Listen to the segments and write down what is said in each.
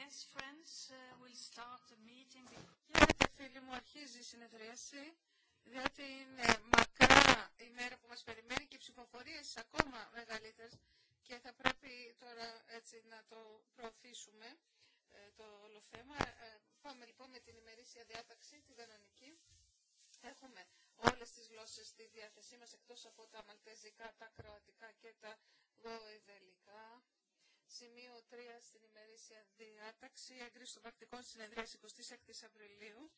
Yes, friends, uh, we'll start the φίλοι μου, αρχίζει η συνεδρίαση, διότι είναι μακρά η μέρα που μας περιμένει και οι ψηφοφορίες ακόμα μεγαλύτερες και θα πρέπει τώρα έτσι να το προωθήσουμε ε, το όλο θέμα. Ε, πάμε λοιπόν με την ημερήσια διάταξη, τη κανονική. Έχουμε όλες τις γλώσσες στη διάθεσή μας, εκτός από τα μαλτέζικα, τα κροατικά και τα γοηδελικά. Σημείο 3 στην ημερήσια διάταξη, έγκριση των πρακτικών συνεδρίας 26 Απριλίου.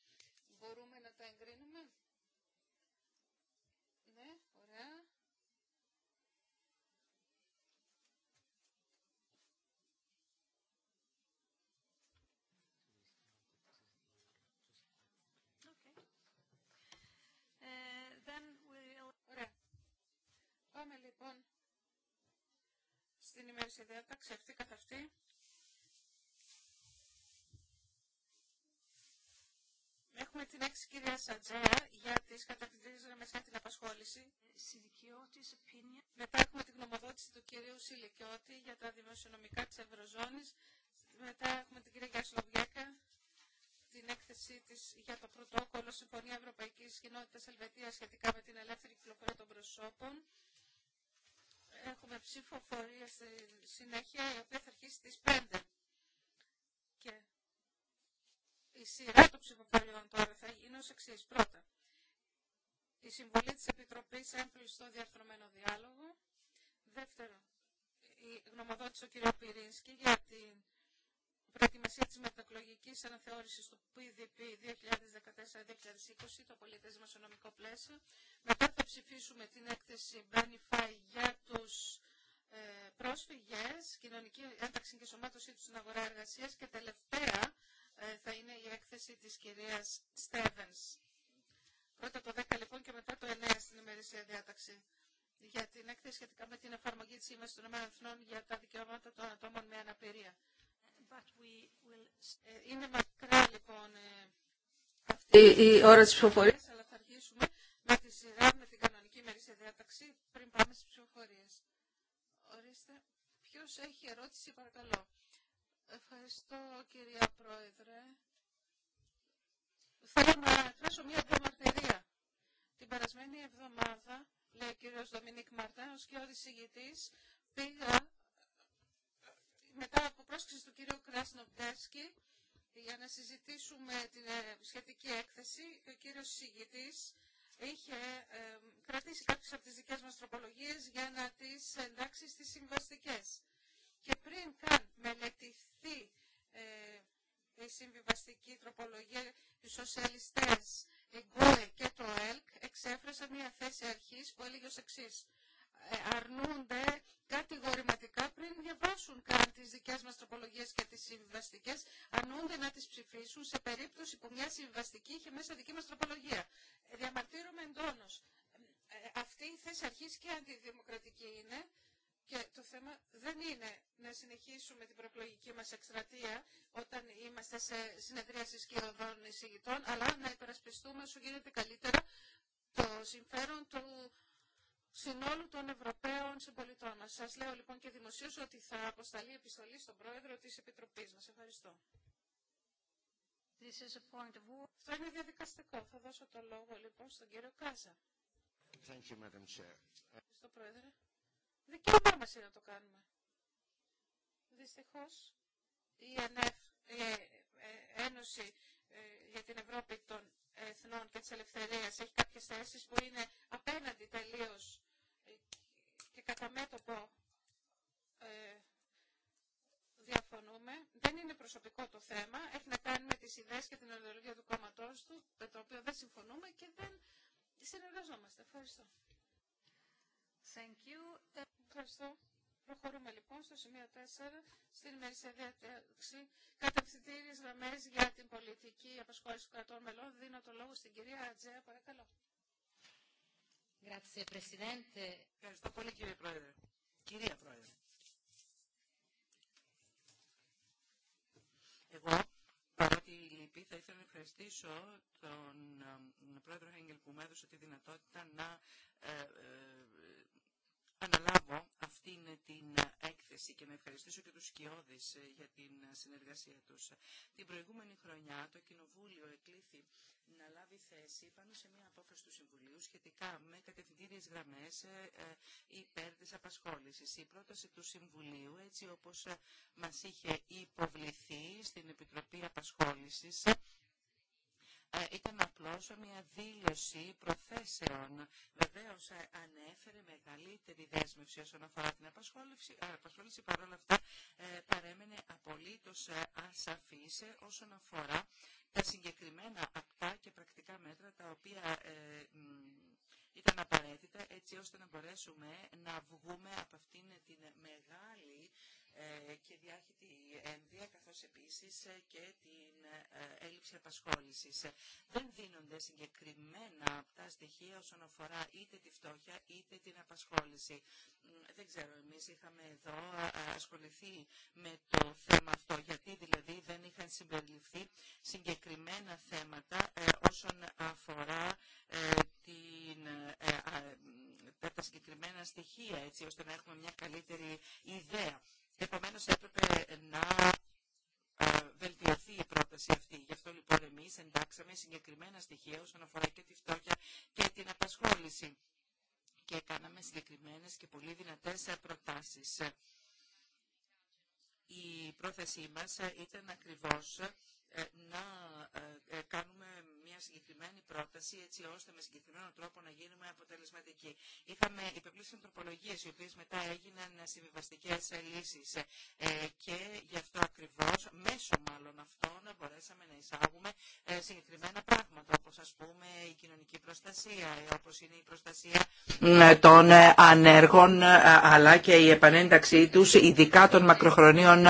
Μπορούμε να τα εγκρίνουμε. η διάταξη αυτή καθ' αυτή. Έχουμε την έξι κυρία Σατζέα για τις κατευθυντήριες γραμμές την απασχόληση. Μετά έχουμε την γνωμοδότηση του κυρίου Σιλικιώτη για τα δημοσιονομικά της Ευρωζώνης. Μετά έχουμε την κυρία Γιασλοβιέκα την έκθεσή της για το πρωτόκολλο Συμφωνία Ευρωπαϊκής Κοινότητας Ελβετίας σχετικά με την ελεύθερη κυκλοφορία των προσώπων έχουμε ψηφοφορία στη συνέχεια η οποία θα αρχίσει στις 5. Και η σειρά των ψηφοφοριών τώρα θα γίνει ως εξής. Πρώτα, η συμβολή της Επιτροπής έμπλη στο διαρθρωμένο διάλογο. Δεύτερον, η γνωμοδότηση του κ. Πυρίνσκη για την προετοιμασία της μετακλογικής αναθεώρησης του PDP 2014-2020, το στο νομικό πλαίσιο. Μετά θα ψηφίσουμε την έκθεση Benify για τους ε, πρόσφυγες, κοινωνική ένταξη και σωμάτωσή τους στην αγορά εργασίας και τελευταία ε, θα είναι η έκθεση της κυρίας Στεβεν. Πρώτα το 10 λοιπόν και μετά το 9 στην ημερήσια διάταξη για την έκθεση σχετικά με την εφαρμογή της Σύμβασης των για τα δικαιώματα των ατόμων με αναπηρία. Ε, είναι μακρά λοιπόν ε, αυτή η ώρα της ψηφοφορίας, αλλά θα αρχίσουμε με τη σειρά με την κανονική μερίσια διάταξη πριν πάμε στις ψηφοφορίες. Ορίστε, ποιος έχει ερώτηση παρακαλώ. Ευχαριστώ κυρία Πρόεδρε. Θέλω να εκφράσω μια διαμαρτυρία. Την περασμένη εβδομάδα, λέει ο κύριος Δομινίκ Μαρτά, και ο πήγα μετά από πρόσκληση του κυρίου Κράσνοπτέρσκι για να συζητήσουμε την ε, σχετική έκθεση ο κύριος συγητής είχε ε, κρατήσει κάποιες από τις δικές μας τροπολογίες για να τις εντάξει στις συμβαστικές. Και πριν καν μελετηθεί ε, η συμβιβαστική τροπολογία, οι σοσιαλιστές, η και το ΕΛΚ εξέφρασαν μια θέση αρχής που έλεγε ως εξής. Ε, αρνούνται κατηγορηματικά πριν διαβάσουν καν τις δικές μας τροπολογίες και τις συμβιβαστικέ, αρνούνται να τις ψηφίσουν σε περίπτωση που μια συμβιβαστική είχε μέσα δική μας τροπολογία. Ε, διαμαρτύρομαι εντόνως. Ε, αυτή η θέση αρχής και αντιδημοκρατική είναι και το θέμα δεν είναι να συνεχίσουμε την προεκλογική μας εκστρατεία όταν είμαστε σε συνεδρία οδών εισηγητών, αλλά να υπερασπιστούμε όσο γίνεται καλύτερα το συμφέρον του συνόλου των Ευρωπαίων συμπολιτών μα. Σας λέω λοιπόν και δημοσίω ότι θα αποσταλεί επιστολή στον Πρόεδρο της Επιτροπής μα Ευχαριστώ. This is a point of Αυτό είναι διαδικαστικό. Θα δώσω το λόγο λοιπόν στον κύριο Κάζα. Thank Madam Chair. Ευχαριστώ, Πρόεδρε. Δικαίωμά μα είναι να το κάνουμε. Δυστυχώ η η ε, ε, Ένωση ε, για την Ευρώπη των Εθνών και της Ελευθερίας έχει κάποιες θέσεις που είναι απέναντι τελείως ε, και κατά μέτωπο ε, διαφωνούμε. Δεν είναι προσωπικό το θέμα. Έχει να κάνει με τις ιδέες και την ιδεολογία του κόμματός του, με το οποίο δεν συμφωνούμε και δεν συνεργαζόμαστε. Thank you. Ευχαριστώ. Προχωρούμε λοιπόν στο σημείο 4 στην ημερήσια διάταξη κατευθυντήριες γραμμές για την πολιτική απασχόληση των κρατών μελών. Δίνω το λόγο στην κυρία Ατζέα, παρακαλώ. Ευχαριστώ πολύ κύριε Πρόεδρε. Κυρία Πρόεδρε. Εγώ, παρότι λυπή, θα ήθελα να ευχαριστήσω τον ε, πρόεδρο Χέγγελ που μου έδωσε τη δυνατότητα να ε, ε, αναλάβω αυτήν την έκθεση και να ευχαριστήσω και τους σκιώδεις ε, για την ε, συνεργασία τους. Την προηγούμενη χρονιά το Κοινοβούλιο εκλήθη να λάβει θέση πάνω σε μια απόφαση του Συμβουλίου σχετικά με κατευθυντήριες γραμμές ε, υπέρ της απασχόλησης. Η πρόταση του Συμβουλίου, έτσι όπως μας είχε υποβληθεί στην Επιτροπή Απασχόλησης, ε, ήταν απλώς μια δήλωση προθέσεων. Βεβαίως ε, ανέφερε μεγαλύτερη δέσμευση όσον αφορά την απασχόληση, ε, απασχόληση παρόλα αυτά παρέμενε απολύτως ασαφής όσον αφορά τα συγκεκριμένα απτά και πρακτικά μέτρα τα οποία ήταν απαραίτητα έτσι ώστε να μπορέσουμε να βγούμε από αυτήν την μεγάλη ε, και διάχυτη ένδια καθώς επίσης ε, και την ε, έλλειψη απασχόλησης. Δεν δίνονται συγκεκριμένα τα στοιχεία όσον αφορά είτε τη φτώχεια είτε την απασχόληση. Δεν ξέρω, εμείς είχαμε εδώ ασχοληθεί με το θέμα αυτό, γιατί δηλαδή δεν είχαν συμπεριληφθεί συγκεκριμένα θέματα όσον αφορά την, τα συγκεκριμένα στοιχεία, έτσι ώστε να έχουμε μια καλύτερη ιδέα Επομένως έπρεπε να ε, βελτιωθεί η πρόταση αυτή. Γι' αυτό λοιπόν εμείς εντάξαμε συγκεκριμένα στοιχεία όσον αφορά και τη φτώχεια και την απασχόληση και κάναμε συγκεκριμένες και πολύ δυνατές προτάσεις. Η πρόθεσή μας ήταν ακριβώς ε, να ε, ε, κάνουμε μια συγκεκριμένη πρόταση έτσι ώστε με συγκεκριμένο τρόπο να γίνουμε αποτελεσματικοί. Είχαμε υπευλήσει ανθρωπολογίες οι οποίες μετά έγιναν συμβιβαστικέ λύσει και γι' αυτό ακριβώ, μέσω μάλλον αυτών, μπορέσαμε να εισάγουμε συγκεκριμένα πράγματα όπω α πούμε η κοινωνική προστασία, όπως είναι η προστασία ναι, των ανέργων αλλά και η επανένταξή του, ειδικά των μακροχρονίων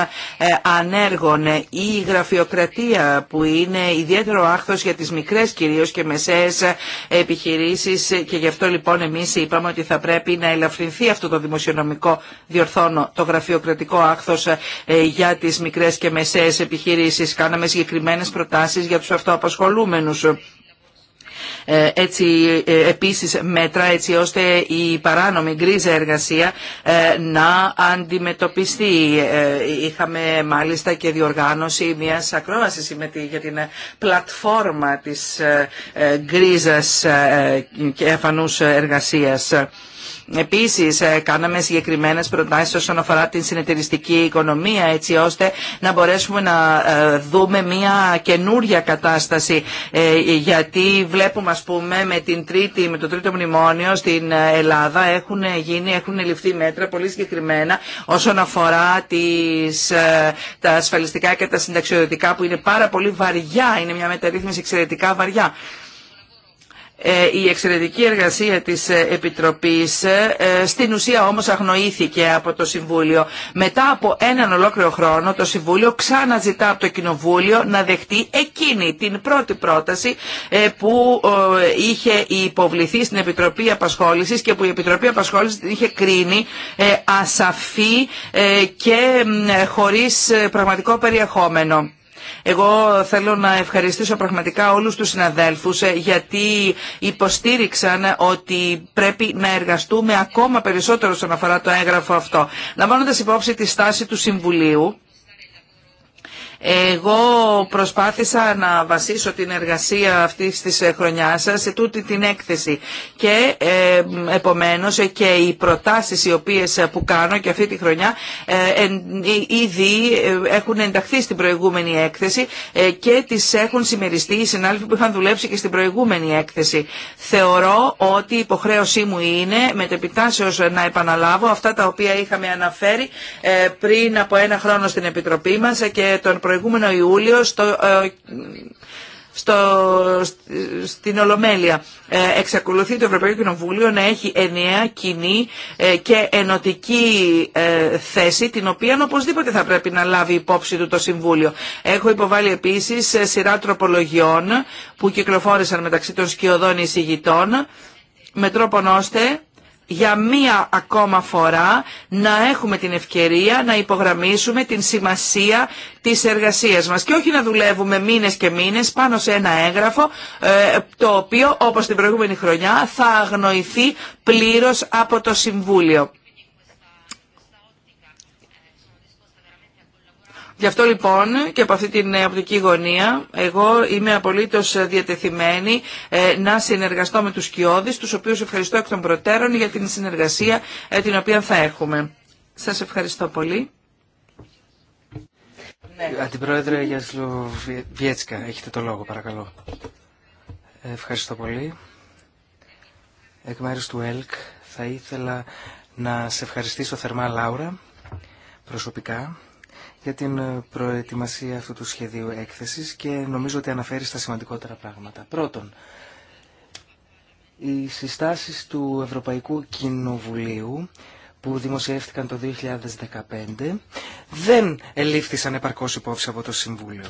ανέργων. η Η γραφειοκρατία που είναι ιδιαίτερο άχθος για τις μικρές κυρίως και μεσαίες επιχειρήσεις και γι' αυτό λοιπόν εμείς είπαμε ότι θα πρέπει να ελαφρυνθεί αυτό το δημοσιονομικό διορθώνο, το γραφειοκρατικό άχθος ε, για τις μικρές και μεσαίες επιχειρήσεις. Κάναμε συγκεκριμένες προτάσεις για τους αυτοαπασχολούμενους ε, έτσι ε, επίσης μέτρα έτσι ώστε η παράνομη γκρίζα εργασία ε, να αντιμετωπιστεί. Είχαμε μάλιστα και διοργάνωση μιας ακρόασης για την πλατφόρμα της γκρίζας και αφανούς εργασίας. Επίσης, ε, κάναμε συγκεκριμένες προτάσει όσον αφορά την συνεταιριστική οικονομία, έτσι ώστε να μπορέσουμε να ε, δούμε μια καινούρια κατάσταση, ε, γιατί βλέπουμε, α πούμε, με, την με το τρίτο μνημόνιο στην Ελλάδα έχουν, γίνει, έχουν ληφθεί μέτρα πολύ συγκεκριμένα όσον αφορά τις, τα ασφαλιστικά και τα συνταξιοδοτικά που είναι πάρα πολύ βαριά, είναι μια μεταρρύθμιση εξαιρετικά βαριά. Ε, η εξαιρετική εργασία της ε, Επιτροπής ε, στην ουσία όμως αγνοήθηκε από το Συμβούλιο. Μετά από έναν ολόκληρο χρόνο το Συμβούλιο ξαναζητά από το Κοινοβούλιο να δεχτεί εκείνη την πρώτη πρόταση που είχε υποβληθεί στην Επιτροπή Απασχόλησης και που η Επιτροπή Απασχόλησης την είχε κρίνει ασαφή και χωρίς πραγματικό περιεχόμενο. Εγώ θέλω να ευχαριστήσω πραγματικά όλους τους συναδέλφους ε, γιατί υποστήριξαν ότι πρέπει να εργαστούμε ακόμα περισσότερο στον αφορά το έγγραφο αυτό. Λαμβάνοντας υπόψη τη στάση του Συμβουλίου, εγώ προσπάθησα να βασίσω την εργασία αυτή τη ε, χρονιά σα σε τούτη την έκθεση και ε, επομένως ε, και οι προτάσει οι οποίε που κάνω και αυτή τη χρονιά ήδη έχουν ενταχθεί στην προηγούμενη έκθεση και τις έχουν συμμεριστεί οι συνάδελφοι που είχαν δουλέψει και στην προηγούμενη έκθεση. Θεωρώ ότι η υποχρέωσή μου είναι με μετεπιτάσεως να επαναλάβω αυτά τα οποία είχαμε αναφέρει πριν από ένα χρόνο στην Επιτροπή μας και τον προηγούμενο Ιούλιο στο ε, στο, στην Ολομέλεια. Ε, εξακολουθεί το Ευρωπαϊκό Κοινοβούλιο να έχει ενιαία, κοινή ε, και ενωτική θέση, την οποία οπωσδήποτε θα πρέπει να λάβει υπόψη του το Συμβούλιο. Έχω υποβάλει επίσης σειρά τροπολογιών που κυκλοφόρησαν μεταξύ των σκιωδών εισηγητών, με τρόπο ώστε για μία ακόμα φορά να έχουμε την ευκαιρία να υπογραμμίσουμε την σημασία της εργασίας μας και όχι να δουλεύουμε μήνες και μήνες πάνω σε ένα έγγραφο ε, το οποίο όπως την προηγούμενη χρονιά θα αγνοηθεί πλήρως από το Συμβούλιο. Γι' αυτό λοιπόν και από αυτή την οπτική γωνία εγώ είμαι απολύτως διατεθειμένη ε, να συνεργαστώ με τους Κιώδης, τους οποίους ευχαριστώ εκ των προτέρων για την συνεργασία ε, την οποία θα έχουμε. Σας ευχαριστώ πολύ. Ναι. Αντιπρόεδρε Γιάννη Βιέτσκα, έχετε το λόγο παρακαλώ. Ευχαριστώ πολύ. Εκ μέρους του ΕΛΚ θα ήθελα να σε ευχαριστήσω θερμά Λάουρα προσωπικά για την ε, προετοιμασία αυτού του σχεδίου έκθεσης και νομίζω ότι αναφέρει στα σημαντικότερα πράγματα. Πρώτον, οι συστάσεις του Ευρωπαϊκού Κοινοβουλίου που δημοσιεύτηκαν το 2015 δεν ελήφθησαν επαρκώς υπόψη από το Συμβούλιο.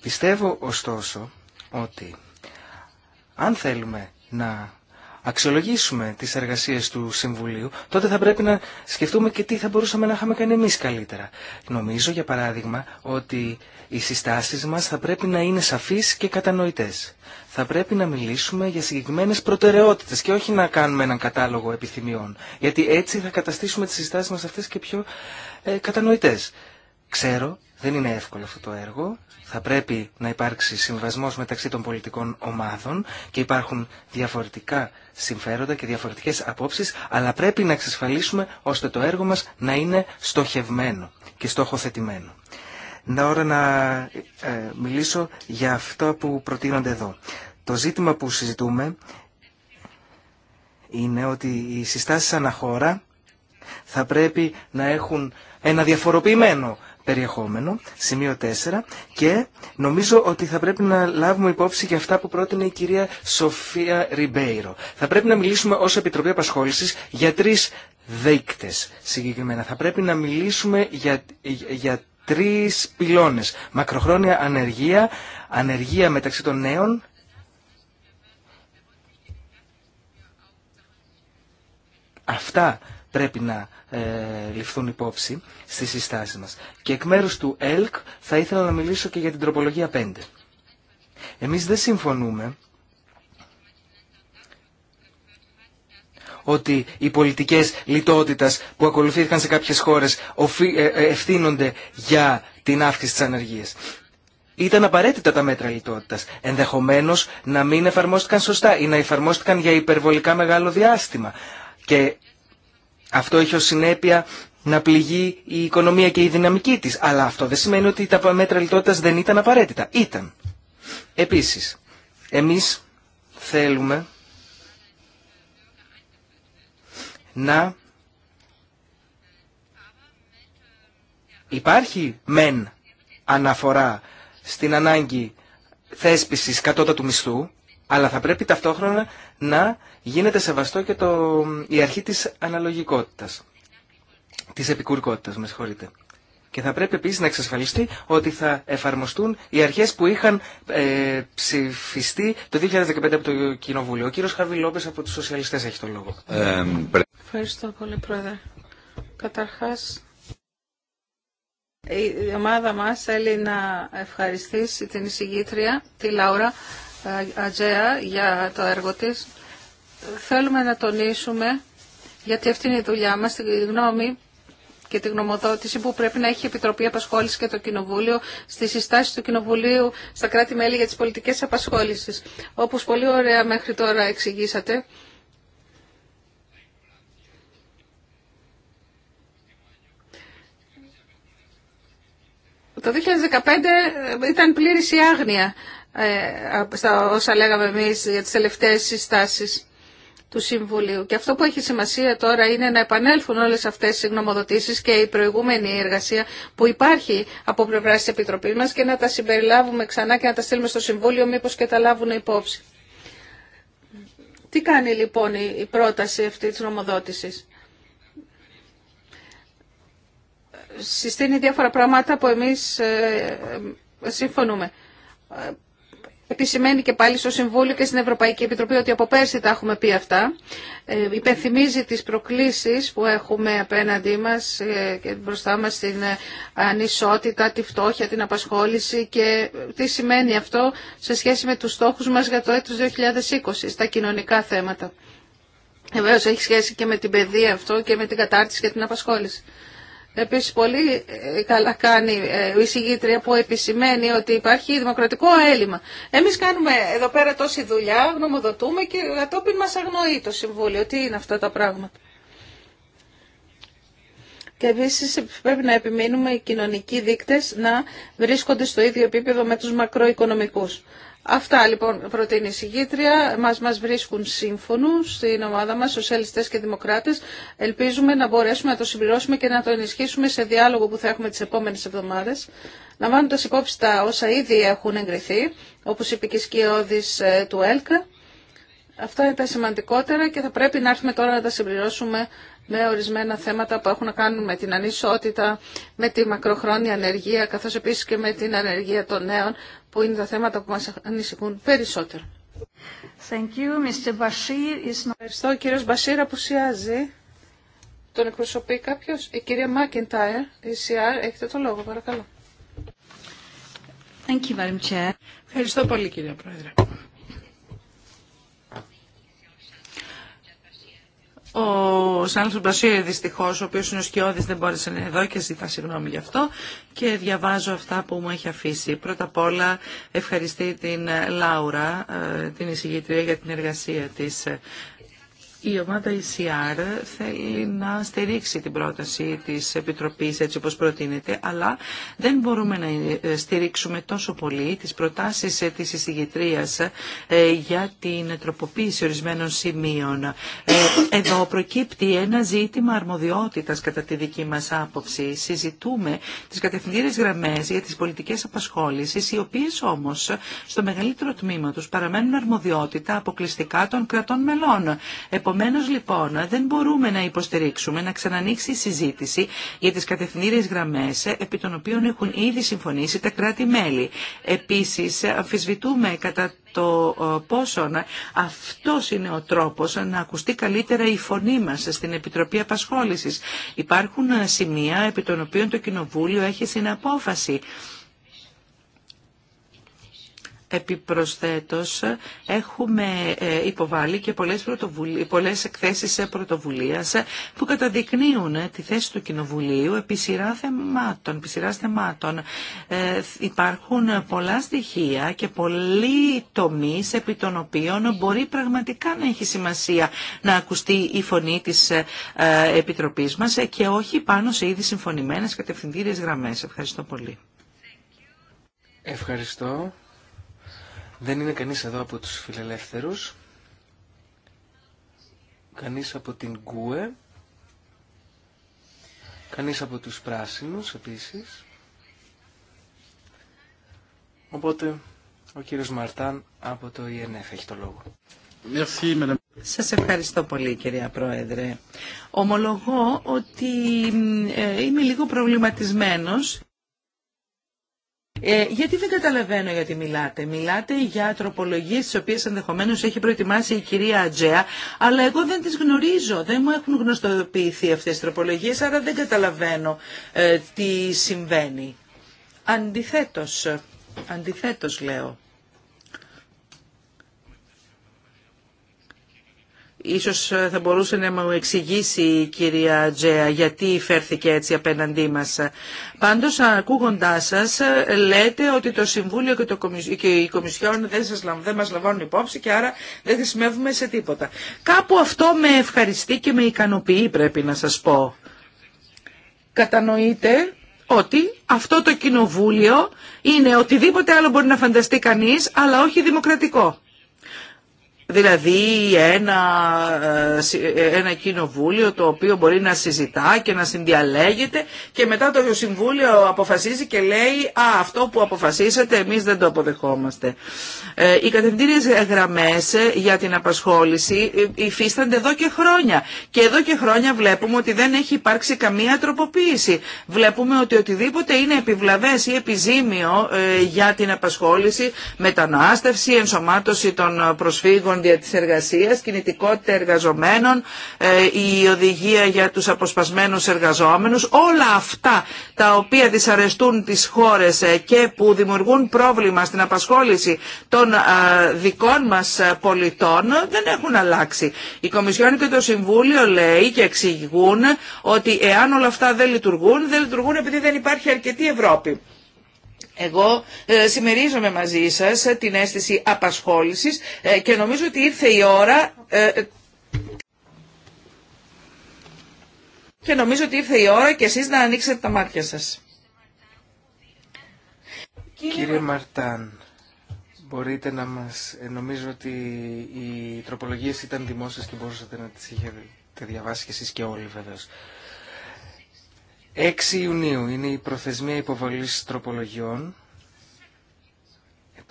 Πιστεύω ωστόσο ότι αν θέλουμε να αξιολογήσουμε τις εργασίες του Συμβουλίου, τότε θα πρέπει να σκεφτούμε και τι θα μπορούσαμε να είχαμε κάνει εμείς καλύτερα. Νομίζω, για παράδειγμα, ότι οι συστάσεις μας θα πρέπει να είναι σαφείς και κατανοητές. Θα πρέπει να μιλήσουμε για συγκεκριμένες προτεραιότητες και όχι να κάνουμε έναν κατάλογο επιθυμιών. Γιατί έτσι θα καταστήσουμε τις συστάσεις μας αυτές και πιο ε, κατανοητές. Ξέρω, δεν είναι εύκολο αυτό το έργο. Θα πρέπει να υπάρξει συμβασμός μεταξύ των πολιτικών ομάδων και υπάρχουν διαφορετικά συμφέροντα και διαφορετικές απόψεις, αλλά πρέπει να εξασφαλίσουμε ώστε το έργο μας να είναι στοχευμένο και στόχοθετημένο. Να ώρα να ε, μιλήσω για αυτό που προτείνονται εδώ. Το ζήτημα που συζητούμε είναι ότι οι συστάσεις αναχώρα θα πρέπει να έχουν ένα διαφοροποιημένο περιεχόμενο, σημείο 4, και νομίζω ότι θα πρέπει να λάβουμε υπόψη για αυτά που πρότεινε η κυρία Σοφία Ριμπέιρο. Θα πρέπει να μιλήσουμε ως Επιτροπή Απασχόλησης για τρεις δείκτες συγκεκριμένα. Θα πρέπει να μιλήσουμε για, για τρεις πυλώνες. Μακροχρόνια ανεργία, ανεργία μεταξύ των νέων, Αυτά πρέπει να ε, ληφθούν υπόψη στις συστάσεις μας. Και εκ μέρου του ΕΛΚ θα ήθελα να μιλήσω και για την τροπολογία 5. Εμείς δεν συμφωνούμε ότι οι πολιτικές λιτότητας που ακολουθήθηκαν σε κάποιες χώρες ε, ε, ευθύνονται για την αύξηση της ανεργία. Ήταν απαραίτητα τα μέτρα λιτότητα. Ενδεχομένω να μην εφαρμόστηκαν σωστά ή να εφαρμόστηκαν για υπερβολικά μεγάλο διάστημα. Και αυτό έχει ως συνέπεια να πληγεί η οικονομία και η δυναμική της. Αλλά αυτό δεν σημαίνει ότι τα μέτρα λιτότητας δεν ήταν απαραίτητα. Ήταν. Επίσης, εμείς θέλουμε να υπάρχει μεν αναφορά στην ανάγκη θέσπισης κατώτατου μισθού, αλλά θα πρέπει ταυτόχρονα να γίνεται σεβαστό και το, η αρχή της αναλογικότητας, της επικουρικότητας, με συγχωρείτε. Και θα πρέπει επίσης να εξασφαλιστεί ότι θα εφαρμοστούν οι αρχές που είχαν ε, ψηφιστεί το 2015 από το Κοινοβούλιο. Ο κύριος Χαβι από τους Σοσιαλιστές έχει το λόγο. Ε, Ευχαριστώ πολύ Πρόεδρε. Καταρχάς, η ομάδα μας θέλει να ευχαριστήσει την εισηγήτρια, τη Λάουρα ε, Ατζέα, για το έργο της θέλουμε να τονίσουμε, γιατί αυτή είναι η δουλειά μας, τη γνώμη και τη γνωμοδότηση που πρέπει να έχει η Επιτροπή Απασχόληση και το Κοινοβούλιο στι συστάσει του Κοινοβουλίου στα κράτη-μέλη για τι πολιτικέ απασχόλησει. Όπω πολύ ωραία μέχρι τώρα εξηγήσατε. Το 2015 ήταν πλήρης η άγνοια, ε, όσα λέγαμε εμείς για τις τελευταίες συστάσεις του Συμβουλίου. Και αυτό που έχει σημασία τώρα είναι να επανέλθουν όλε αυτέ οι γνωμοδοτήσει και η προηγούμενη εργασία που υπάρχει από πλευρά τη Επιτροπή μα και να τα συμπεριλάβουμε ξανά και να τα στείλουμε στο Συμβούλιο μήπω και τα λάβουν υπόψη. Τι κάνει λοιπόν η πρόταση αυτή τη νομοδότηση. Συστήνει διάφορα πράγματα που εμείς ε, ε, συμφωνούμε. Ε, επισημαίνει και πάλι στο Συμβούλιο και στην Ευρωπαϊκή Επιτροπή ότι από πέρσι τα έχουμε πει αυτά. Ε, υπενθυμίζει τις προκλήσεις που έχουμε απέναντί μας ε, και μπροστά μας την ε, ανισότητα, τη φτώχεια, την απασχόληση και ε, τι σημαίνει αυτό σε σχέση με τους στόχους μας για το έτος 2020 στα κοινωνικά θέματα. Βεβαίω έχει σχέση και με την παιδεία αυτό και με την κατάρτιση και την απασχόληση. Επίσης πολύ ε, καλά κάνει ε, η συγγήτρια που επισημαίνει ότι υπάρχει δημοκρατικό έλλειμμα. Εμείς κάνουμε εδώ πέρα τόση δουλειά, γνωμοδοτούμε και κατόπιν μας αγνοεί το Συμβούλιο. Τι είναι αυτά τα πράγματα. Και επίση πρέπει να επιμείνουμε οι κοινωνικοί δείκτε να βρίσκονται στο ίδιο επίπεδο με του μακροοικονομικού. Αυτά λοιπόν προτείνει η συγκήτρια. Μας, μας βρίσκουν σύμφωνο στην ομάδα μας, σοσιαλιστές και δημοκράτες. Ελπίζουμε να μπορέσουμε να το συμπληρώσουμε και να το ενισχύσουμε σε διάλογο που θα έχουμε τις επόμενες εβδομάδες. Να υπόψη τα όσα ήδη έχουν εγκριθεί, όπως είπε και η σκιώδης ε, του ΕΛΚΑ. Αυτά είναι τα σημαντικότερα και θα πρέπει να έρθουμε τώρα να τα συμπληρώσουμε με ορισμένα θέματα που έχουν να κάνουν με την ανισότητα, με τη μακροχρόνια ανεργία, καθώς επίσης και με την ανεργία των νέων, που είναι τα θέματα που μας ανησυχούν περισσότερο. Thank you. Mr. Bashir is Ευχαριστώ. Ο κύριος Μπασίρ απουσιάζει. Τον εκπροσωπεί κάποιος. Η κυρία Μάκεντάιρ, η CR, έχετε το λόγο, παρακαλώ. Thank you, Ευχαριστώ πολύ, κύριε Πρόεδρε. Ο Σάλς Μπασίρ δυστυχώς, ο οποίος είναι ο σκιώδης, δεν μπόρεσε να είναι εδώ και ζητά συγγνώμη γι' αυτό και διαβάζω αυτά που μου έχει αφήσει. Πρώτα απ' όλα ευχαριστεί την Λάουρα, ε, την εισηγήτρια για την εργασία της. Η ομάδα ECR θέλει να στηρίξει την πρόταση της Επιτροπής έτσι όπως προτείνεται, αλλά δεν μπορούμε να στηρίξουμε τόσο πολύ τις προτάσεις της εισηγητρίας ε, για την τροποποίηση ορισμένων σημείων. Ε, εδώ προκύπτει ένα ζήτημα αρμοδιότητας κατά τη δική μας άποψη. Συζητούμε τις κατευθυντήρες γραμμές για τις πολιτικές απασχόλησεις, οι οποίες όμως στο μεγαλύτερο τμήμα τους παραμένουν αρμοδιότητα αποκλειστικά των κρατών μελών Επομένως λοιπόν δεν μπορούμε να υποστηρίξουμε να ξανανοίξει η συζήτηση για τις κατευθυντήριες γραμμές επί των οποίων έχουν ήδη συμφωνήσει τα κράτη-μέλη. Επίσης αμφισβητούμε κατά το πόσο αυτό είναι ο τρόπος να ακουστεί καλύτερα η φωνή μας στην Επιτροπή Απασχόλησης. Υπάρχουν ε, σημεία επί των οποίων το Κοινοβούλιο έχει συναπόφαση. Επιπροσθέτως, έχουμε ε, υποβάλει και πολλές, πολλές εκθέσεις ε, πρωτοβουλίας ε, που καταδεικνύουν τη θέση του Κοινοβουλίου επί σειρά θεμάτων. Επί θεμάτων. υπάρχουν πολλά στοιχεία και πολλοί τομείς επί των οποίων μπορεί πραγματικά να έχει σημασία να ακουστεί η φωνή της Επιτροπής μας και όχι πάνω σε ήδη συμφωνημένες κατευθυντήριες γραμμές. Ευχαριστώ πολύ. Ευχαριστώ. Δεν είναι κανείς εδώ από τους φιλελεύθερους. Κανείς από την ΚΟΕ. Κανείς από τους πράσινους επίσης. Οπότε ο κύριος Μαρτάν από το ΙΕΝΕΦ έχει το λόγο. Σας ευχαριστώ πολύ κυρία Πρόεδρε. Ομολογώ ότι ε, είμαι λίγο προβληματισμένος ε, γιατί δεν καταλαβαίνω γιατί μιλάτε. Μιλάτε για τροπολογίες τις οποίες ενδεχομένω έχει προετοιμάσει η κυρία Ατζέα, αλλά εγώ δεν τις γνωρίζω, δεν μου έχουν γνωστοποιηθεί αυτές οι τροπολογίες, άρα δεν καταλαβαίνω ε, τι συμβαίνει. Αντιθέτως, ε, αντιθέτως λέω. Ίσως ε, θα μπορούσε να μου εξηγήσει η κυρία Τζέα γιατί φέρθηκε έτσι απέναντί μας. Πάντως ακούγοντά σας ε, λέτε ότι το Συμβούλιο και, το και η Κομισιόν δεν, σας, δεν μας λαμβάνουν υπόψη και άρα δεν χρησιμεύουμε σε τίποτα. Κάπου αυτό με ευχαριστεί και με ικανοποιεί πρέπει να σας πω. Κατανοείτε ότι αυτό το κοινοβούλιο είναι οτιδήποτε άλλο μπορεί να φανταστεί κανείς αλλά όχι δημοκρατικό. Δηλαδή ένα, ε, ένα κοινοβούλιο το οποίο μπορεί να συζητά και να συνδιαλέγεται και μετά το Συμβούλιο αποφασίζει και λέει «Α, αυτό που αποφασίσατε εμείς δεν το αποδεχόμαστε». Ε, οι κατευθυντήριες γραμμές ε, για την απασχόληση υφίστανται εδώ και χρόνια και εδώ και χρόνια βλέπουμε ότι δεν έχει υπάρξει καμία τροποποίηση. Βλέπουμε ότι οτιδήποτε είναι επιβλαβές ή επιζήμιο για την απασχόληση, μετανάστευση, ενσωμάτωση των προσφύγων δια της εργασίας, κινητικότητα εργαζομένων, ε, η οδηγία για τους αποσπασμένους εργαζόμενους, όλα αυτά τα οποία δυσαρεστούν τις χώρες ε, και που δημιουργούν πρόβλημα στην απασχόληση των ε, δικών μας πολιτών δεν έχουν αλλάξει. Η Κομισιόν και το Συμβούλιο λέει και εξηγούν ότι εάν όλα αυτά δεν λειτουργούν, δεν λειτουργούν επειδή δεν υπάρχει αρκετή Ευρώπη. Εγώ ε, συμμερίζομαι μαζί σας ε, την αίσθηση απασχόλησης ε, και νομίζω ότι ήρθε η ώρα... και νομίζω ότι ήρθε η ώρα και εσείς να ανοίξετε τα μάτια σας. Κύριε Μαρτάν, μπορείτε να μας... Νομίζω ότι οι τροπολογίες ήταν δημόσιες και μπορούσατε να τις είχετε διαβάσει και εσείς και όλοι βεβαίως. 6 Ιουνίου είναι η προθεσμία υποβολής τροπολογιών.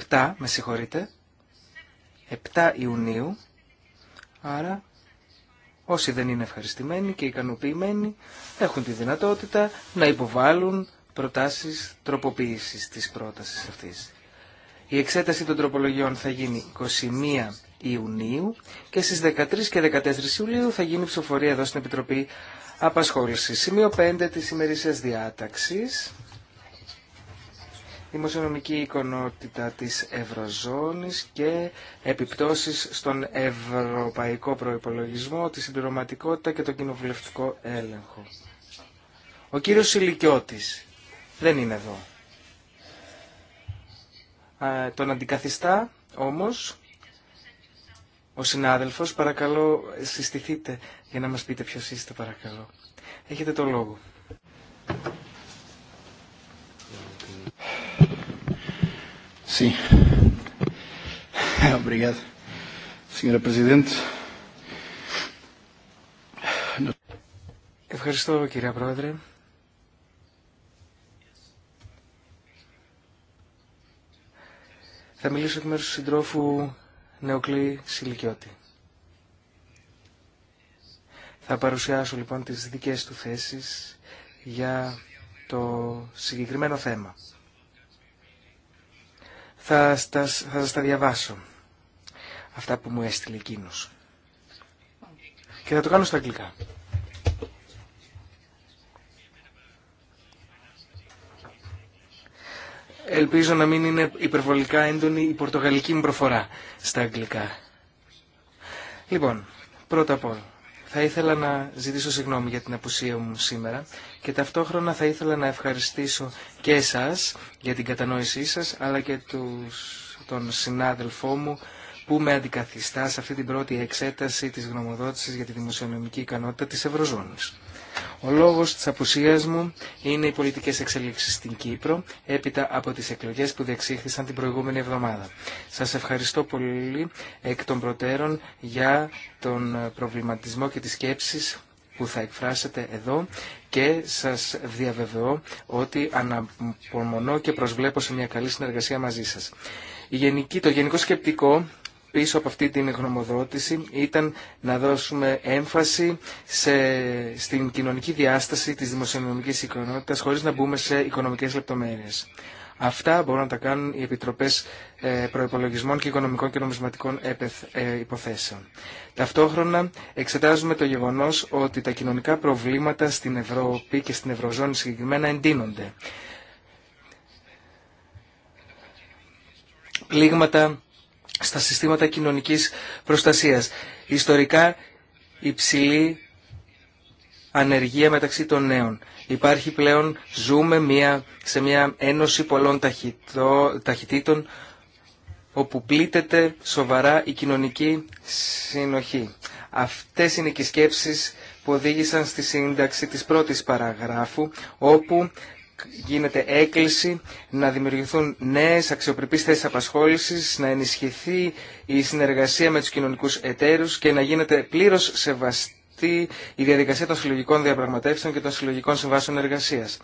7, με συγχωρείτε. 7 Ιουνίου. Άρα όσοι δεν είναι ευχαριστημένοι και ικανοποιημένοι έχουν τη δυνατότητα να υποβάλουν προτάσεις τροποποίησης της πρότασης αυτής. Η εξέταση των τροπολογιών θα γίνει 21 Ιουνίου και στις 13 και 14 Ιουλίου θα γίνει ψηφοφορία εδώ στην Επιτροπή απασχόληση. Σημείο 5 της ημερήσιας διάταξης. Δημοσιονομική εικονότητα της Ευρωζώνης και επιπτώσεις στον ευρωπαϊκό προϋπολογισμό, τη συμπληρωματικότητα και τον κοινοβουλευτικό έλεγχο. Ο κύριος Σιλικιώτης δεν είναι εδώ. τον αντικαθιστά όμως ο συνάδελφος, παρακαλώ συστηθείτε για να μας πείτε ποιος είστε παρακαλώ. Έχετε το λόγο. Sí. Ευχαριστώ κύριε Πρόεδρε. Θα μιλήσω εκ μέρους του συντρόφου Νεοκλή Σιλικιώτη. Θα παρουσιάσω λοιπόν τις δικές του θέσεις για το συγκεκριμένο θέμα. Θα, στα, θα σας τα διαβάσω, αυτά που μου έστειλε εκείνος. Και θα το κάνω στα αγγλικά. Ελπίζω να μην είναι υπερβολικά έντονη η πορτογαλική μου προφορά στα αγγλικά. Λοιπόν, πρώτα απ' όλα. Θα ήθελα να ζητήσω συγγνώμη για την απουσία μου σήμερα και ταυτόχρονα θα ήθελα να ευχαριστήσω και εσάς για την κατανόησή σας αλλά και τους, τον συνάδελφό μου που με αντικαθιστά σε αυτή την πρώτη εξέταση της γνωμοδότησης για τη δημοσιονομική ικανότητα της Ευρωζώνης. Ο λόγος της απουσίας μου είναι οι πολιτικές εξελίξεις στην Κύπρο, έπειτα από τις εκλογές που διεξήχθησαν την προηγούμενη εβδομάδα. Σας ευχαριστώ πολύ εκ των προτέρων για τον προβληματισμό και τις σκέψεις που θα εκφράσετε εδώ και σας διαβεβαιώ ότι αναπομονώ και προσβλέπω σε μια καλή συνεργασία μαζί σας. το γενικό σκεπτικό πίσω από αυτή την γνωμοδότηση ήταν να δώσουμε έμφαση σε, στην κοινωνική διάσταση της δημοσιονομικής οικονομικής χωρίς να μπούμε σε οικονομικές λεπτομέρειες. Αυτά μπορούν να τα κάνουν οι Επιτροπές ε, Προϋπολογισμών και Οικονομικών και Νομισματικών ε, Υποθέσεων. Ταυτόχρονα εξετάζουμε το γεγονός ότι τα κοινωνικά προβλήματα στην Ευρώπη και στην Ευρωζώνη συγκεκριμένα εντείνονται. Πλήγματα στα συστήματα κοινωνικής προστασίας. Ιστορικά υψηλή ανεργία μεταξύ των νέων. Υπάρχει πλέον, ζούμε μια, σε μια ένωση πολλών ταχυτό, ταχυτήτων όπου πλήττεται σοβαρά η κοινωνική συνοχή. Αυτές είναι και οι σκέψεις που οδήγησαν στη σύνταξη της πρώτης παραγράφου, όπου γίνεται έκκληση να δημιουργηθούν νέες αξιοπρεπείς θέσεις απασχόλησης, να ενισχυθεί η συνεργασία με τους κοινωνικούς εταίρους και να γίνεται πλήρως σεβαστή η διαδικασία των συλλογικών διαπραγματεύσεων και των συλλογικών συμβάσεων εργασίας.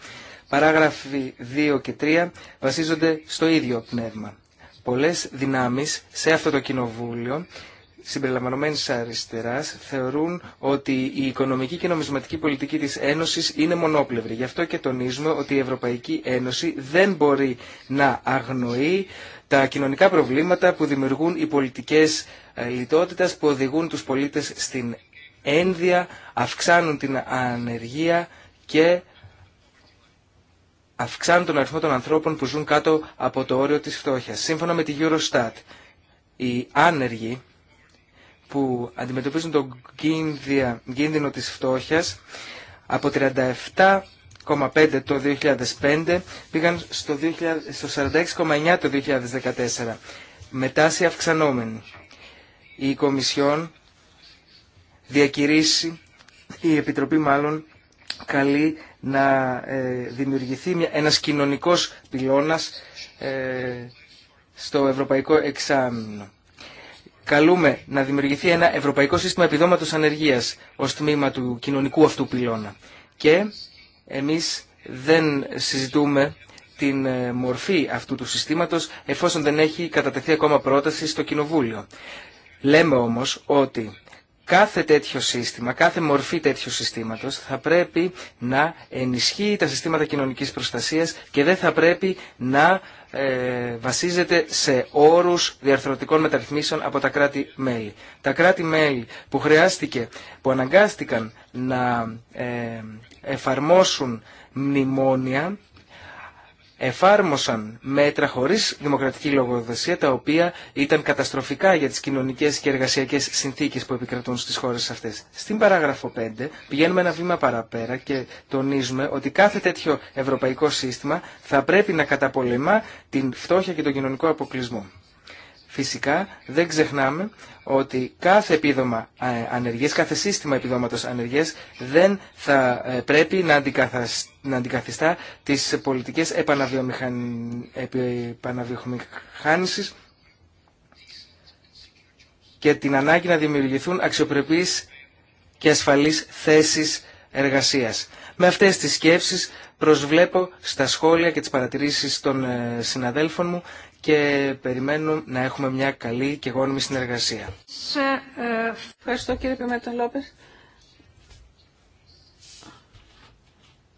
Παράγραφοι 2 και 3 βασίζονται στο ίδιο πνεύμα. Πολλές δυνάμεις σε αυτό το κοινοβούλιο τη αριστερά θεωρούν ότι η οικονομική και νομισματική πολιτική της Ένωσης είναι μονόπλευρη. Γι' αυτό και τονίζουμε ότι η Ευρωπαϊκή Ένωση δεν μπορεί να αγνοεί τα κοινωνικά προβλήματα που δημιουργούν οι πολιτικές ε, λιτότητας που οδηγούν τους πολίτες στην ένδια, αυξάνουν την ανεργία και αυξάνουν τον αριθμό των ανθρώπων που ζουν κάτω από το όριο της φτώχειας. Σύμφωνα με τη Eurostat, οι άνεργοι που αντιμετωπίζουν τον κίνδυνο της φτώχειας από 37,5 το 2005 πήγαν στο, 46,9 το 2014 με τάση αυξανόμενη. Η Κομισιόν διακηρύσει, η Επιτροπή μάλλον καλεί να ε, δημιουργηθεί μια, ένας κοινωνικός πυλώνας ε, στο Ευρωπαϊκό Εξάμεινο καλούμε να δημιουργηθεί ένα ευρωπαϊκό σύστημα επιδόματος ανεργίας ως τμήμα του κοινωνικού αυτού πυλώνα. Και εμείς δεν συζητούμε την ε, μορφή αυτού του συστήματος εφόσον δεν έχει κατατεθεί ακόμα πρόταση στο Κοινοβούλιο. Λέμε όμως ότι κάθε τέτοιο σύστημα, κάθε μορφή τέτοιου συστήματος θα πρέπει να ενισχύει τα συστήματα κοινωνικής προστασίας και δεν θα πρέπει να ε, βασίζεται σε όρους διαρθρωτικών μεταρρυθμίσεων από τα κράτη-μέλη. Τα κράτη-μέλη που χρειάστηκε, που αναγκάστηκαν να ε, εφαρμόσουν μνημόνια εφάρμοσαν μέτρα χωρίς δημοκρατική λογοδοσία τα οποία ήταν καταστροφικά για τις κοινωνικές και εργασιακές συνθήκες που επικρατούν στις χώρες αυτές. Στην παράγραφο 5 πηγαίνουμε ένα βήμα παραπέρα και τονίζουμε ότι κάθε τέτοιο ευρωπαϊκό σύστημα θα πρέπει να καταπολεμά την φτώχεια και τον κοινωνικό αποκλεισμό. Φυσικά δεν ξεχνάμε ότι κάθε επίδομα ε, ανεργίας, κάθε σύστημα επιδόματος ανεργίας δεν θα ε, πρέπει να, αντικαθιστά τις πολιτικές επαναβιομηχάνησης και την ανάγκη να δημιουργηθούν αξιοπρεπείς και ασφαλείς θέσεις εργασίας. Με αυτές τις σκέψεις προσβλέπω στα σχόλια και τις παρατηρήσεις των ε, συναδέλφων μου και περιμένουμε να έχουμε μια καλή και γόνιμη συνεργασία. Σε, ε, ευχαριστώ κύριε Πιμέτα Λόπες.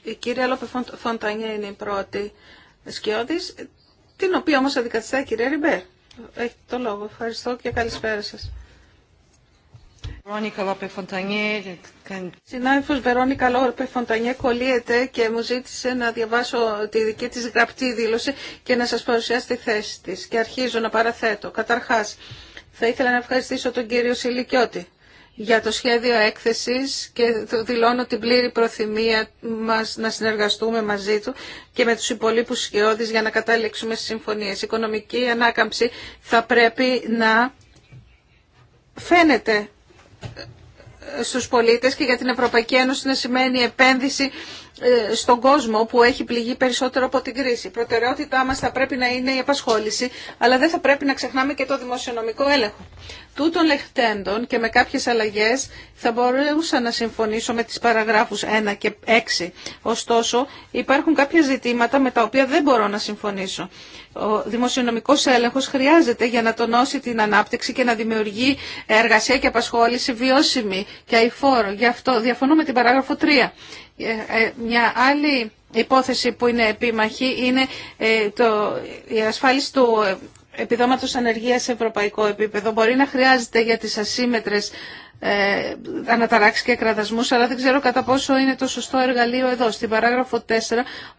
Η κυρία Λόπε Φοντανιέ είναι η πρώτη σκιώδης, την οποία όμως αντικαθιστά η κυρία Ριμπέρ. Έχει το λόγο. Ευχαριστώ και καλησπέρα σας. Συνάδελφο Βερόνικα Λόρπε Φοντανιέ κολλείεται και μου ζήτησε να διαβάσω τη δική της γραπτή δήλωση και να σας παρουσιάσει τη θέση τη. Και αρχίζω να παραθέτω. Καταρχάς, θα ήθελα να ευχαριστήσω τον κύριο Σιλικιώτη για το σχέδιο έκθεσης και δηλώνω την πλήρη προθυμία μας να συνεργαστούμε μαζί του και με τους υπολείπους για να καταλήξουμε στις συμφωνίες. Η οικονομική ανάκαμψη θα πρέπει να φαίνεται στους πολίτες και για την Ευρωπαϊκή Ένωση να σημαίνει επένδυση ε, στον κόσμο που έχει πληγεί περισσότερο από την κρίση. Η προτεραιότητά μας θα πρέπει να είναι η απασχόληση, αλλά δεν θα πρέπει να ξεχνάμε και το δημοσιονομικό έλεγχο. Τούτων λεχτέντων και με κάποιες αλλαγές θα μπορούσα να συμφωνήσω με τις παραγράφους 1 και 6. Ωστόσο υπάρχουν κάποια ζητήματα με τα οποία δεν μπορώ να συμφωνήσω. Ο δημοσιονομικός έλεγχος χρειάζεται για να τονώσει την ανάπτυξη και να δημιουργεί εργασία και απασχόληση βιώσιμη και αηφόρο. Γι' αυτό διαφωνώ με την παράγραφο 3. Ε, ε, μια άλλη υπόθεση που είναι επίμαχη είναι ε, η ασφάλιση του επιδόματος ανεργίας σε ευρωπαϊκό επίπεδο. Μπορεί να χρειάζεται για τις ασύμετρες ε, αναταράξει και κραδασμού, αλλά δεν ξέρω κατά πόσο είναι το σωστό εργαλείο εδώ. Στην παράγραφο 4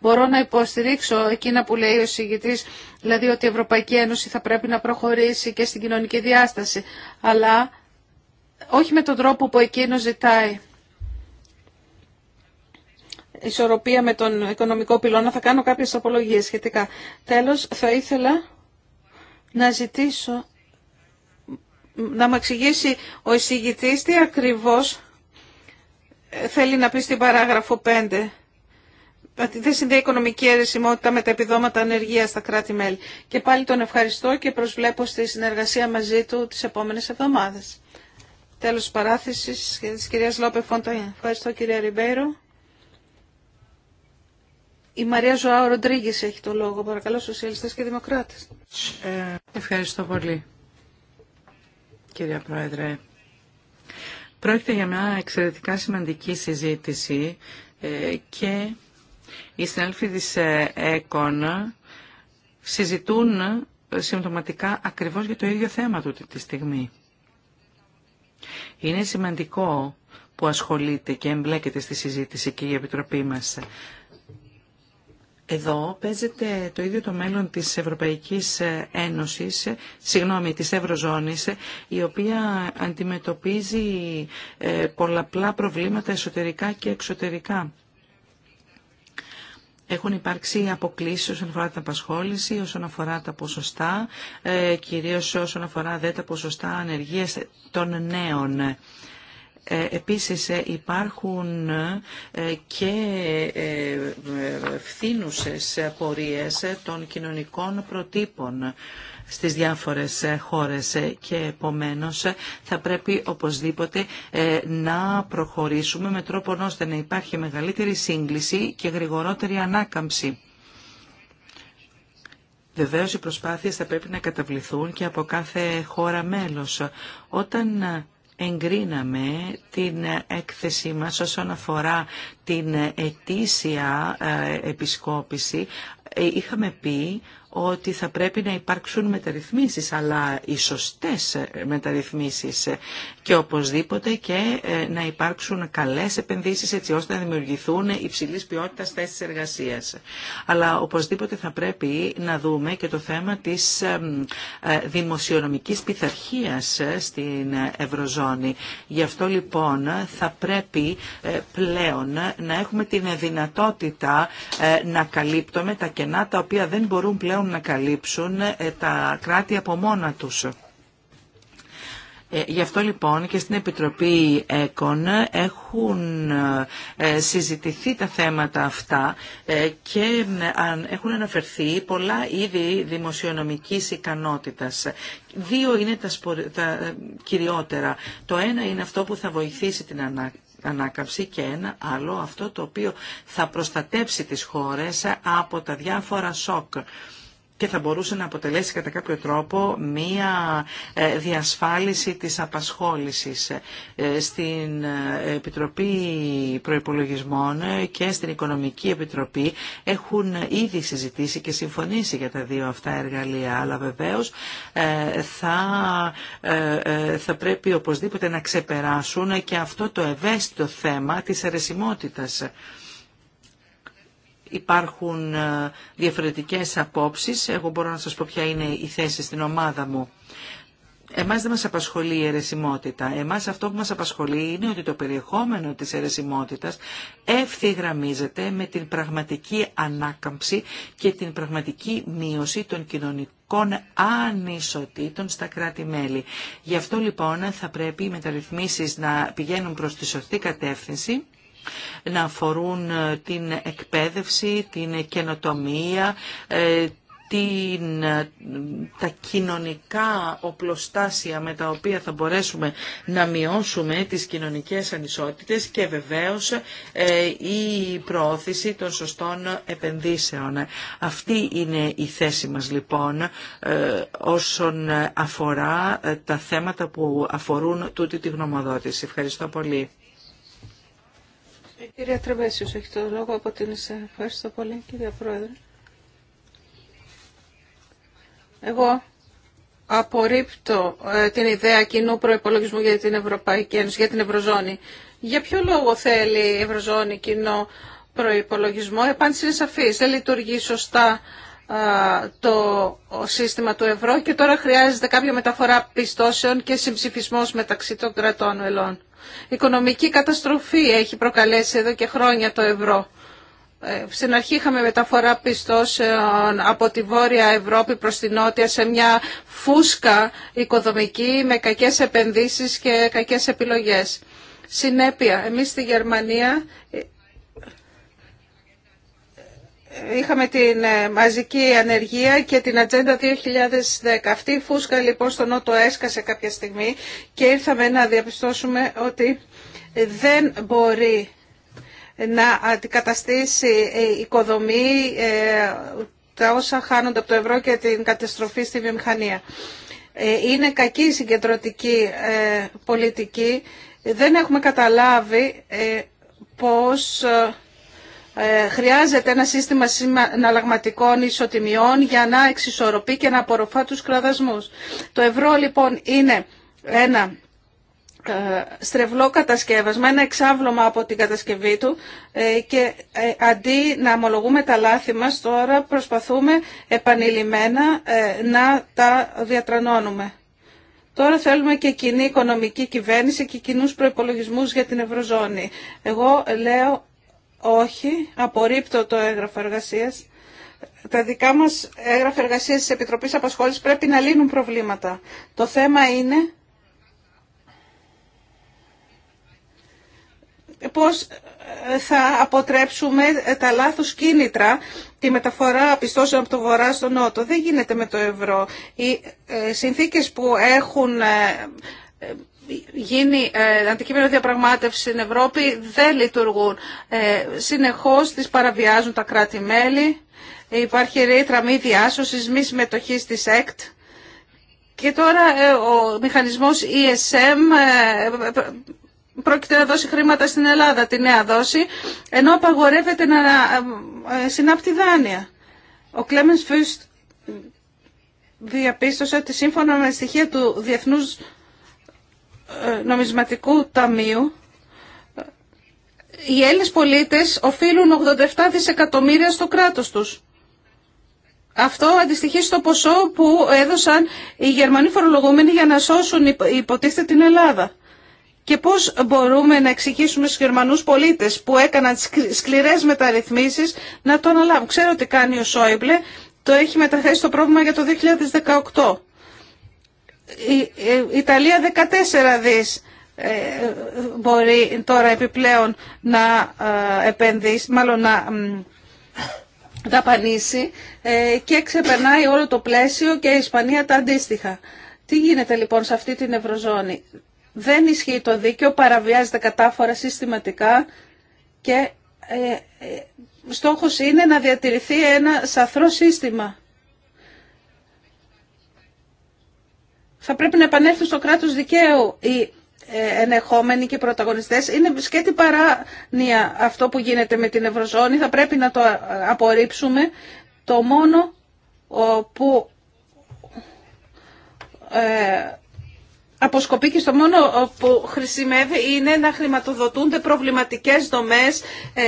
μπορώ να υποστηρίξω εκείνα που λέει ο συγγητής, δηλαδή ότι η Ευρωπαϊκή Ένωση θα πρέπει να προχωρήσει και στην κοινωνική διάσταση, αλλά όχι με τον τρόπο που εκείνο ζητάει. Ισορροπία με τον οικονομικό πυλώνα, θα κάνω κάποιες απολογίες σχετικά. Τέλος, θα ήθελα να ζητήσω να μου εξηγήσει ο εισηγητής τι ακριβώς θέλει να πει στην παράγραφο 5 ότι δεν συνδέει οικονομική αιρεσιμότητα με τα επιδόματα ανεργία στα κράτη-μέλη. Και πάλι τον ευχαριστώ και προσβλέπω στη συνεργασία μαζί του τις επόμενες εβδομάδες. Τέλος της παράθεσης της κυρίας Λόπε Φονταγιά. Ευχαριστώ κυρία Ριμπέρο. Η Μαρία Ζωάου Ροντρίγκης έχει το λόγο. Παρακαλώ σοσιαλιστές και δημοκράτες. Ευχαριστώ πολύ, κυρία Πρόεδρε. Πρόκειται για μια εξαιρετικά σημαντική συζήτηση ε, και οι συνέλφοι της ε, ΕΚΟΝ συζητούν ε, συμπτωματικά ακριβώς για το ίδιο θέμα του τη στιγμή. Είναι σημαντικό που ασχολείται και εμπλέκεται στη συζήτηση και η Επιτροπή μας. Εδώ παίζεται το ίδιο το μέλλον της Ευρωπαϊκής Ένωσης, συγγνώμη, της Ευρωζώνης, η οποία αντιμετωπίζει ε, πολλαπλά προβλήματα εσωτερικά και εξωτερικά. Έχουν υπάρξει αποκλήσεις όσον αφορά την απασχόληση, όσον αφορά τα ποσοστά, ε, κυρίως όσον αφορά δε τα ποσοστά ανεργίας των νέων. Ε, επίσης ε, υπάρχουν ε, και φθήνουσες πορείες των κοινωνικών προτύπων στις διάφορες χώρες και επομένως θα πρέπει οπωσδήποτε να προχωρήσουμε με τρόπο ώστε να υπάρχει μεγαλύτερη σύγκληση και γρηγορότερη ανάκαμψη. Βεβαίως οι προσπάθειες θα πρέπει να καταβληθούν και από κάθε χώρα μέλος. Όταν εγκρίναμε την έκθεσή μας όσον αφορά την ετήσια ε, επισκόπηση ε, είχαμε πει ότι θα πρέπει να υπάρξουν μεταρρυθμίσεις, αλλά οι σωστές ε, μεταρρυθμίσεις και οπωσδήποτε και ε, να υπάρξουν καλές επενδύσεις έτσι ώστε να δημιουργηθούν υψηλής ποιότητας θέσεις εργασίας. Αλλά οπωσδήποτε θα πρέπει να δούμε και το θέμα της δημοσιονομικής πειθαρχία στην Ευρωζώνη. Γι' αυτό λοιπόν θα πρέπει πλέον να έχουμε την δυνατότητα να καλύπτουμε τα κενά κενά τα οποία δεν μπορούν πλέον να καλύψουν ε, τα κράτη από μόνα τους. Ε, γι' αυτό λοιπόν και στην Επιτροπή ΕΚΟΝ έχουν ε, συζητηθεί τα θέματα αυτά και έχουν αναφερθεί πολλά είδη δημοσιονομικής ικανότητας. Δύο είναι τα κυριότερα. Το ένα είναι αυτό που θα βοηθήσει την ανάπτυξη ανάκαμψη και ένα άλλο αυτό το οποίο θα προστατέψει τις χώρες από τα διάφορα σοκ και θα μπορούσε να αποτελέσει κατά κάποιο τρόπο μία ε, διασφάλιση της απασχόλησης ε, στην ε, Επιτροπή Προϋπολογισμών και στην Οικονομική Επιτροπή έχουν ήδη συζητήσει και συμφωνήσει για τα δύο αυτά εργαλεία αλλά βεβαίως θα, θα πρέπει οπωσδήποτε να ξεπεράσουν και αυτό το ευαίσθητο θέμα της αρεσιμότητας υπάρχουν ε, διαφορετικές απόψεις. Εγώ μπορώ να σας πω ποια είναι η θέση στην ομάδα μου. Εμάς δεν μας απασχολεί η αιρεσιμότητα. Εμάς αυτό που μας απασχολεί είναι ότι το περιεχόμενο της αιρεσιμότητας ευθυγραμμίζεται με την πραγματική ανάκαμψη και την πραγματική μείωση των κοινωνικών ανισοτήτων στα κράτη-μέλη. Γι' αυτό λοιπόν θα πρέπει οι μεταρρυθμίσεις να πηγαίνουν προς τη σωστή κατεύθυνση να αφορούν ε, την εκπαίδευση, την καινοτομία, ε, την, ε, τα κοινωνικά οπλοστάσια με τα οποία θα μπορέσουμε να μειώσουμε τις κοινωνικές ανισότητες και βεβαίως η προώθηση των σωστών επενδύσεων. Αυτή είναι η θέση μας λοιπόν όσον αφορά τα θέματα που αφορούν τούτη τη γνωμοδότηση. Ευχαριστώ πολύ. Ε, κυρία Τρεβέσιος έχει το λόγο από την ΕΣΕ. Ευχαριστώ πολύ, κυρία Πρόεδρε. Εγώ απορρίπτω ε, την ιδέα κοινού προϋπολογισμού για την Ευρωπαϊκή Ένωση, για την Ευρωζώνη. Για ποιο λόγο θέλει η Ευρωζώνη κοινό προϋπολογισμό. Η απάντηση είναι σαφή. Δεν λειτουργεί σωστά το σύστημα του ευρώ και τώρα χρειάζεται κάποια μεταφορά πιστώσεων και συμψηφισμός μεταξύ των κρατών μελών. Οικονομική καταστροφή έχει προκαλέσει εδώ και χρόνια το ευρώ. Ε, στην αρχή είχαμε μεταφορά πιστώσεων από τη Βόρεια Ευρώπη προς τη Νότια σε μια φούσκα οικοδομική με κακές επενδύσεις και κακές επιλογές. Συνέπεια, εμείς στη Γερμανία ε, Είχαμε την ε, μαζική ανεργία και την Ατζέντα 2010. Αυτή η φούσκα λοιπόν στο Νότο έσκασε κάποια στιγμή και ήρθαμε να διαπιστώσουμε ότι δεν μπορεί να αντικαταστήσει ε, η οικοδομή ε, τα όσα χάνονται από το ευρώ και την καταστροφή στη βιομηχανία. Είναι κακή η συγκεντρωτική πολιτική. Δεν έχουμε καταλάβει πώς ε, χρειάζεται ένα σύστημα συναλλαγματικών ισοτιμιών για να εξισορροπεί και να απορροφά τους κραδασμούς. Το ευρώ λοιπόν είναι ένα ε, στρεβλό κατασκεύασμα, ένα εξάβλωμα από την κατασκευή του ε, και αντί να ομολογούμε τα λάθη μας τώρα προσπαθούμε επανειλημμένα να τα διατρανώνουμε. Τώρα θέλουμε και κοινή οικονομική κυβέρνηση και κοινούς προϋπολογισμούς για την Ευρωζώνη. Εγώ λέω όχι, απορρίπτω το έγγραφο εργασίας. Τα δικά μας έγγραφα εργασία τη Επιτροπής Απασχόλησης πρέπει να λύνουν προβλήματα. Το θέμα είναι πώς ε, θα αποτρέψουμε ε, τα λάθος κίνητρα, τη μεταφορά πιστώσεων από το βορρά στο νότο. Δεν γίνεται με το ευρώ. Οι ε, συνθήκες που έχουν γίνει ε, αντικείμενο διαπραγμάτευση στην Ευρώπη δεν λειτουργούν. Ε, συνεχώς τις παραβιάζουν τα κράτη-μέλη. Υπάρχει ρήτρα μη διάσωσης, μη συμμετοχή της ΕΚΤ. Και τώρα ε, ο μηχανισμός ESM ε, πρόκειται να δώσει χρήματα στην Ελλάδα, τη νέα δόση, ενώ απαγορεύεται να συνάπτει δάνεια. Ο Κλέμενς Φούστ διαπίστωσε ότι σύμφωνα με στοιχεία του Διεθνούς ε, νομισματικού ταμείου ε, οι Έλληνες πολίτες οφείλουν 87 δισεκατομμύρια στο κράτος τους. Αυτό αντιστοιχεί στο ποσό που έδωσαν οι Γερμανοί φορολογούμενοι για να σώσουν υποτίθεται την Ελλάδα. Και πώς μπορούμε να εξηγήσουμε στους Γερμανούς πολίτες που έκαναν σκληρές μεταρρυθμίσεις να το αναλάβουν. Ξέρω τι κάνει ο Σόιμπλε, το έχει μεταθέσει το πρόβλημα για το 2018. Η Ιταλία 14 δις ε, μπορεί τώρα επιπλέον να ε, επενδύσει, μάλλον να δαπανίσει ε, και ξεπερνάει όλο το πλαίσιο και η Ισπανία τα αντίστοιχα. Τι γίνεται λοιπόν σε αυτή την Ευρωζώνη. Δεν ισχύει το δίκαιο, παραβιάζεται κατάφορα συστηματικά και στόχος είναι να διατηρηθεί ένα σαθρό σύστημα. θα πρέπει να επανέλθουν στο κράτος δικαίου οι ε, ενεχόμενοι και οι πρωταγωνιστές. Είναι σκέτη παράνοια αυτό που γίνεται με την Ευρωζώνη. Θα πρέπει να το απορρίψουμε. Το μόνο που ε, αποσκοπεί και στο μόνο ε, που χρησιμεύει είναι να χρηματοδοτούνται προβληματικές δομές. Ε,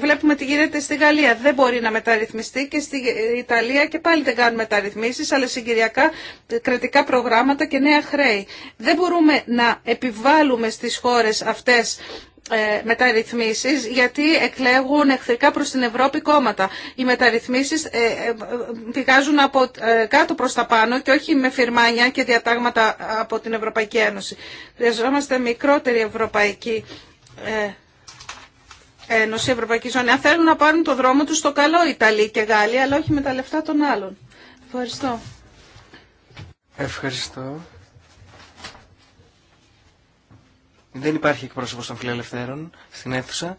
βλέπουμε τι γίνεται στη Γαλλία. Δεν μπορεί να μεταρρυθμιστεί και στη Ιταλία και πάλι δεν κάνουν μεταρρυθμίσεις, αλλά συγκυριακά ε, κρατικά προγράμματα και νέα χρέη. Δεν μπορούμε να επιβάλλουμε στις χώρες αυτές ε, μεταρρυθμίσεις γιατί εκλέγουν εχθρικά προς την Ευρώπη κόμματα. Οι μεταρρυθμίσεις ε, ε, πηγάζουν από κάτω προς τα πάνω και όχι με φυρμάνια και διατάγματα από την Ευρωπαϊκή Ένωση. Χρειαζόμαστε μικρότερη Ευρωπαϊκή Ένωση, Ευρωπαϊκή Ζώνη. Αν θέλουν να πάρουν το δρόμο τους στο καλό Ιταλία και Γάλλοι αλλά όχι με τα λεφτά των άλλων. Ευχαριστώ. Ευχαριστώ. Δεν υπάρχει εκπρόσωπος των φιλελευθέρων στην αίθουσα,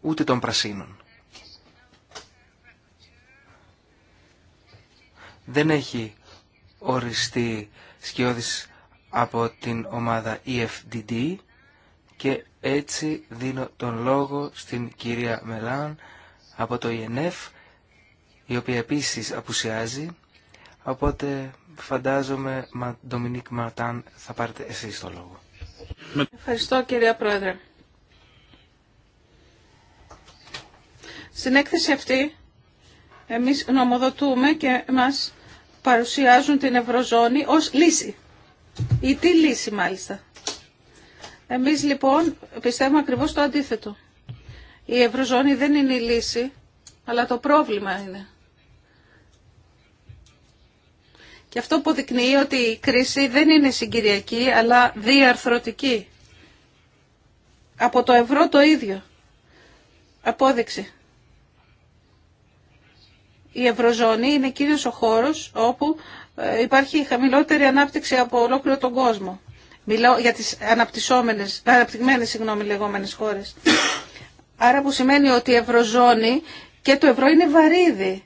ούτε των πρασίνων. Δεν έχει οριστεί σκιώδης από την ομάδα EFDD και έτσι δίνω τον λόγο στην κυρία Μελάν από το ΕΝΕΦ e η οποία επίσης απουσιάζει οπότε φαντάζομαι Ντομινίκ Μαρτάν θα πάρετε εσείς το λόγο. Ευχαριστώ κυρία Πρόεδρε. Στην έκθεση αυτή εμείς νομοδοτούμε και μας παρουσιάζουν την Ευρωζώνη ως λύση. Ή τι λύση μάλιστα. Εμείς λοιπόν πιστεύουμε ακριβώς το αντίθετο. Η Ευρωζώνη δεν είναι η λύση, αλλά το πρόβλημα είναι. Και αυτό αποδεικνύει ότι η κρίση δεν είναι συγκυριακή, αλλά διαρθρωτική. Από το ευρώ το ίδιο. Απόδειξη. Η Ευρωζώνη είναι κύριος ο χώρος όπου ε, υπάρχει χαμηλότερη ανάπτυξη από ολόκληρο τον κόσμο. Μιλάω για τις αναπτυσσόμενες, αναπτυγμένες συγγνώμη, λεγόμενες χώρες. Άρα που σημαίνει ότι η Ευρωζώνη και το ευρώ είναι βαρύδι.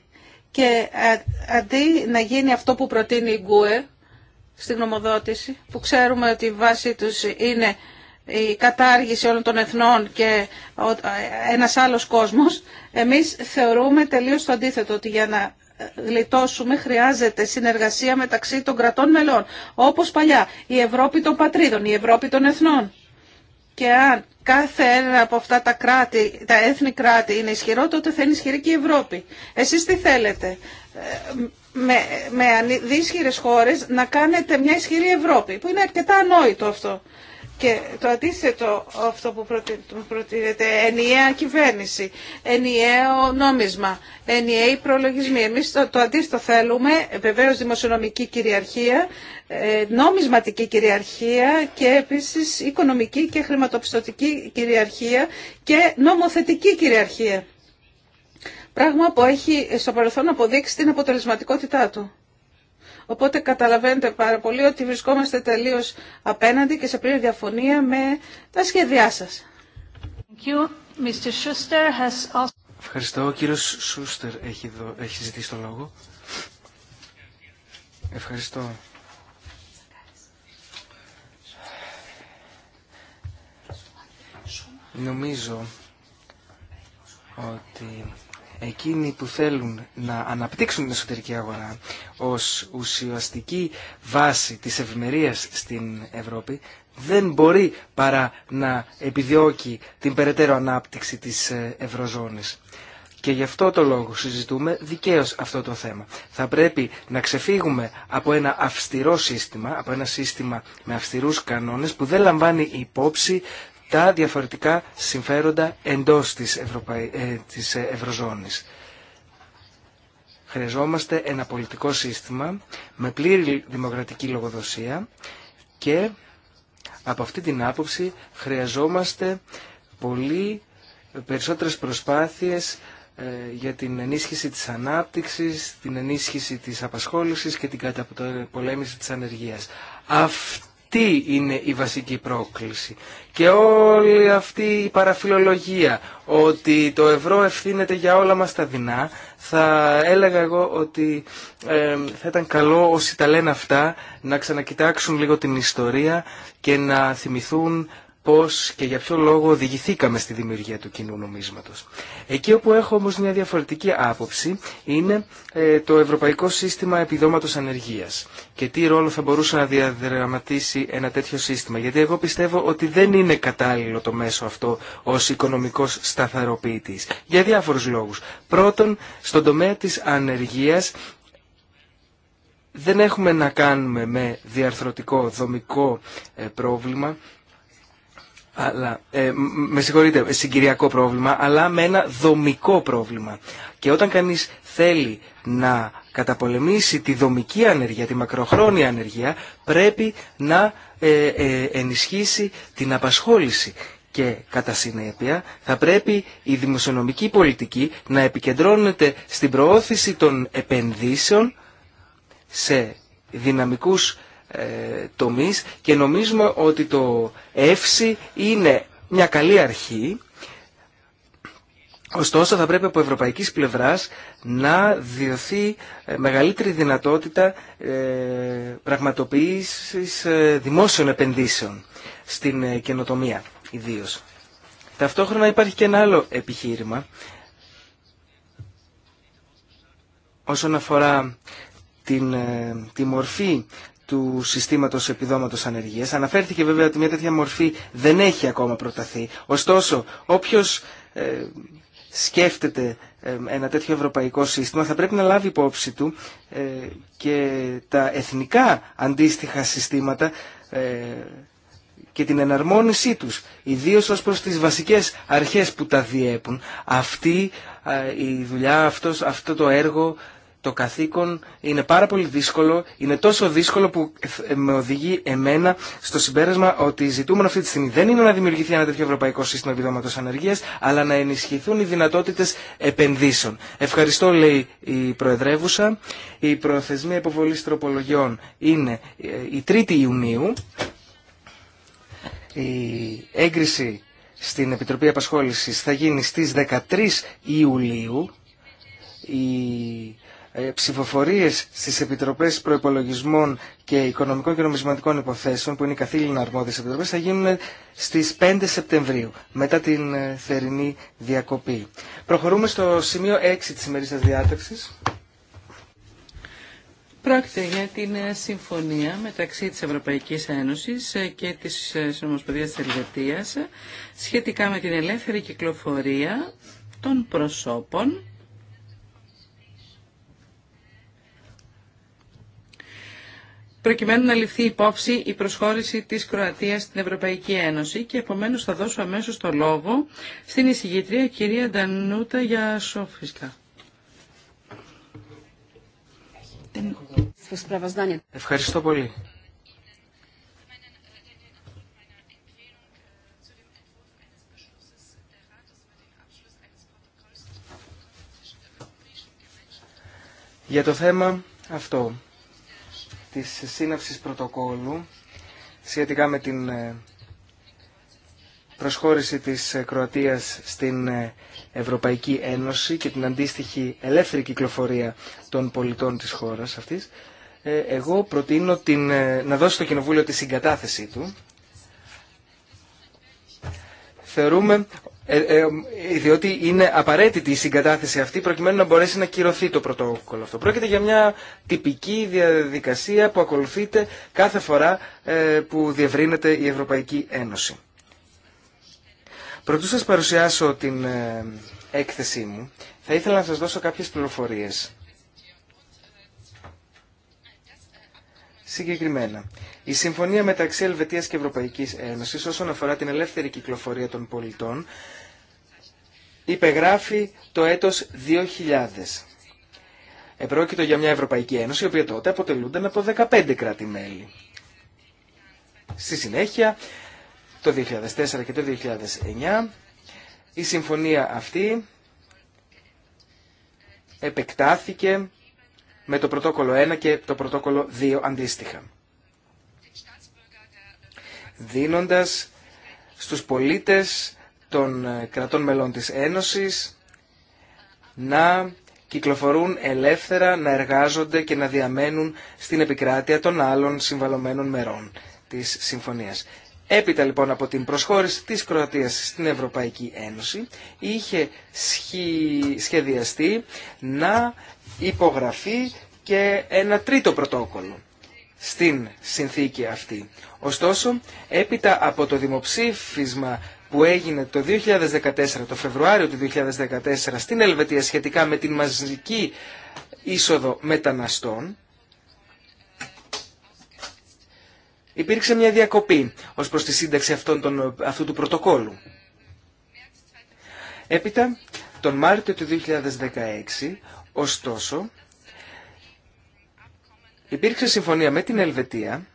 Και ε, αντί να γίνει αυτό που προτείνει η Γκουε στην νομοδότηση, που ξέρουμε ότι η βάση τους είναι η κατάργηση όλων των εθνών και ε, ένας άλλος κόσμος, εμείς θεωρούμε τελείως το αντίθετο, ότι για να γλιτώσουμε χρειάζεται συνεργασία μεταξύ των κρατών μελών, όπως παλιά, η Ευρώπη των πατρίδων, η Ευρώπη των εθνών. Και αν κάθε ένα από αυτά τα κράτη, τα έθνη κράτη είναι ισχυρό, τότε θα είναι ισχυρή και η Ευρώπη. Εσείς τι θέλετε, ε, με, με δύσχυρες χώρες να κάνετε μια ισχυρή Ευρώπη, που είναι αρκετά ανόητο αυτό. Και το αντίθετο αυτό που προτείνεται, ενιαία κυβέρνηση, ενιαίο νόμισμα, ενιαίοι προλογισμοί. Εμείς το, το θέλουμε, βεβαίω δημοσιονομική κυριαρχία, ε, νόμισματική κυριαρχία και επίσης οικονομική και χρηματοπιστωτική κυριαρχία και νομοθετική κυριαρχία. Πράγμα που έχει στο παρελθόν αποδείξει την αποτελεσματικότητά του. Οπότε καταλαβαίνετε πάρα πολύ ότι βρισκόμαστε τελείως απέναντι και σε πλήρη διαφωνία με τα σχέδιά σας. Ευχαριστώ. Ο κύριος Σούστερ έχει, έχει ζητήσει το λόγο. Ευχαριστώ. Νομίζω ότι εκείνοι που θέλουν να αναπτύξουν την εσωτερική αγορά ως ουσιαστική βάση της ευημερίας στην Ευρώπη δεν μπορεί παρά να επιδιώκει την περαιτέρω ανάπτυξη της ε, Ευρωζώνης. Και γι' αυτό το λόγο συζητούμε δικαίως αυτό το θέμα. Θα πρέπει να ξεφύγουμε από ένα αυστηρό σύστημα, από ένα σύστημα με αυστηρούς κανόνες που δεν λαμβάνει υπόψη τα διαφορετικά συμφέροντα εντός της, ε, της ε, Ευρωζώνης. Χρειαζόμαστε ένα πολιτικό σύστημα με πλήρη δημοκρατική λογοδοσία και από αυτή την άποψη χρειαζόμαστε πολύ περισσότερες προσπάθειες ε, για την ενίσχυση της ανάπτυξης, την ενίσχυση της απασχόλησης και την καταπολέμηση της ανεργίας. Τι είναι η βασική πρόκληση. Και όλη αυτή η παραφιλολογία ότι το ευρώ ευθύνεται για όλα μας τα δεινά, θα έλεγα εγώ ότι θα ήταν καλό όσοι τα λένε αυτά να ξανακοιτάξουν λίγο την ιστορία και να θυμηθούν πώς και για ποιο λόγο οδηγηθήκαμε στη δημιουργία του κοινού νομίσματος. Εκεί όπου έχω όμως μια διαφορετική άποψη είναι ε, το Ευρωπαϊκό Σύστημα Επιδόματος Ανεργίας και τι ρόλο θα μπορούσε να διαδραματίσει ένα τέτοιο σύστημα. Γιατί εγώ πιστεύω ότι δεν είναι κατάλληλο το μέσο αυτό ως οικονομικός σταθεροποιητής. Για διάφορους λόγους. Πρώτον, στον τομέα της ανεργίας δεν έχουμε να κάνουμε με διαρθρωτικό δομικό ε, πρόβλημα αλλά, ε, με συγχωρείτε, συγκυριακό πρόβλημα, αλλά με ένα δομικό πρόβλημα. Και όταν κανείς θέλει να καταπολεμήσει τη δομική ανεργία, τη μακροχρόνια ανεργία, πρέπει να ε, ε ενισχύσει την απασχόληση. Και κατά συνέπεια θα πρέπει η δημοσιονομική πολιτική να επικεντρώνεται στην προώθηση των επενδύσεων σε δυναμικούς ε, τομείς και νομίζουμε ότι το εύση είναι μια καλή αρχή Ωστόσο θα πρέπει από ευρωπαϊκής πλευράς να διωθεί ε, μεγαλύτερη δυνατότητα ε, πραγματοποίησης δημόσιων επενδύσεων στην καινοτομία ιδίως. Ταυτόχρονα υπάρχει και ένα άλλο επιχείρημα όσον αφορά την, τη μορφή του συστήματος επιδόματος Ανεργία. Αναφέρθηκε βέβαια ότι μια τέτοια μορφή δεν έχει ακόμα προταθεί. Ωστόσο, όποιο ε, σκέφτεται ε, ένα τέτοιο ευρωπαϊκό σύστημα θα πρέπει να λάβει υπόψη του ε, και τα εθνικά αντίστοιχα συστήματα και την εναρμόνισή τους, ιδίως ως προς τις βασικές αρχές που τα διέπουν. Αυτή η δουλειά, αυτό το έργο το καθήκον είναι πάρα πολύ δύσκολο, είναι τόσο δύσκολο που ε, με οδηγεί εμένα στο συμπέρασμα ότι ζητούμενο αυτή τη στιγμή δεν είναι να δημιουργηθεί ένα τέτοιο ευρωπαϊκό σύστημα επιδόματο ανεργία, αλλά να ενισχυθούν οι δυνατότητε επενδύσεων. Ευχαριστώ, λέει η Προεδρεύουσα. Η προθεσμία υποβολή τροπολογιών είναι ε, η 3η Ιουνίου. Η έγκριση στην Επιτροπή Απασχόλησης θα γίνει στις 13 Ιουλίου. Η ε, ψηφοφορίες στις Επιτροπές Προϋπολογισμών και Οικονομικών και Νομισματικών Υποθέσεων, που είναι οι καθήλυνα αρμόδιες επιτροπές, θα γίνουν στις 5 Σεπτεμβρίου, μετά την ε, θερινή διακοπή. Προχωρούμε στο σημείο 6 της σα διάταξης. Πρόκειται για την ε, συμφωνία μεταξύ της Ευρωπαϊκής Ένωσης και της Συνομοσπονδίας της Ελβετίας σχετικά με την ελεύθερη κυκλοφορία των προσώπων προκειμένου να ληφθεί υπόψη η προσχώρηση της Κροατίας στην Ευρωπαϊκή Ένωση και επομένως θα δώσω αμέσως το λόγο στην εισηγήτρια κυρία Ντανούτα για Σόφισκα. Ευχαριστώ πολύ. Για το θέμα αυτό της σύναψης πρωτοκόλου σχετικά με την ε, προσχώρηση της ε, Κροατίας στην ε, Ευρωπαϊκή Ένωση και την αντίστοιχη ελεύθερη κυκλοφορία των πολιτών της χώρας αυτής, εγώ προτείνω την, να δώσει το Κοινοβούλιο τη συγκατάθεσή του. Θεωρούμε ε, ε, ε, διότι είναι απαραίτητη η συγκατάθεση αυτή προκειμένου να μπορέσει να κυρωθεί το πρωτόκολλο αυτό. Πρόκειται για μια τυπική διαδικασία που ακολουθείται κάθε φορά ε, που διευρύνεται η Ευρωπαϊκή Ένωση. Πρωτού σας παρουσιάσω την ε, έκθεσή μου, θα ήθελα να σας δώσω κάποιες πληροφορίες. Συγκεκριμένα, η συμφωνία μεταξύ Ελβετίας και Ευρωπαϊκής Ένωσης όσον αφορά την ελεύθερη κυκλοφορία των πολιτών υπεγράφει το έτος 2000. Επρόκειτο για μια Ευρωπαϊκή Ένωση, η οποία τότε αποτελούνταν από 15 κράτη-μέλη. Στη συνέχεια, το 2004 και το 2009, η συμφωνία αυτή επεκτάθηκε με το πρωτόκολλο 1 και το πρωτόκολλο 2 αντίστοιχα. Δίνοντας στους πολίτες των ε, κρατών μελών της Ένωσης να κυκλοφορούν ελεύθερα, να εργάζονται και να διαμένουν στην επικράτεια των άλλων συμβαλωμένων μερών της Συμφωνίας. Έπειτα λοιπόν από την προσχώρηση της Κροατίας στην Ευρωπαϊκή Ένωση είχε σχεδιαστεί να υπογραφεί και ένα τρίτο πρωτόκολλο στην συνθήκη αυτή. Ωστόσο, έπειτα από το δημοψήφισμα που έγινε το 2014, το Φεβρουάριο του 2014 στην Ελβετία σχετικά με την μαζική είσοδο μεταναστών, υπήρξε μια διακοπή ως προς τη σύνταξη αυτών αυτού του πρωτοκόλου. Έπειτα, τον Μάρτιο του 2016, ωστόσο, υπήρξε συμφωνία με την Ελβετία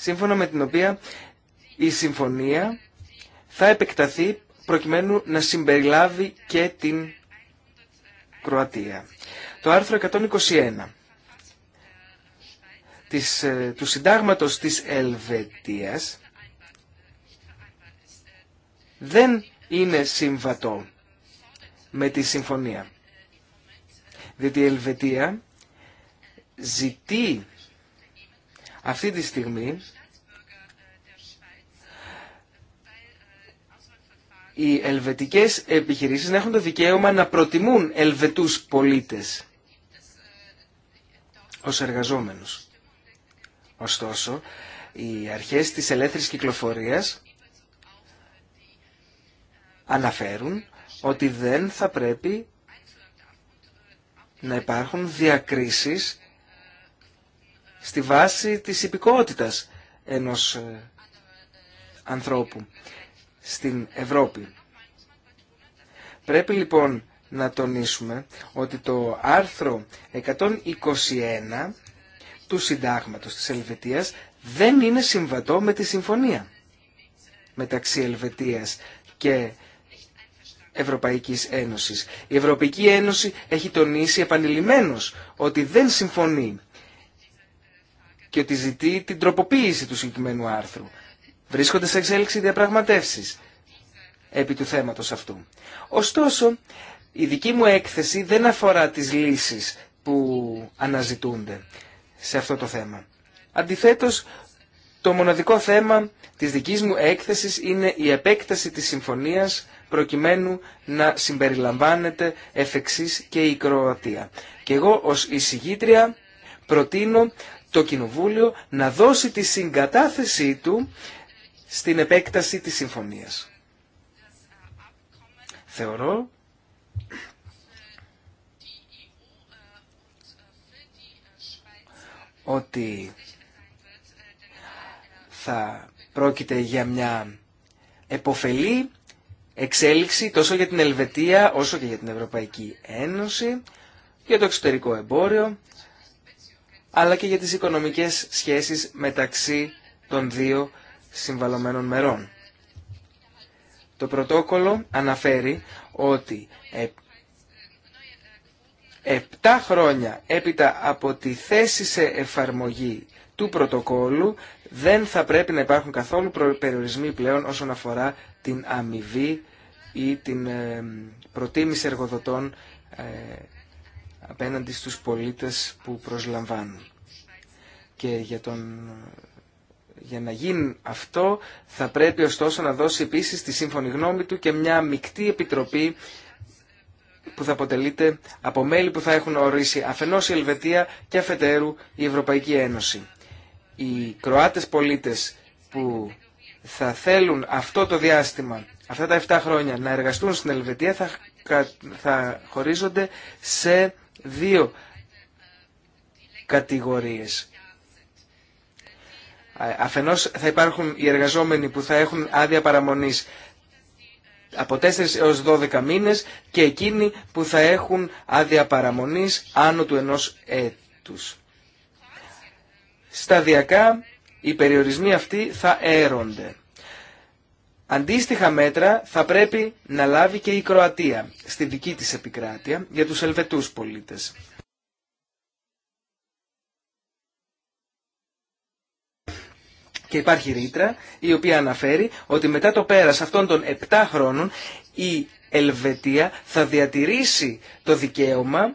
σύμφωνα με την οποία η συμφωνία θα επεκταθεί προκειμένου να συμπεριλάβει και την Κροατία. Το άρθρο 121 της, ε, του συντάγματος της Ελβετίας δεν είναι συμβατό με τη συμφωνία. Διότι η Ελβετία ζητεί αυτή τη στιγμή οι ελβετικές επιχειρήσεις να έχουν το δικαίωμα να προτιμούν ελβετούς πολίτες ως εργαζόμενους. Ωστόσο, οι αρχές της ελεύθερης κυκλοφορίας αναφέρουν ότι δεν θα πρέπει να υπάρχουν διακρίσεις στη βάση της υπηκότητας ενός ε, ανθρώπου στην Ευρώπη. Πρέπει λοιπόν να τονίσουμε ότι το άρθρο 121 του συντάγματος της Ελβετίας δεν είναι συμβατό με τη συμφωνία μεταξύ Ελβετίας και Ευρωπαϊκής Ένωσης. Η Ευρωπαϊκή Ένωση έχει τονίσει επανειλημμένως ότι δεν συμφωνεί και ότι ζητεί την τροποποίηση του συγκεκριμένου άρθρου. Βρίσκονται σε εξέλιξη διαπραγματεύσεις επί του θέματος αυτού. Ωστόσο, η δική μου έκθεση δεν αφορά τις λύσεις που αναζητούνται σε αυτό το θέμα. Αντιθέτως, το μοναδικό θέμα της δικής μου έκθεσης είναι η επέκταση της συμφωνίας προκειμένου να συμπεριλαμβάνεται εφ' και η Κροατία. Και εγώ ως εισηγήτρια προτείνω το Κοινοβούλιο να δώσει τη συγκατάθεσή του στην επέκταση της συμφωνίας. Θεωρώ ότι θα πρόκειται για μια εποφελή εξέλιξη τόσο για την Ελβετία όσο και για την Ευρωπαϊκή Ένωση, για το εξωτερικό εμπόριο, αλλά και για τις οικονομικές σχέσεις μεταξύ των δύο συμβαλωμένων μερών. Το πρωτόκολλο αναφέρει ότι ε, επτά χρόνια έπειτα από τη θέση σε εφαρμογή του πρωτοκόλλου δεν θα πρέπει να υπάρχουν καθόλου περιορισμοί πλέον όσον αφορά την αμοιβή ή την ε, προτίμηση εργοδοτών ε, απέναντι στους πολίτες που προσλαμβάνουν. Και για, τον... για να γίνει αυτό θα πρέπει ωστόσο να δώσει επίσης τη σύμφωνη γνώμη του και μια μεικτή επιτροπή που θα αποτελείται από μέλη που θα έχουν ορίσει αφενός η Ελβετία και αφετέρου η Ευρωπαϊκή Ένωση. Οι Κροάτες πολίτες που θα θέλουν αυτό το διάστημα, αυτά τα 7 χρόνια να εργαστούν στην Ελβετία θα, θα χωρίζονται σε δύο κατηγορίες. Αφενός θα υπάρχουν οι εργαζόμενοι που θα έχουν άδεια παραμονής από 4 έως 12 μήνες και εκείνοι που θα έχουν άδεια παραμονής άνω του ενός έτους. Σταδιακά οι περιορισμοί αυτοί θα έρονται. Αντίστοιχα μέτρα θα πρέπει να λάβει και η Κροατία στη δική της επικράτεια για τους Ελβετούς πολίτες. Και υπάρχει ρήτρα η οποία αναφέρει ότι μετά το πέρας αυτών των 7 χρόνων η Ελβετία θα διατηρήσει το δικαίωμα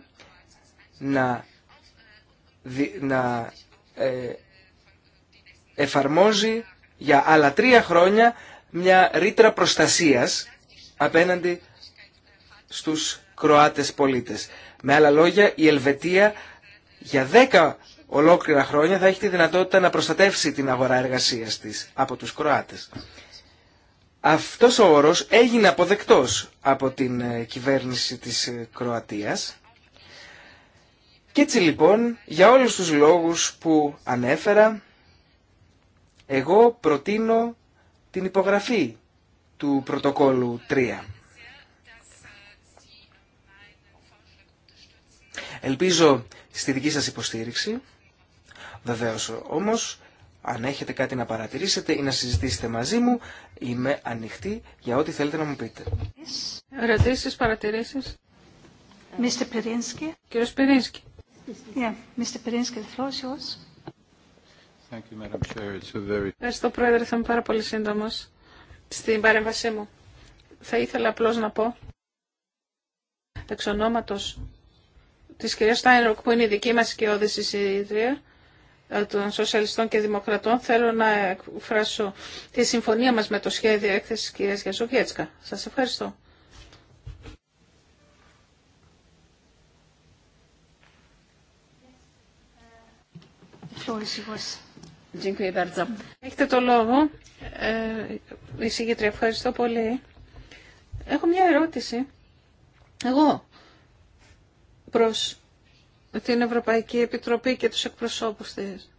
να, να ε, εφαρμόζει για άλλα τρία χρόνια μια ρήτρα προστασίας απέναντι στους Κροάτες πολίτες. Με άλλα λόγια, η Ελβετία για δέκα ολόκληρα χρόνια θα έχει τη δυνατότητα να προστατεύσει την αγορά εργασίας της από τους Κροάτες. Αυτός ο όρος έγινε αποδεκτός από την ε, κυβέρνηση της ε, Κροατίας και έτσι λοιπόν για όλους τους λόγους που ανέφερα εγώ προτείνω την υπογραφή του πρωτοκόλου 3. Ελπίζω στη δική σας υποστήριξη. Βεβαίως όμως, αν έχετε κάτι να παρατηρήσετε ή να συζητήσετε μαζί μου, είμαι ανοιχτή για ό,τι θέλετε να μου πείτε. Ερωτήσεις, παρατηρήσεις. Mr. Κύριος Πυρίνσκι. Yeah, Mr. Πυρίνσκι, the floor Ευχαριστώ, Πρόεδρε. Θα είμαι πάρα πολύ σύντομο στην παρέμβασή μου. Θα ήθελα απλώ να πω εξ ονόματο τη κυρία Στάινροκ, που είναι η δική μα η Ιδρύα των Σοσιαλιστών και Δημοκρατών, θέλω να εκφράσω τη συμφωνία μας με το σχέδιο έκθεσης κυρίας Γιαζοβιέτσκα. Σας ευχαριστώ. Uh, Έχετε το λόγο. Ε, εισηγήτρια, ευχαριστώ πολύ. Έχω μια ερώτηση. Εγώ προς την Ευρωπαϊκή Επιτροπή και τους εκπροσώπους της.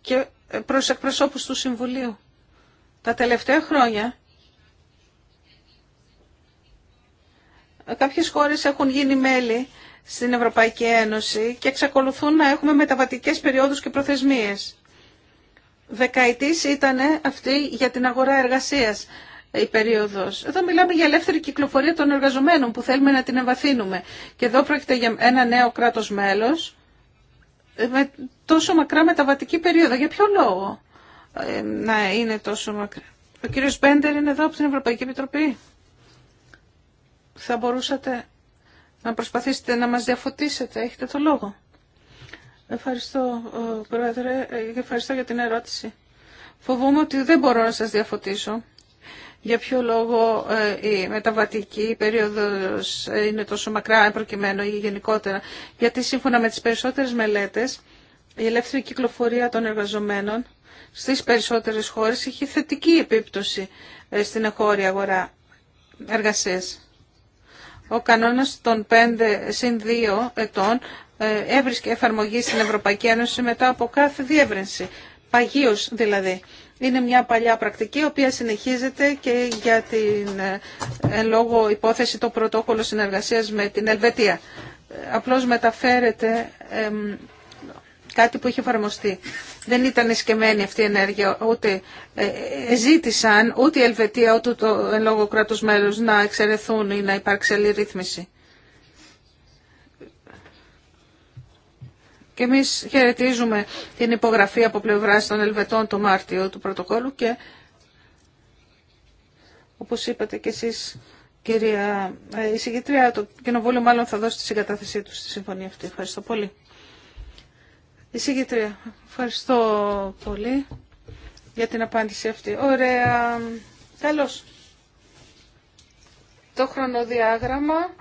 Και προς εκπροσώπους του Συμβουλίου. Τα τελευταία χρόνια κάποιες χώρες έχουν γίνει μέλη στην Ευρωπαϊκή Ένωση και εξακολουθούν να έχουμε μεταβατικές περιόδους και προθεσμίες. Δεκαετής ήταν αυτή για την αγορά εργασίας η περίοδος. Εδώ μιλάμε για ελεύθερη κυκλοφορία των εργαζομένων που θέλουμε να την εμβαθύνουμε. Και εδώ πρόκειται για ένα νέο κράτος μέλος με τόσο μακρά μεταβατική περίοδο. Για ποιο λόγο ε, να είναι τόσο μακρά. Ο κύριος Μπέντερ είναι εδώ από την Ευρωπαϊκή Επιτροπή. Θα μπορούσατε να προσπαθήσετε να μας διαφωτίσετε. Έχετε το λόγο. Ευχαριστώ, ε, Πρόεδρε, ε, ευχαριστώ για την ερώτηση. Φοβούμαι ότι δεν μπορώ να σας διαφωτίσω. Για ποιο λόγο ε, η μεταβατική περίοδος είναι τόσο μακρά, προκειμένου ή γενικότερα. Γιατί σύμφωνα με τις περισσότερες μελέτες, η ελεύθερη κυκλοφορία των εργαζομένων στις περισσότερες χώρες έχει θετική επίπτωση στην εγχώρια αγορά εργασίας ο κανόνας των 5 συν 2 ετών ε, έβρισκε εφαρμογή στην Ευρωπαϊκή Ένωση μετά από κάθε διεύρυνση, παγίως δηλαδή. Είναι μια παλιά πρακτική, η οποία συνεχίζεται και για την ε, ε, λόγω υπόθεση το πρωτόκολλο συνεργασίας με την Ελβετία. Απλώς μεταφέρεται κάτι που είχε εφαρμοστεί δεν ήταν εσκεμμένη αυτή η ενέργεια, ούτε ε, ε, ζήτησαν ούτε η Ελβετία ούτε το εν λόγω κράτος μέλος να εξαιρεθούν ή να υπάρξει άλλη ρύθμιση. Και εμείς χαιρετίζουμε την υπογραφή από πλευρα των Ελβετών το Μάρτιο του πρωτοκόλου και όπως είπατε και εσείς κυρία ε, εισηγητρία, το Κοινοβούλιο μάλλον θα δώσει τη συγκατάθεσή του στη συμφωνία αυτή. Ευχαριστώ πολύ. Εισηγήτρια, ευχαριστώ πολύ για την απάντηση αυτή. Ωραία. Τέλος. Το χρονοδιάγραμμα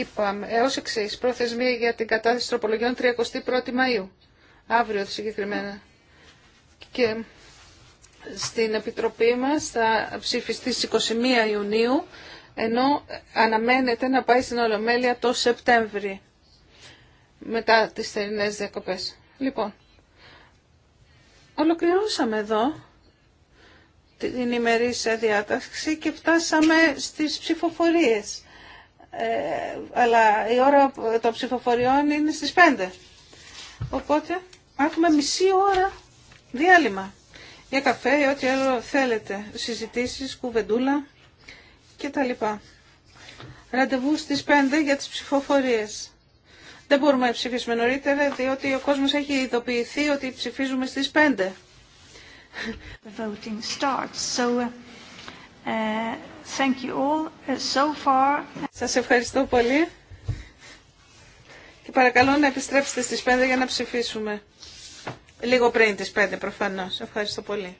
είπαμε έως ε, εξής. Προθεσμία για την κατάθεση τροπολογιών Μαΐου. Αύριο συγκεκριμένα. Και στην Επιτροπή μας θα ψηφιστεί στις 21 Ιουνίου, ενώ αναμένεται να πάει στην Ολομέλεια το Σεπτέμβριο μετά τις θερινές διακοπές. Λοιπόν, ολοκληρώσαμε εδώ την ημερήσια διάταξη και φτάσαμε στις ψηφοφορίες. Ε, αλλά η ώρα των ψηφοφοριών είναι στις 5. Οπότε έχουμε μισή ώρα διάλειμμα για καφέ ή ό,τι άλλο θέλετε. Συζητήσεις, κουβεντούλα και τα λοιπά. Ραντεβού στις 5 για τις ψηφοφορίες. Δεν μπορούμε να ψηφίσουμε νωρίτερα, διότι ο κόσμος έχει ειδοποιηθεί ότι ψηφίζουμε στις 5. The voting starts. So, uh, uh thank you all uh, so far. Σας ευχαριστώ πολύ. Και παρακαλώ να επιστρέψετε στις 5 για να ψηφίσουμε. Λίγο πριν τις 5 προφανώς. Ευχαριστώ πολύ.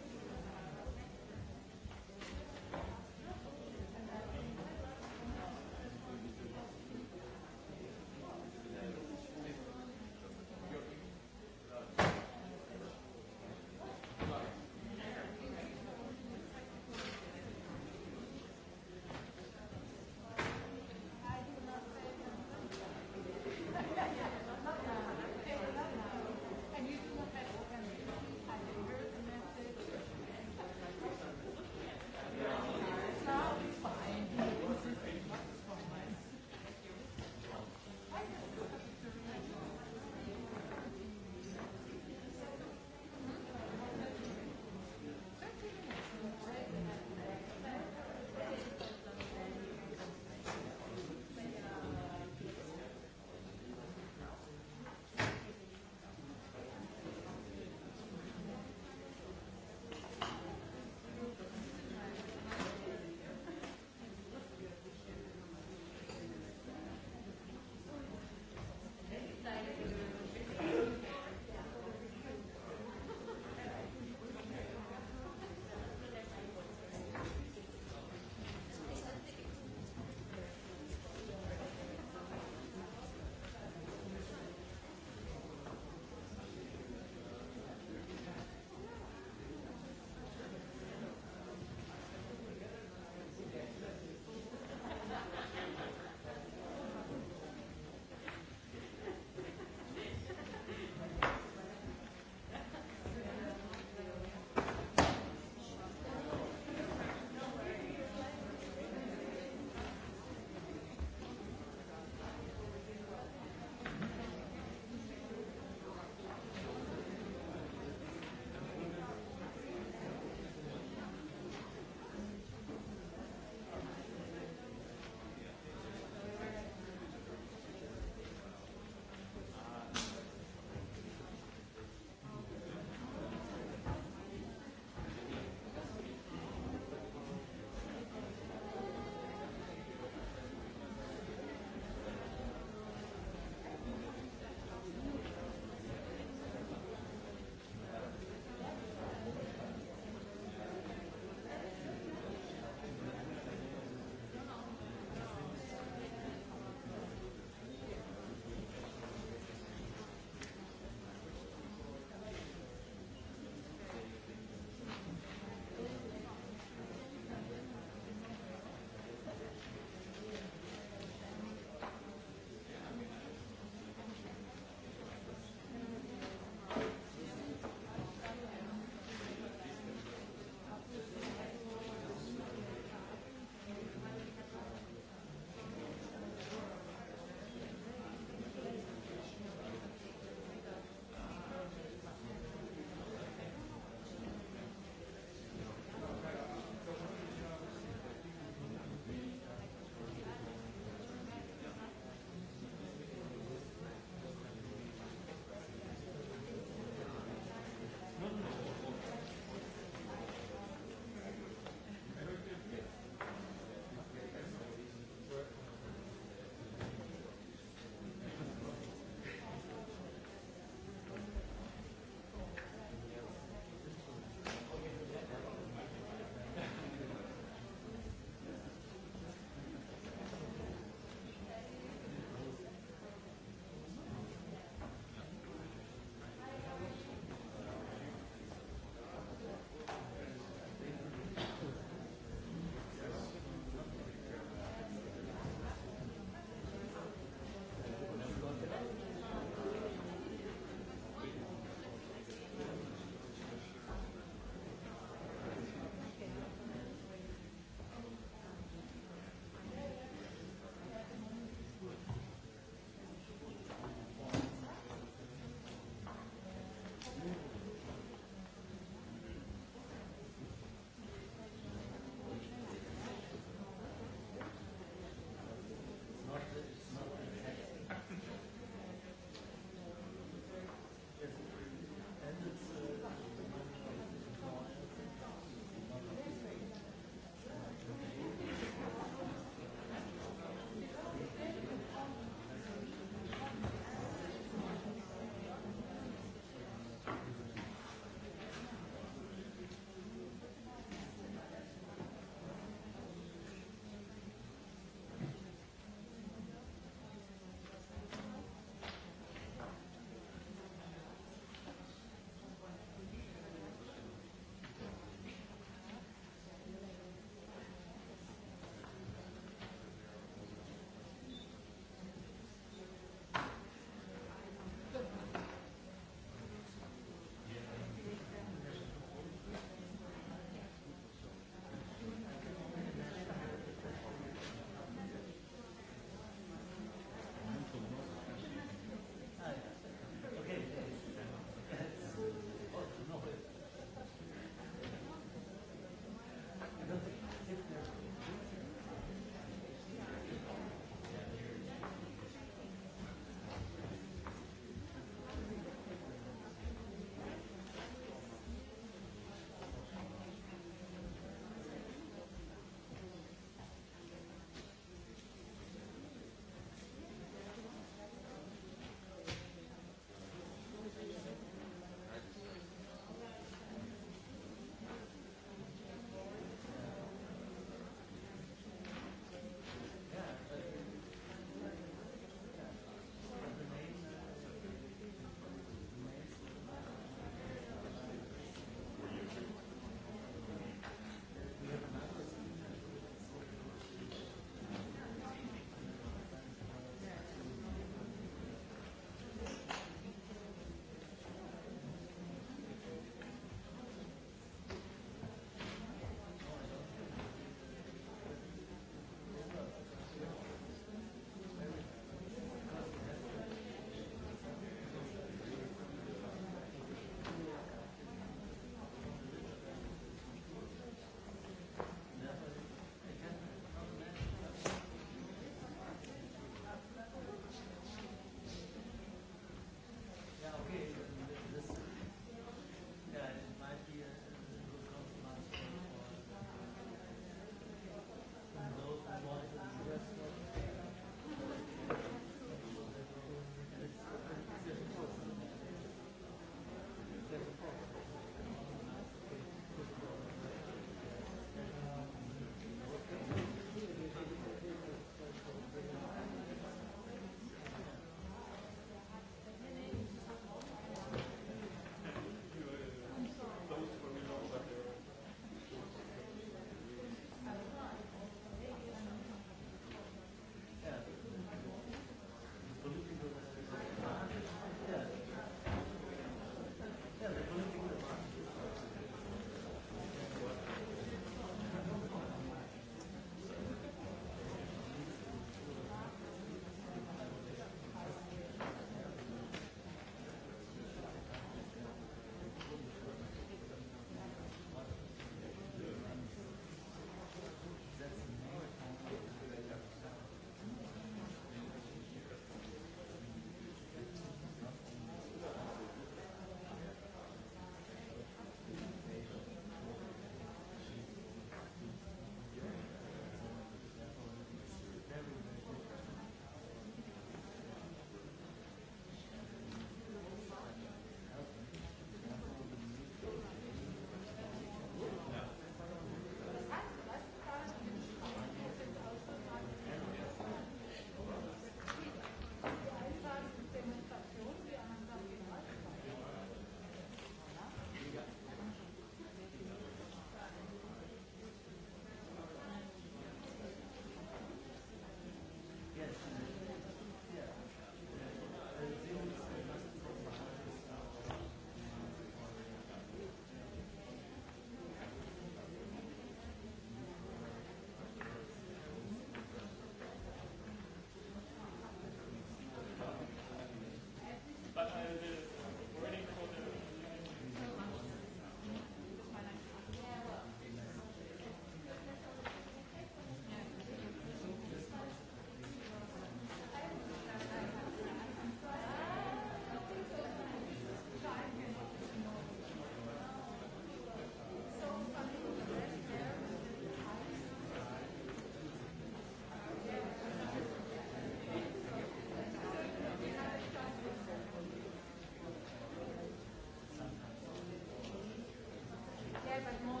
Υπότιτλοι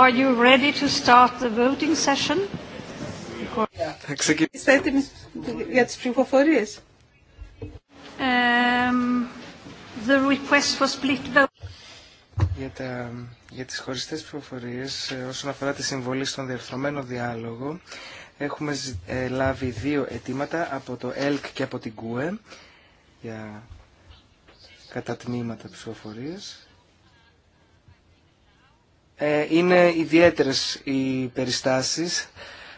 Are you ready to start the voting session? Είστε έτοιμοι για τις ψηφοφορίες. Um, the request for split vote. Για, τα, για τις χωριστές ψηφοφορίες ε, όσον αφορά τη συμβολή στον διερθρωμένο διάλογο έχουμε ε, λάβει δύο αιτήματα από το ΕΛΚ και από την ΚΟΕ για κατατμήματα τμήματα ψηφοφορίες ε, είναι ιδιαίτερες οι περιστάσεις.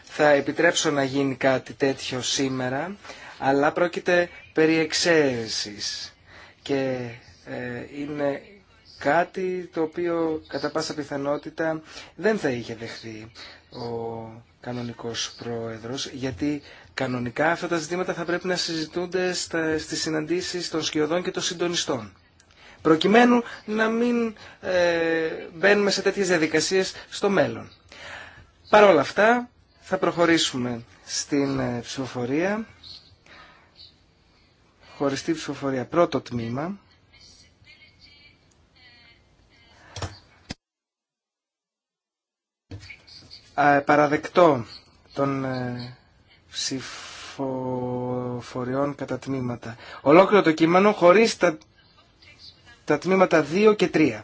Θα επιτρέψω να γίνει κάτι τέτοιο σήμερα, αλλά πρόκειται περί εξαίρεσης και ε, είναι κάτι το οποίο κατά πάσα πιθανότητα δεν θα είχε δεχθεί ο κανονικός πρόεδρος, γιατί κανονικά αυτά τα ζητήματα θα πρέπει να συζητούνται στις συναντήσεις των σκιωδών και των συντονιστών προκειμένου να μην ε, μπαίνουμε σε τέτοιες διαδικασίες στο μέλλον. Παρ' όλα αυτά θα προχωρήσουμε στην ε, ψηφοφορία, χωριστή ψηφοφορία πρώτο τμήμα. παραδεκτό των ε, ψηφοφοριών κατά τμήματα. Ολόκληρο το κείμενο χωρίς τα τα τμήματα 2 και 3.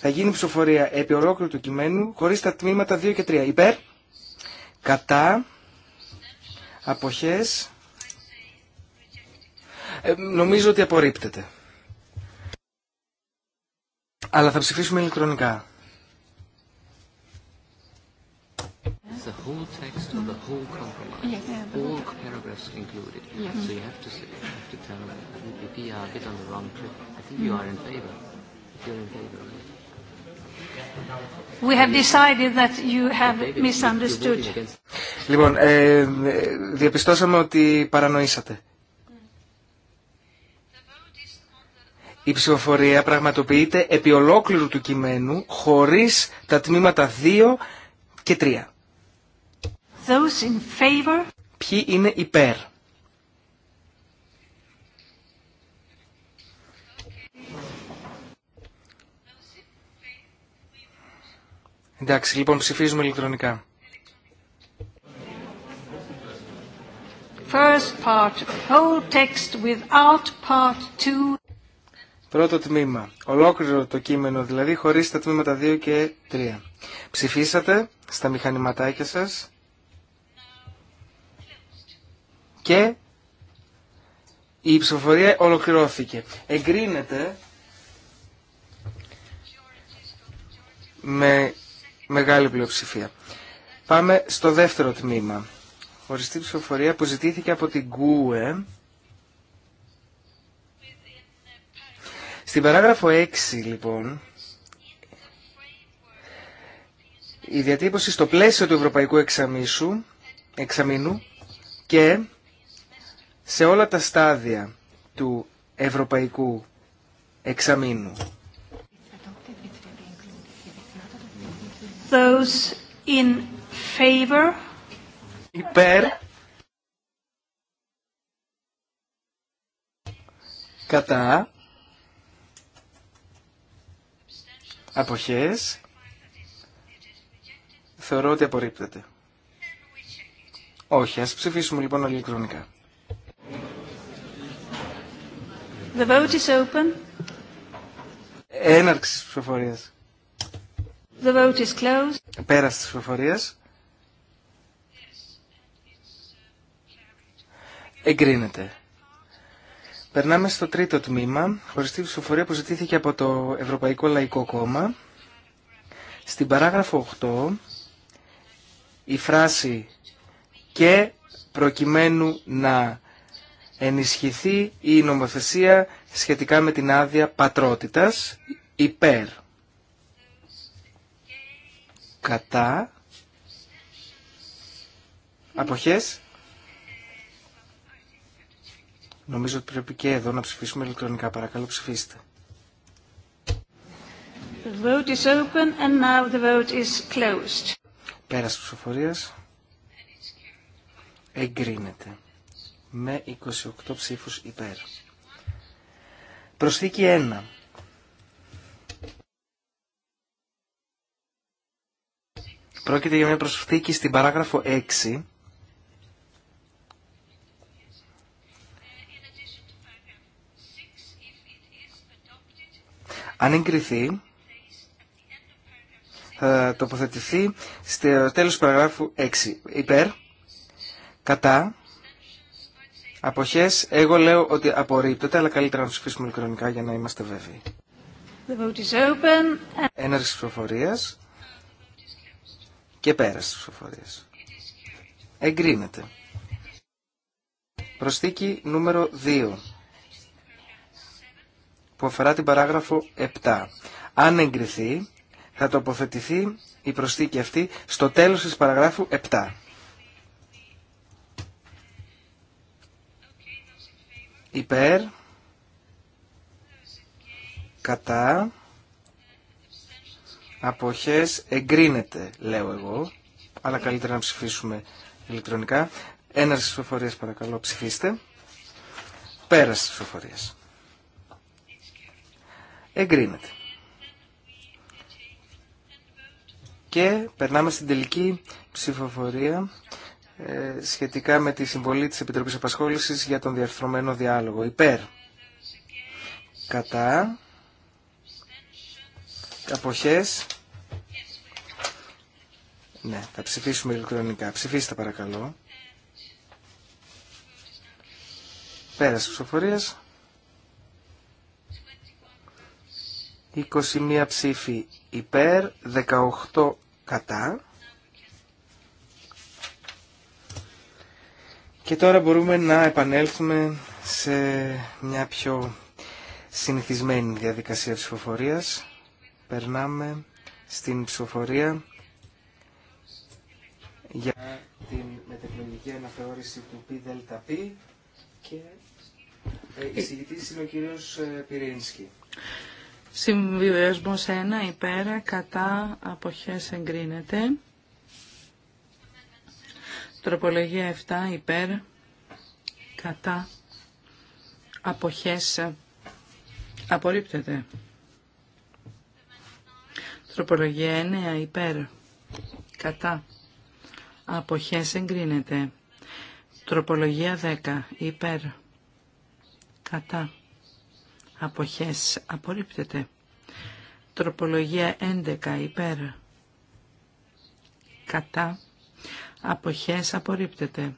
Θα γίνει ψηφοφορία επί ολόκληρου του κειμένου χωρίς τα τμήματα 2 και 3. Υπέρ, κατά, αποχές, ε, νομίζω ότι απορρίπτεται. Αλλά θα ψηφίσουμε ηλεκτρονικά. It's the whole text of the whole compromise, yes. all paragraphs included. Yes. So you have to say, you have to tell them, I think you are a bit on the wrong trip. I think you are in favor. If you're in favor of it. We have decided that you have misunderstood. Λοιπόν, ε, διαπιστώσαμε ότι παρανοήσατε. Η ψηφοφορία πραγματοποιείται επί ολόκληρου του κειμένου χωρίς τα τμήματα 2 και 3. Those in favor. Ποιοι είναι υπέρ. Εντάξει, λοιπόν ψηφίζουμε ηλεκτρονικά. First part, whole text without part two. Πρώτο τμήμα. Ολόκληρο το κείμενο, δηλαδή χωρίς τα τμήματα 2 και 3. Ψηφίσατε στα μηχανηματάκια σας. και η ψηφοφορία ολοκληρώθηκε. Εγκρίνεται με μεγάλη πλειοψηφία. Πάμε στο δεύτερο τμήμα. Χωριστή ψηφοφορία που ζητήθηκε από την ΚΟΥΕ. Στην παράγραφο 6 λοιπόν, η διατύπωση στο πλαίσιο του Ευρωπαϊκού Εξαμίσου, Εξαμήνου και σε όλα τα στάδια του ευρωπαϊκού εξαμήνου. Those in favor. Υπέρ. Κατά. Αποχές. Θεωρώ ότι απορρίπτεται. Όχι, ας ψηφίσουμε λοιπόν ηλεκτρονικά. The vote is open. Έναρξη της ψηφοφορίας. The vote is closed. της ψηφοφορίας. Εγκρίνεται. Περνάμε στο τρίτο τμήμα, χωριστή ψηφοφορία που ζητήθηκε από το Ευρωπαϊκό Λαϊκό Κόμμα. Στην παράγραφο 8, η φράση «και προκειμένου να ενισχυθεί η νομοθεσία σχετικά με την άδεια πατρότητας υπέρ. Κατά. Αποχές. Νομίζω ότι πρέπει και εδώ να ψηφίσουμε ηλεκτρονικά. Παρακαλώ ψηφίστε. The vote is ψηφοφορίας εγκρίνεται με 28 ψήφους υπέρ. Προσθήκη 1. Πρόκειται για μια προσθήκη στην παράγραφο 6. Αν εγκριθεί, θα τοποθετηθεί στο τέλος του παραγράφου 6. Υπέρ, κατά, Αποχές, εγώ λέω ότι απορρίπτεται, αλλά καλύτερα να ψηφίσουμε ηλεκτρονικά για να είμαστε βέβαιοι. Έναρξη vote open. ψηφοφορίας και πέραση ψηφοφορίας. Εγκρίνεται. Προσθήκη νούμερο 2 που αφορά την παράγραφο 7. Αν εγκριθεί, θα τοποθετηθεί η προσθήκη αυτή στο τέλος της παραγράφου 7. υπέρ, κατά, αποχές, εγκρίνεται λέω εγώ, αλλά καλύτερα να ψηφίσουμε ηλεκτρονικά. Ένα ψηφοφορίας παρακαλώ ψηφίστε. Πέρας ψηφοφορίας. Εγκρίνεται. Και περνάμε στην τελική ψηφοφορία ε, σχετικά με τη συμβολή της Επιτροπής Απασχόλησης για τον διαρθρωμένο διάλογο. Υπέρ. Κατά. Αποχές. Ναι, θα ψηφίσουμε ηλεκτρονικά. Ψηφίστε παρακαλώ. Πέρασε ψηφοφορίας. 21 ψήφοι υπέρ, 18 κατά. Και τώρα μπορούμε να επανέλθουμε σε μια πιο συνηθισμένη διαδικασία ψηφοφορίας. Περνάμε στην ψηφοφορία για την μετεκλογική αναθεώρηση του ΠΔΠ και εισηγητής είναι ο κύριος ε, Πυρίνσκι. Συμβιβασμός 1 υπέρ, κατά, αποχές εγκρίνεται. Τροπολογία 7 υπέρ κατά αποχές απορρίπτεται. Τροπολογία 9 υπέρ κατά αποχές εγκρίνεται. Τροπολογία 10 υπέρ κατά αποχές απορρίπτεται. Τροπολογία 11 υπέρ κατά αποχές απορρίπτεται.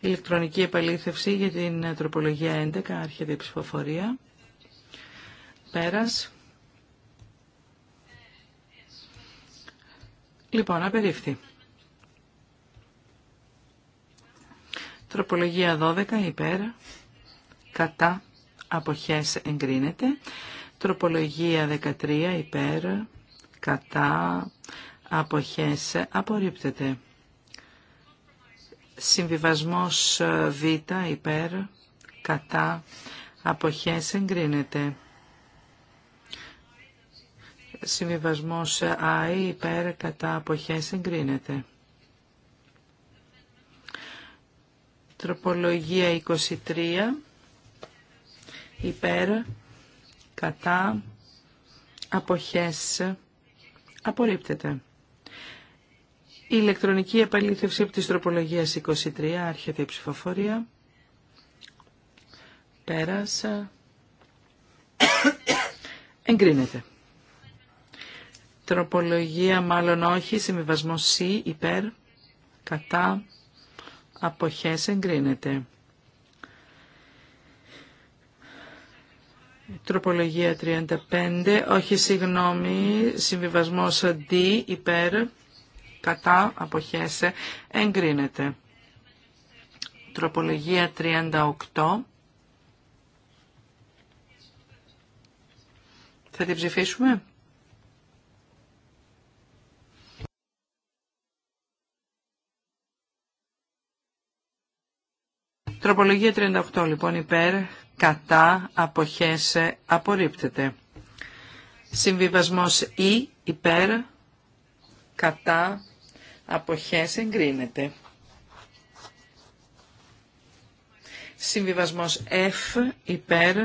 Ηλεκτρονική επαλήθευση για την τροπολογία 11, άρχεται η ψηφοφορία. Πέρας. Λοιπόν, απερίφθη. Τροπολογία 12, υπέρ, κατά, αποχές εγκρίνεται. Τροπολογία 13, υπέρ, κατά, αποχές απορρίπτεται. Συμβιβασμός ε, Β υπέρ κατά αποχές εγκρίνεται. Συμβιβασμός ε, Α υπέρ κατά αποχές εγκρίνεται. Τροπολογία 23 υπέρ κατά αποχές απορρίπτεται. Η ηλεκτρονική επαλήθευση από τη τροπολογία 23, άρχεται η ψηφοφορία. Πέρασα. Εγκρίνεται. Τροπολογία μάλλον όχι, συμβιβασμό C, υπέρ, κατά, αποχές εγκρίνεται. Τροπολογία 35, όχι συγγνώμη, συμβιβασμός D, υπέρ, κατά αποχέσε εγκρίνεται. Τροπολογία 38. Θα την ψηφίσουμε. Τροπολογία 38 λοιπόν υπέρ, κατά, αποχέσε, απορρίπτεται. Συμβιβασμός Ι, υπέρ, κατά, αποχές εγκρίνεται. Συμβιβασμός F υπέρ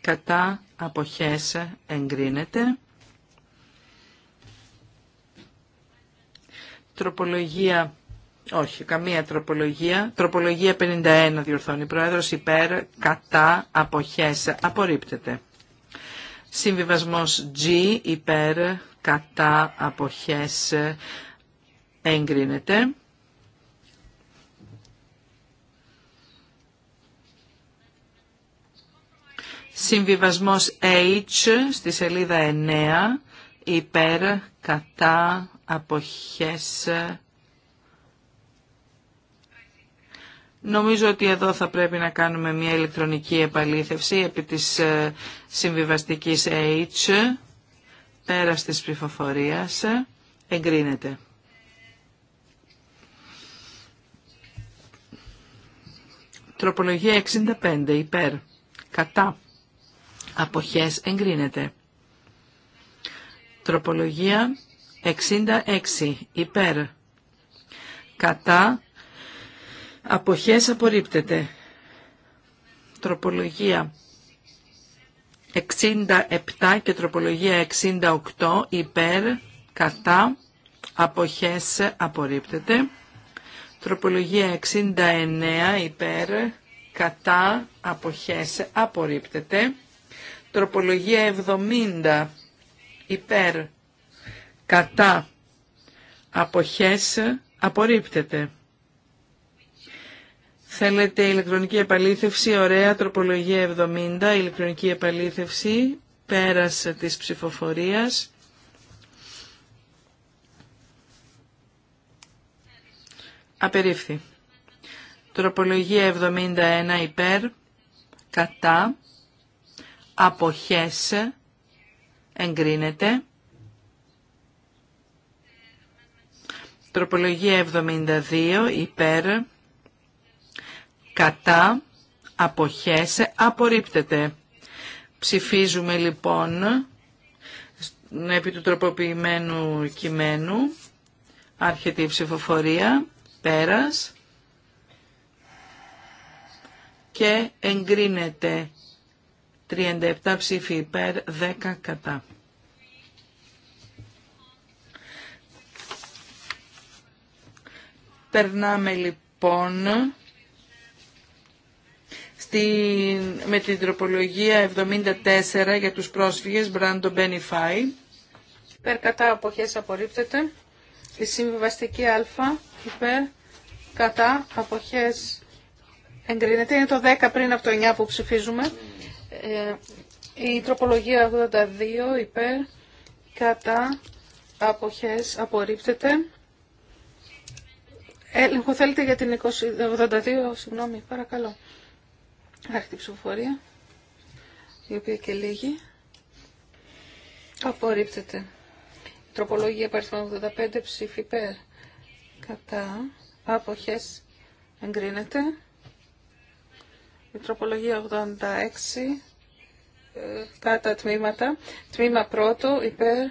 κατά αποχές εγκρίνεται. Τροπολογία, όχι, καμία τροπολογία. Τροπολογία 51 διορθώνει πρόεδρος υπέρ κατά αποχές απορρίπτεται. Συμβιβασμός G υπέρ κατά αποχές Εγκρίνεται. Συμβιβασμός H στη σελίδα 9, υπέρ, κατά, αποχές. Νομίζω ότι εδώ θα πρέπει να κάνουμε μια ηλεκτρονική επαλήθευση επί της ε, συμβιβαστικής H, πέρα της ψηφοφορίας, εγκρίνεται. Τροπολογία 65 υπέρ. Κατά. Αποχές εγκρίνεται. Τροπολογία 66 υπέρ. Κατά. Αποχές απορρίπτεται. Τροπολογία 67 και τροπολογία 68 υπέρ. Κατά. Αποχές απορρίπτεται. Τροπολογία 69 υπέρ, κατά, αποχέσε απορρίπτεται. Τροπολογία 70 υπέρ, κατά, αποχέσε απορρίπτεται. Θέλετε ηλεκτρονική επαλήθευση, ωραία, τροπολογία 70, ηλεκτρονική επαλήθευση, πέρασε της ψηφοφορίας Απερίφθη. Τροπολογία 71 υπέρ, κατά, αποχές, εγκρίνεται. Τροπολογία 72 υπέρ, κατά, αποχές, απορρίπτεται. Ψηφίζουμε λοιπόν επί του τροποποιημένου κειμένου. Άρχεται η ψηφοφορία. Πέρας. Και εγκρίνεται 37 ψήφοι υπέρ, 10 κατά. Περνάμε λοιπόν στη, με την τροπολογία 74 για τους πρόσφυγες Μπράντο Benify. Υπέρ κατά αποχές απορρίπτεται. Η συμβιβαστική α υπέρ κατά αποχές εγκρίνεται. Είναι το 10 πριν από το 9 που ψηφίζουμε. Ε, η τροπολογία 82 υπέρ κατά αποχές απορρίπτεται. Έλεγχο θέλετε για την 20, 82, συγγνώμη, παρακαλώ. η ψηφοφορία, η οποία και λίγη. Απορρίπτεται. τροπολογία παρ' 85 ψήφι υπέρ. Κατά Αποχές εγκρίνεται. Η τροπολογία 86 ε, κατά τμήματα. Τμήμα πρώτο υπέρ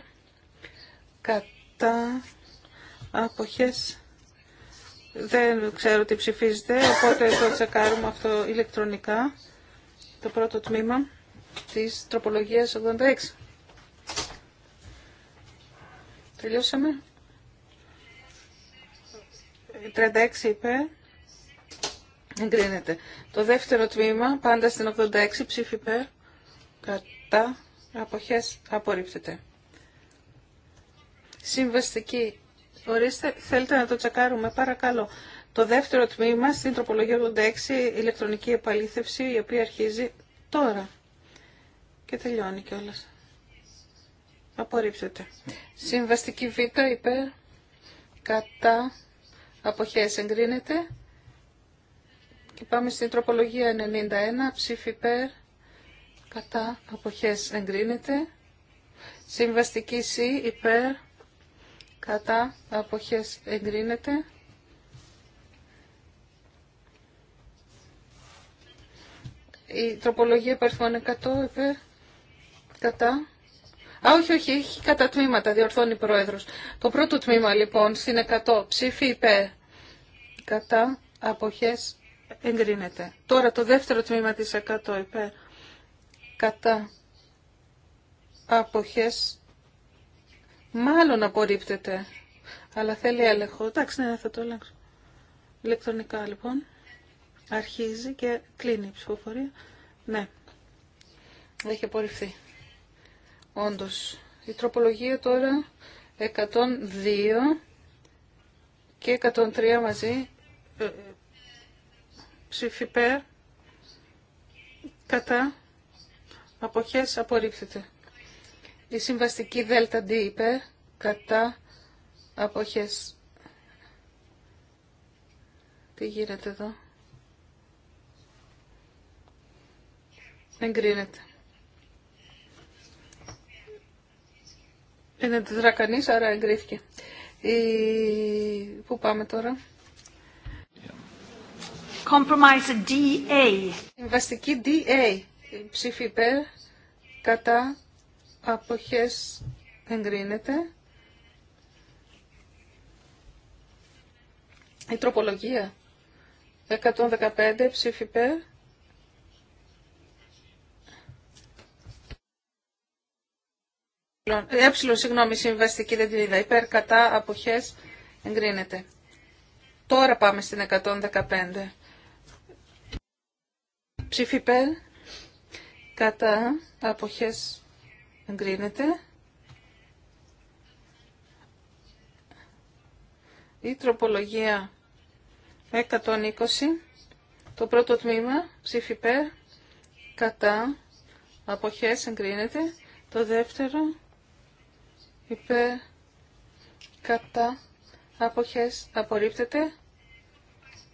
κατά αποχές. Δεν ξέρω τι ψηφίζετε, οπότε το τσεκάρουμε αυτό ηλεκτρονικά. Το πρώτο τμήμα της τροπολογίας 86. Τελειώσαμε. 36 είπε Εγκρίνεται. Το δεύτερο τμήμα, πάντα στην 86, ψήφι υπέρ. Κατά. Αποχές απορρίπτεται. Συμβαστική. Ορίστε, θέλετε να το τσακάρουμε, παρακαλώ. Το δεύτερο τμήμα στην τροπολογία 86, ηλεκτρονική επαλήθευση, η οποία αρχίζει τώρα. Και τελειώνει κιόλα. Απορρίπτεται. Συμβαστική Β υπέρ. Κατά αποχές εγκρίνεται. Και πάμε στην τροπολογία 91, ψήφι υπέρ, κατά, αποχές εγκρίνεται. Συμβαστική C, υπέρ, κατά, αποχές εγκρίνεται. Η τροπολογία υπέρ 100, υπέρ, κατά, Α, όχι, όχι, έχει κατά τμήματα, διορθώνει η Πρόεδρος. Το πρώτο τμήμα, λοιπόν, στην 100, ψήφι υπέρ, κατά, αποχές, εγκρίνεται. Τώρα το δεύτερο τμήμα της 100 υπέρ, κατά, αποχές, μάλλον απορρίπτεται, αλλά θέλει έλεγχο. Εντάξει, ναι, θα το έλεγξω. Ηλεκτρονικά, λοιπόν, αρχίζει και κλείνει η ψηφοφορία. Ναι, έχει απορριφθεί. Όντως, η τροπολογία τώρα 102 και 103 μαζί ε, ε, ψηφιπέρ κατά αποχές απορρίπτεται. Η συμβαστική δέλτα D κατά αποχές. Τι γίνεται εδώ. Εγκρίνεται. Είναι τετρακανή, άρα εγκρίθηκε. Πού πάμε τώρα. Compromise DA. Συμβαστική DA. Ψήφι υπέρ, κατά, αποχές, εγκρίνεται. Η τροπολογία. 115 ψήφι υπέρ, Ε, ε, συγγνώμη, συμβαστική δεν την είδα. Υπέρ, κατά, αποχές, εγκρίνεται. Τώρα πάμε στην 115. Ψήφι υπέρ, κατά, αποχές, εγκρίνεται. Η τροπολογία 120, το πρώτο τμήμα, ψήφι υπέρ, κατά, αποχές, εγκρίνεται. Το δεύτερο, υπέρ κατά αποχές απορρίπτεται.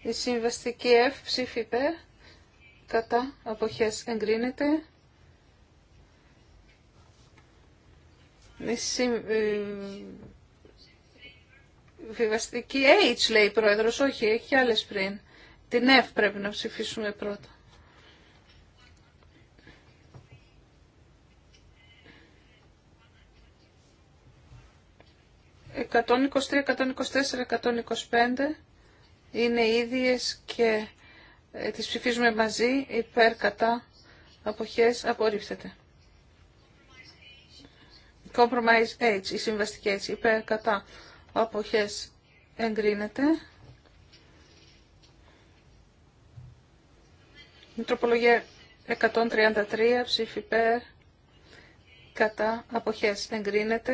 Η συμβαστική F ψήφι κατά αποχές εγκρίνεται. Η συμβαστική H λέει η πρόεδρος, όχι έχει άλλες πριν. Την F πρέπει να ψηφίσουμε πρώτα. 123, 124, 125 είναι ίδιες και ε, τις ψηφίζουμε μαζί υπέρ κατά αποχές απορρίφθεται Compromise H, η συμβαστική υπέρ κατά αποχές εγκρίνεται. Μητροπολογία 133, ψήφι υπέρ κατά αποχές εγκρίνεται.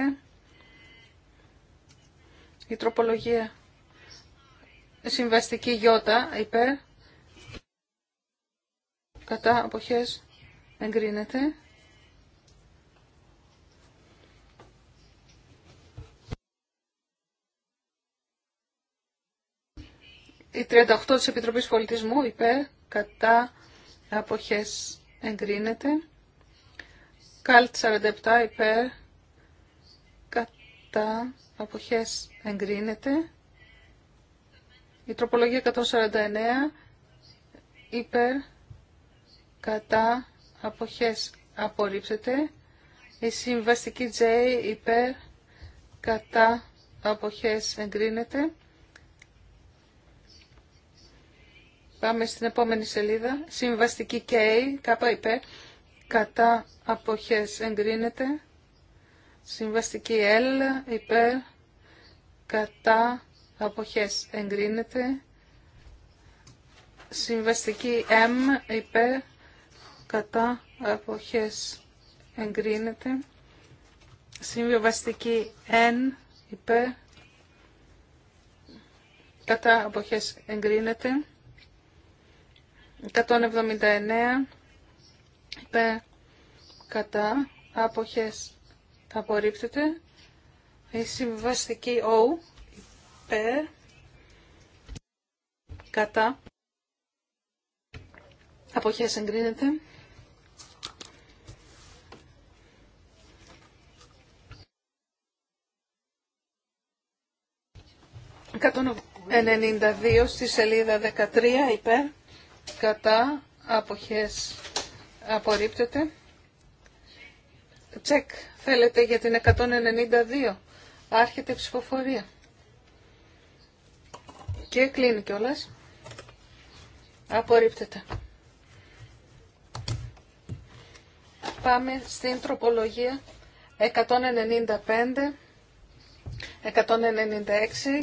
Η τροπολογία συμβαστική γιώτα υπέρ κατά αποχές εγκρίνεται. Η 38 της Επιτροπής Πολιτισμού υπέρ κατά αποχές εγκρίνεται. Καλτ 47 υπέρ κατά αποχές εγκρίνεται. Η τροπολογία 149 υπέρ κατά αποχές απορρίψεται. Η συμβαστική J υπέρ κατά αποχές εγκρίνεται. Πάμε στην επόμενη σελίδα. Συμβαστική K, κάπα υπέρ, κατά αποχές εγκρίνεται. Συμβαστική L υπέρ κατά αποχές εγκρίνεται. Συμβαστική M υπέρ κατά αποχές εγκρίνεται. Συμβιβαστική N υπέρ κατά αποχές εγκρίνεται. 179 υπέρ κατά αποχές θα απορρίπτεται. Η συμβαστική O υπέρ κατά αποχές εγκρίνεται. 192 στη σελίδα 13 υπέρ κατά αποχές απορρίπτεται. Τσεκ θέλετε για την 192. Άρχεται η ψηφοφορία. Και κλείνει κιόλα. Απορρίπτεται. Πάμε στην τροπολογία 195, 196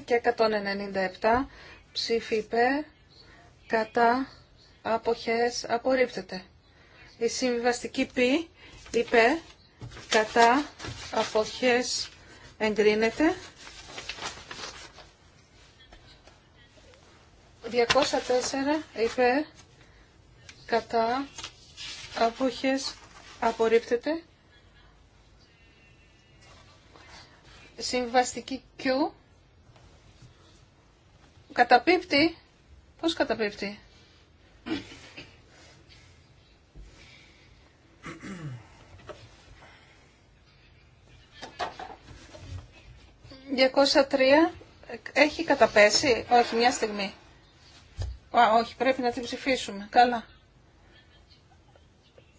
και 197. Ψήφι υπέρ, κατά, αποχές, απορρίπτεται. Η συμβιβαστική π υπέρ, κατά αποχές εγκρίνεται 204 υπέρ κατά αποχές απορρίπτεται συμβαστική Q καταπίπτει πώς καταπίπτει 203 έχει καταπέσει. Όχι, μια στιγμή. όχι, πρέπει να την ψηφίσουμε. Καλά.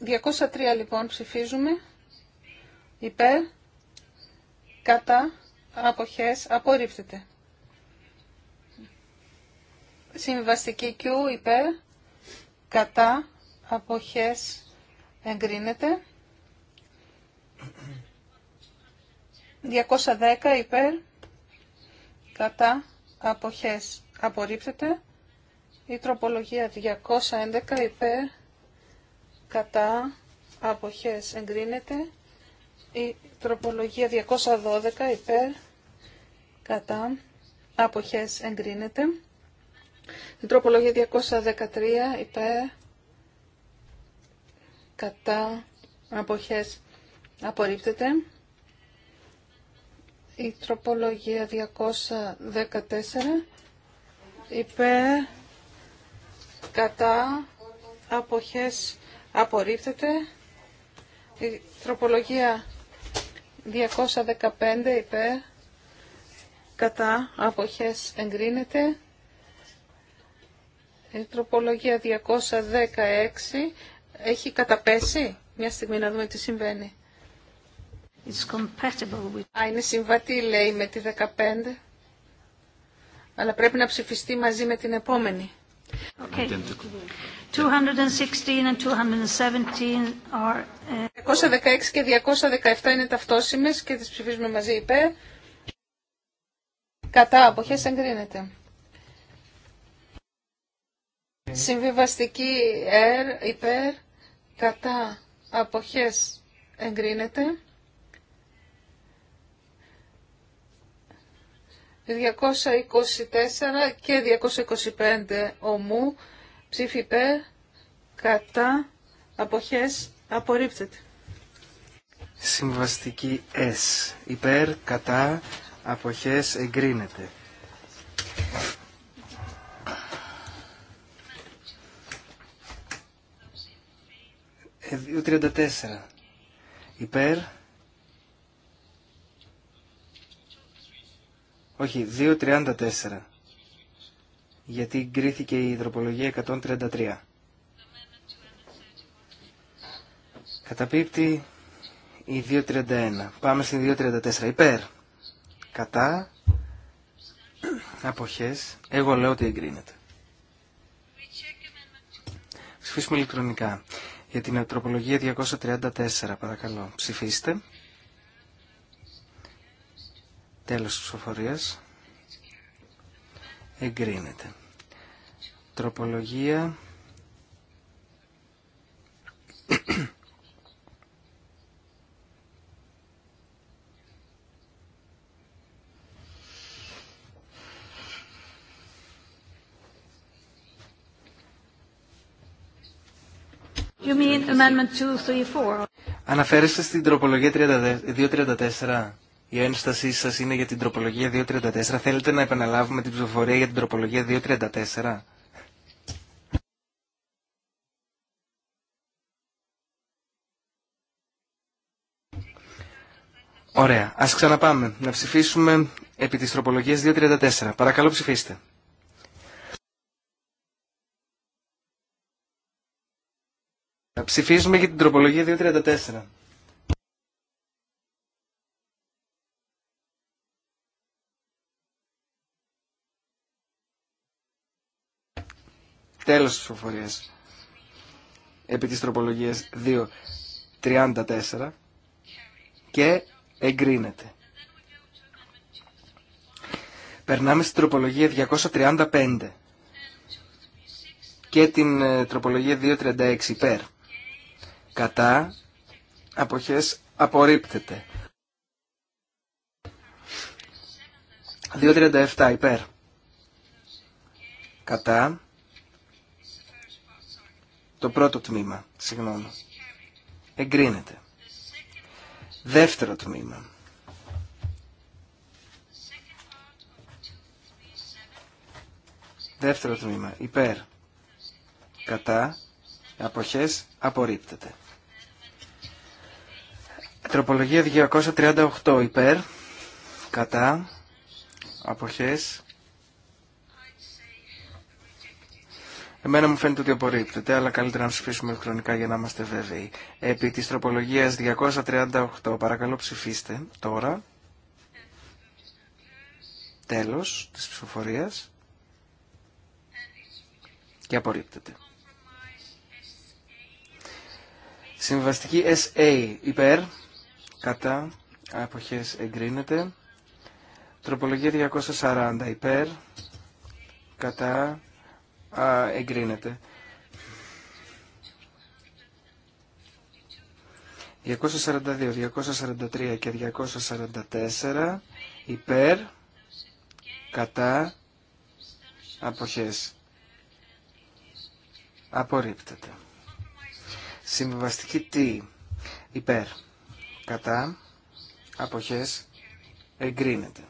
203 λοιπόν ψηφίζουμε. Υπέρ. Κατά. Αποχές. Απορρίπτεται. Συμβαστική Q υπέρ. Κατά. Αποχές. Εγκρίνεται. 210 υπέρ κατά αποχές απορρίπτεται. Η τροπολογία 211 υπέρ κατά αποχές εγκρίνεται. Η τροπολογία 212 υπέρ κατά αποχές εγκρίνεται. Η τροπολογία 213 υπέρ κατά αποχές απορρίπτεται. Η τροπολογία 214 υπέρ κατά αποχές απορρίπτεται. Η τροπολογία 215 υπέρ κατά αποχές εγκρίνεται. Η τροπολογία 216 έχει καταπέσει. Μια στιγμή να δούμε τι συμβαίνει είναι συμβατή λέει με τη 15, αλλά πρέπει να ψηφιστεί μαζί με την επόμενη. 216 and 217 are... 216 uh, και 217 είναι ταυτόσιμες και τις ψηφίζουμε μαζί υπέρ. Κατά αποχές εγκρίνεται. Συμβιβαστική R υπέρ κατά αποχές εγκρίνεται. 224 και 225 ομού ψήφι υπέρ κατά αποχές απορρίπτεται. Συμβαστική S. Υπέρ κατά αποχές εγκρίνεται. 234. Ε, υπέρ Όχι, 2.34. Γιατί εγκρίθηκε η υδροπολογία 133. Καταπίπτει η 2.31. Πάμε στην 2.34. Υπέρ. Κατά. Αποχές. Εγώ λέω ότι εγκρίνεται. Ψηφίσουμε ηλεκτρονικά. Για την υδροπολογία 234, παρακαλώ. Ψηφίστε. Τέλος της ψηφοφορίας. Εγκρίνεται. Τροπολογία. Αναφέρεστε στην τροπολογία 234. Η ένστασή σα είναι για την τροπολογία 234. Θέλετε να επαναλάβουμε την ψηφοφορία για την τροπολογία 234. Ωραία. Ας ξαναπάμε. Να ψηφίσουμε επί της τροπολογίας 234. Παρακαλώ ψηφίστε. Να ψηφίσουμε για την τροπολογία 234. Τέλος της ψηφοφορίας. Επί της τροπολογίας 2.34 και εγκρίνεται. Περνάμε στην τροπολογία 235 και την ε, τροπολογία 236 υπέρ. Κατά αποχές απορρίπτεται. 2.37 υπέρ. Κατά το πρώτο τμήμα, συγγνώμη. Εγκρίνεται. Δεύτερο τμήμα. Δεύτερο τμήμα. Υπέρ. Κατά. Αποχές. Απορρίπτεται. Τροπολογία 238. Υπέρ. Κατά. Αποχές. Εμένα μου φαίνεται ότι απορρίπτεται, αλλά καλύτερα να ψηφίσουμε ηλεκτρονικά για να είμαστε βέβαιοι. Επί της τροπολογίας 238, παρακαλώ ψηφίστε τώρα. Τέλος της ψηφοφορίας. Και απορρίπτεται. Συμβαστική SA υπέρ, κατά, αποχές εγκρίνεται. Τροπολογία 240 υπέρ, κατά, Α, εγκρίνεται. 242, 243 και 244 υπέρ, κατά, αποχές. Απορρίπτεται. Συμβαστική τι υπέρ, κατά, αποχές, εγκρίνεται.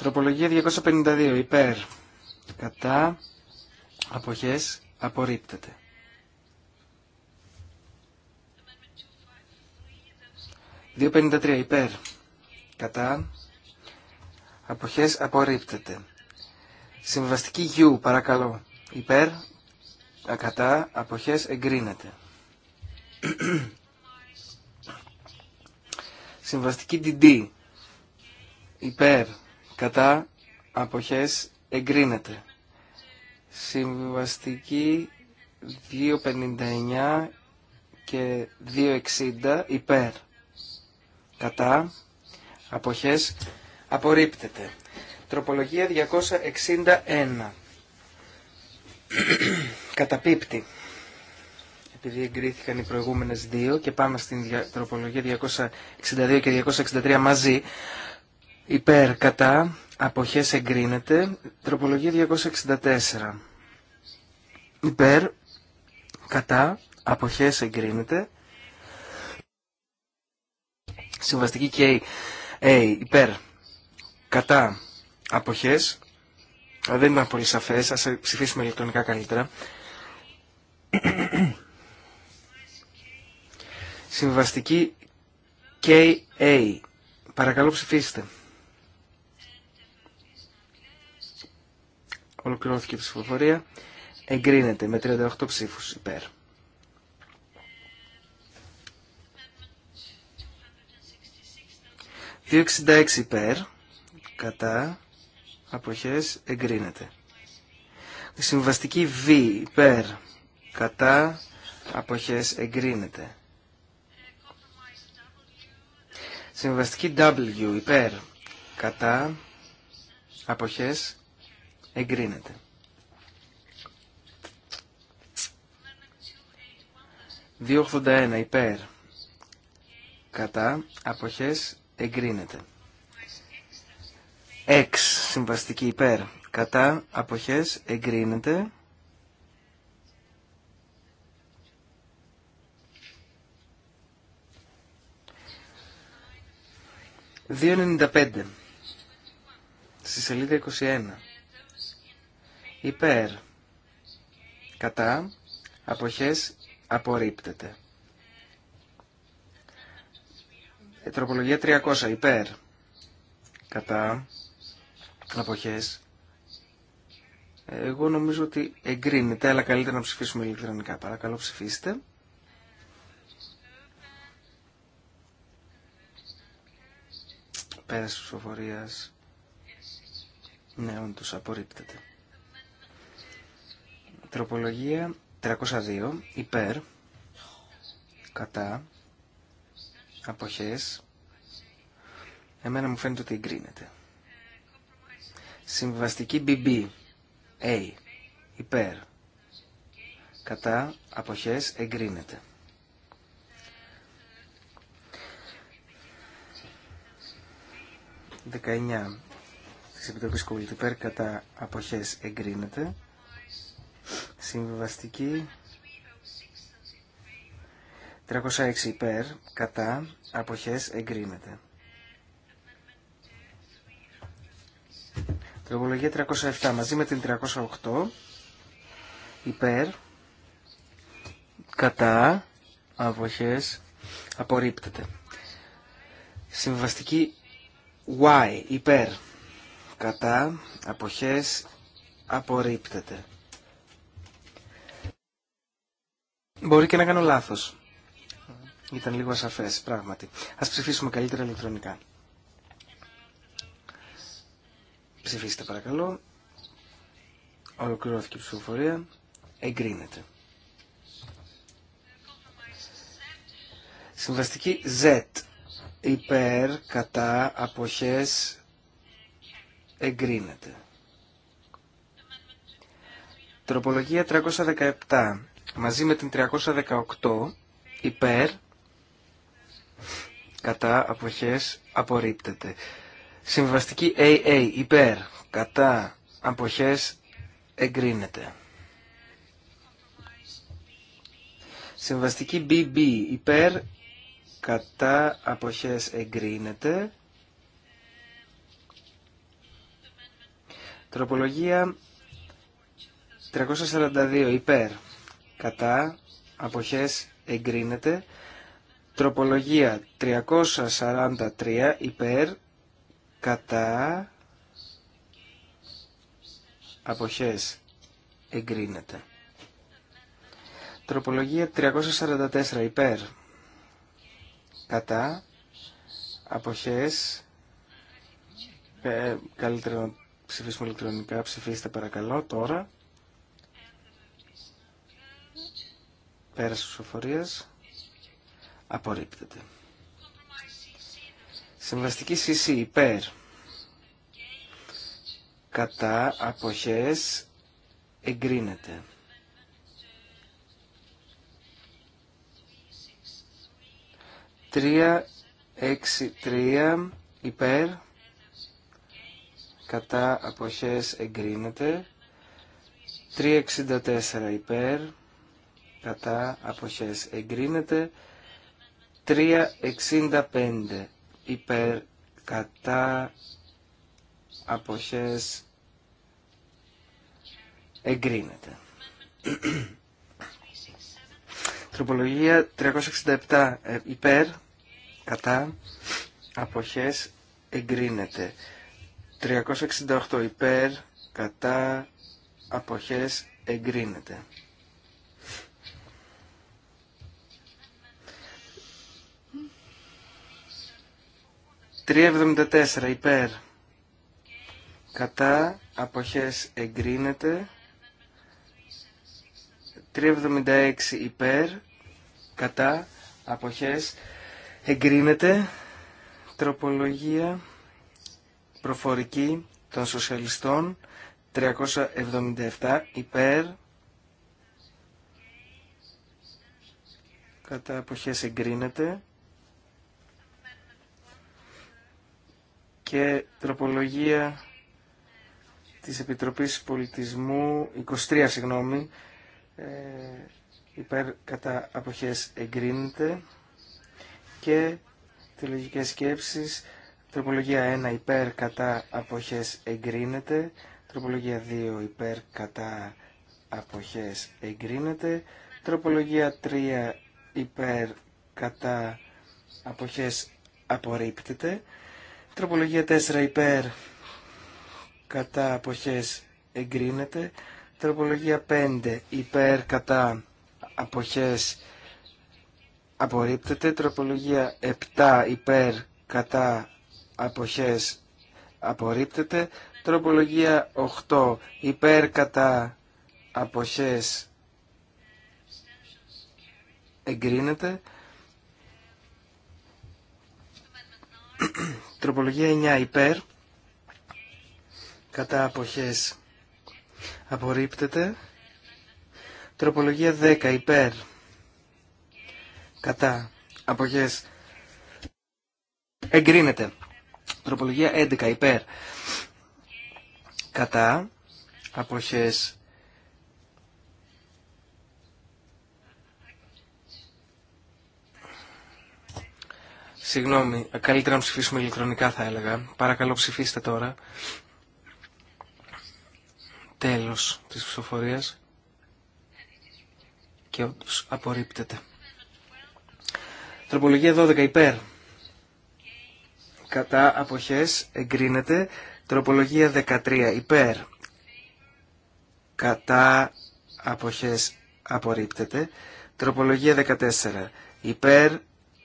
Τροπολογία 252 υπέρ. Κατά αποχές απορρίπτεται. 253 υπέρ. Κατά αποχές απορρίπτεται. Συμβαστική U παρακαλώ. Υπέρ. Κατά αποχές εγκρίνεται. Συμβαστική DD. Υπέρ κατά αποχές εγκρίνεται. Συμβιβαστική 2.59 και 2.60 υπέρ. Κατά αποχές απορρίπτεται. Τροπολογία 261. Καταπίπτει. Επειδή εγκρίθηκαν οι προηγούμενες δύο και πάμε στην τροπολογία 262 και 263 μαζί. Υπέρ κατά αποχές εγκρίνεται. Τροπολογία 264. Υπέρ κατά αποχές εγκρίνεται. Συμβαστική K. Ε, υπέρ κατά αποχές. Δεν είναι πολύ σαφές. Ας ψηφίσουμε ηλεκτρονικά καλύτερα. Συμβαστική KA. Παρακαλώ ψηφίστε. Ολοκληρώθηκε η ψηφοφορία. Εγκρίνεται με 38 ψήφους υπέρ. 266 υπέρ. Κατά. Αποχές. Εγκρίνεται. Συμβαστική Β υπέρ. Κατά. Αποχές. Εγκρίνεται. Συμβαστική W υπέρ. Κατά. Αποχές Εγκρίνεται. 281 υπέρ. Κατά. Αποχές. Εγκρίνεται. 6. Συμβαστική υπέρ. Κατά. Αποχές. Εγκρίνεται. 2.95 στη σελίδα 21 υπέρ, κατά, αποχές απορρίπτεται. Ε, τροπολογία 300 υπέρ, κατά, αποχές. Εγώ νομίζω ότι εγκρίνεται, αλλά καλύτερα να ψηφίσουμε ηλεκτρονικά. Παρακαλώ ψηφίστε. Πέρας ψηφοφορίας. Ναι, όντως απορρίπτεται. Τροπολογία 302 υπέρ κατά αποχές εμένα μου φαίνεται ότι εγκρίνεται. Συμβαστική BB A υπέρ κατά αποχές εγκρίνεται. 19, της Επιτροπής υπέρ κατά αποχές εγκρίνεται. Συμβιβαστική 306 υπέρ, κατά, αποχές εγκρίνεται. Τροπολογία 307 μαζί με την 308 υπέρ, κατά, αποχές απορρίπτεται. Συμβαστική Y υπέρ, κατά, αποχές απορρίπτεται. Μπορεί και να κάνω λάθος. Ήταν λίγο ασαφές, πράγματι. Ας ψηφίσουμε καλύτερα ηλεκτρονικά. Ψηφίστε παρακαλώ. Ολοκληρώθηκε η ψηφοφορία. Εγκρίνεται. Συμβαστική Z. Υπέρ, κατά, αποχές, εγκρίνεται. Τροπολογία 317 μαζί με την 318 υπέρ κατά αποχές απορρίπτεται. Συμβαστική AA υπέρ κατά αποχές εγκρίνεται. Συμβαστική BB υπέρ κατά αποχές εγκρίνεται. Τροπολογία 342 υπέρ κατά αποχές εγκρίνεται. Τροπολογία 343 υπέρ κατά αποχές εγκρίνεται. Τροπολογία 344 υπέρ κατά αποχές ε, καλύτερα να ψηφίσουμε ηλεκτρονικά ψηφίστε παρακαλώ τώρα Πέρας ψηφοφορίας. Απορρίπτεται. Συμβαστική CC υπέρ. Κατά αποχές εγκρίνεται. 363 υπέρ κατά αποχές εγκρίνεται 364 υπέρ κατά αποχές εγκρίνεται 365 υπέρ κατά αποχές εγκρίνεται τροπολογία 367 ε, υπέρ κατά αποχές εγκρίνεται 368 υπέρ κατά αποχές εγκρίνεται 374 υπέρ κατά αποχές εγκρίνεται 376 υπέρ κατά αποχές εγκρίνεται τροπολογία προφορική των σοσιαλιστών 377 υπέρ κατά αποχές εγκρίνεται και τροπολογία της Επιτροπής Πολιτισμού 23 συγγνώμη ε, υπέρ κατά αποχές εγκρίνεται και τελογικές σκέψεις τροπολογία 1 υπέρ κατά αποχές εγκρίνεται τροπολογία 2 υπέρ κατά αποχές εγκρίνεται τροπολογία 3 υπέρ κατά αποχές απορρίπτεται Τροπολογία 4 υπέρ κατά αποχές εγκρίνεται. Τροπολογία 5 υπέρ κατά αποχές απορρίπτεται. Τροπολογία 7 υπέρ κατά αποχές απορρίπτεται. Τροπολογία 8 υπέρ κατά αποχές εγκρίνεται. Τροπολογία 9 υπέρ. Κατά αποχές απορρίπτεται. Τροπολογία 10 υπέρ. Κατά αποχές εγκρίνεται. Τροπολογία 11 υπέρ. Κατά αποχές Συγγνώμη, καλύτερα να ψηφίσουμε ηλεκτρονικά θα έλεγα. Παρακαλώ ψηφίστε τώρα. Τέλος της ψηφοφορίας. Και όντως απορρίπτεται. Τροπολογία 12 υπέρ. Κατά αποχές εγκρίνεται. Τροπολογία 13 υπέρ. Κατά αποχές απορρίπτεται. Τροπολογία 14 υπέρ.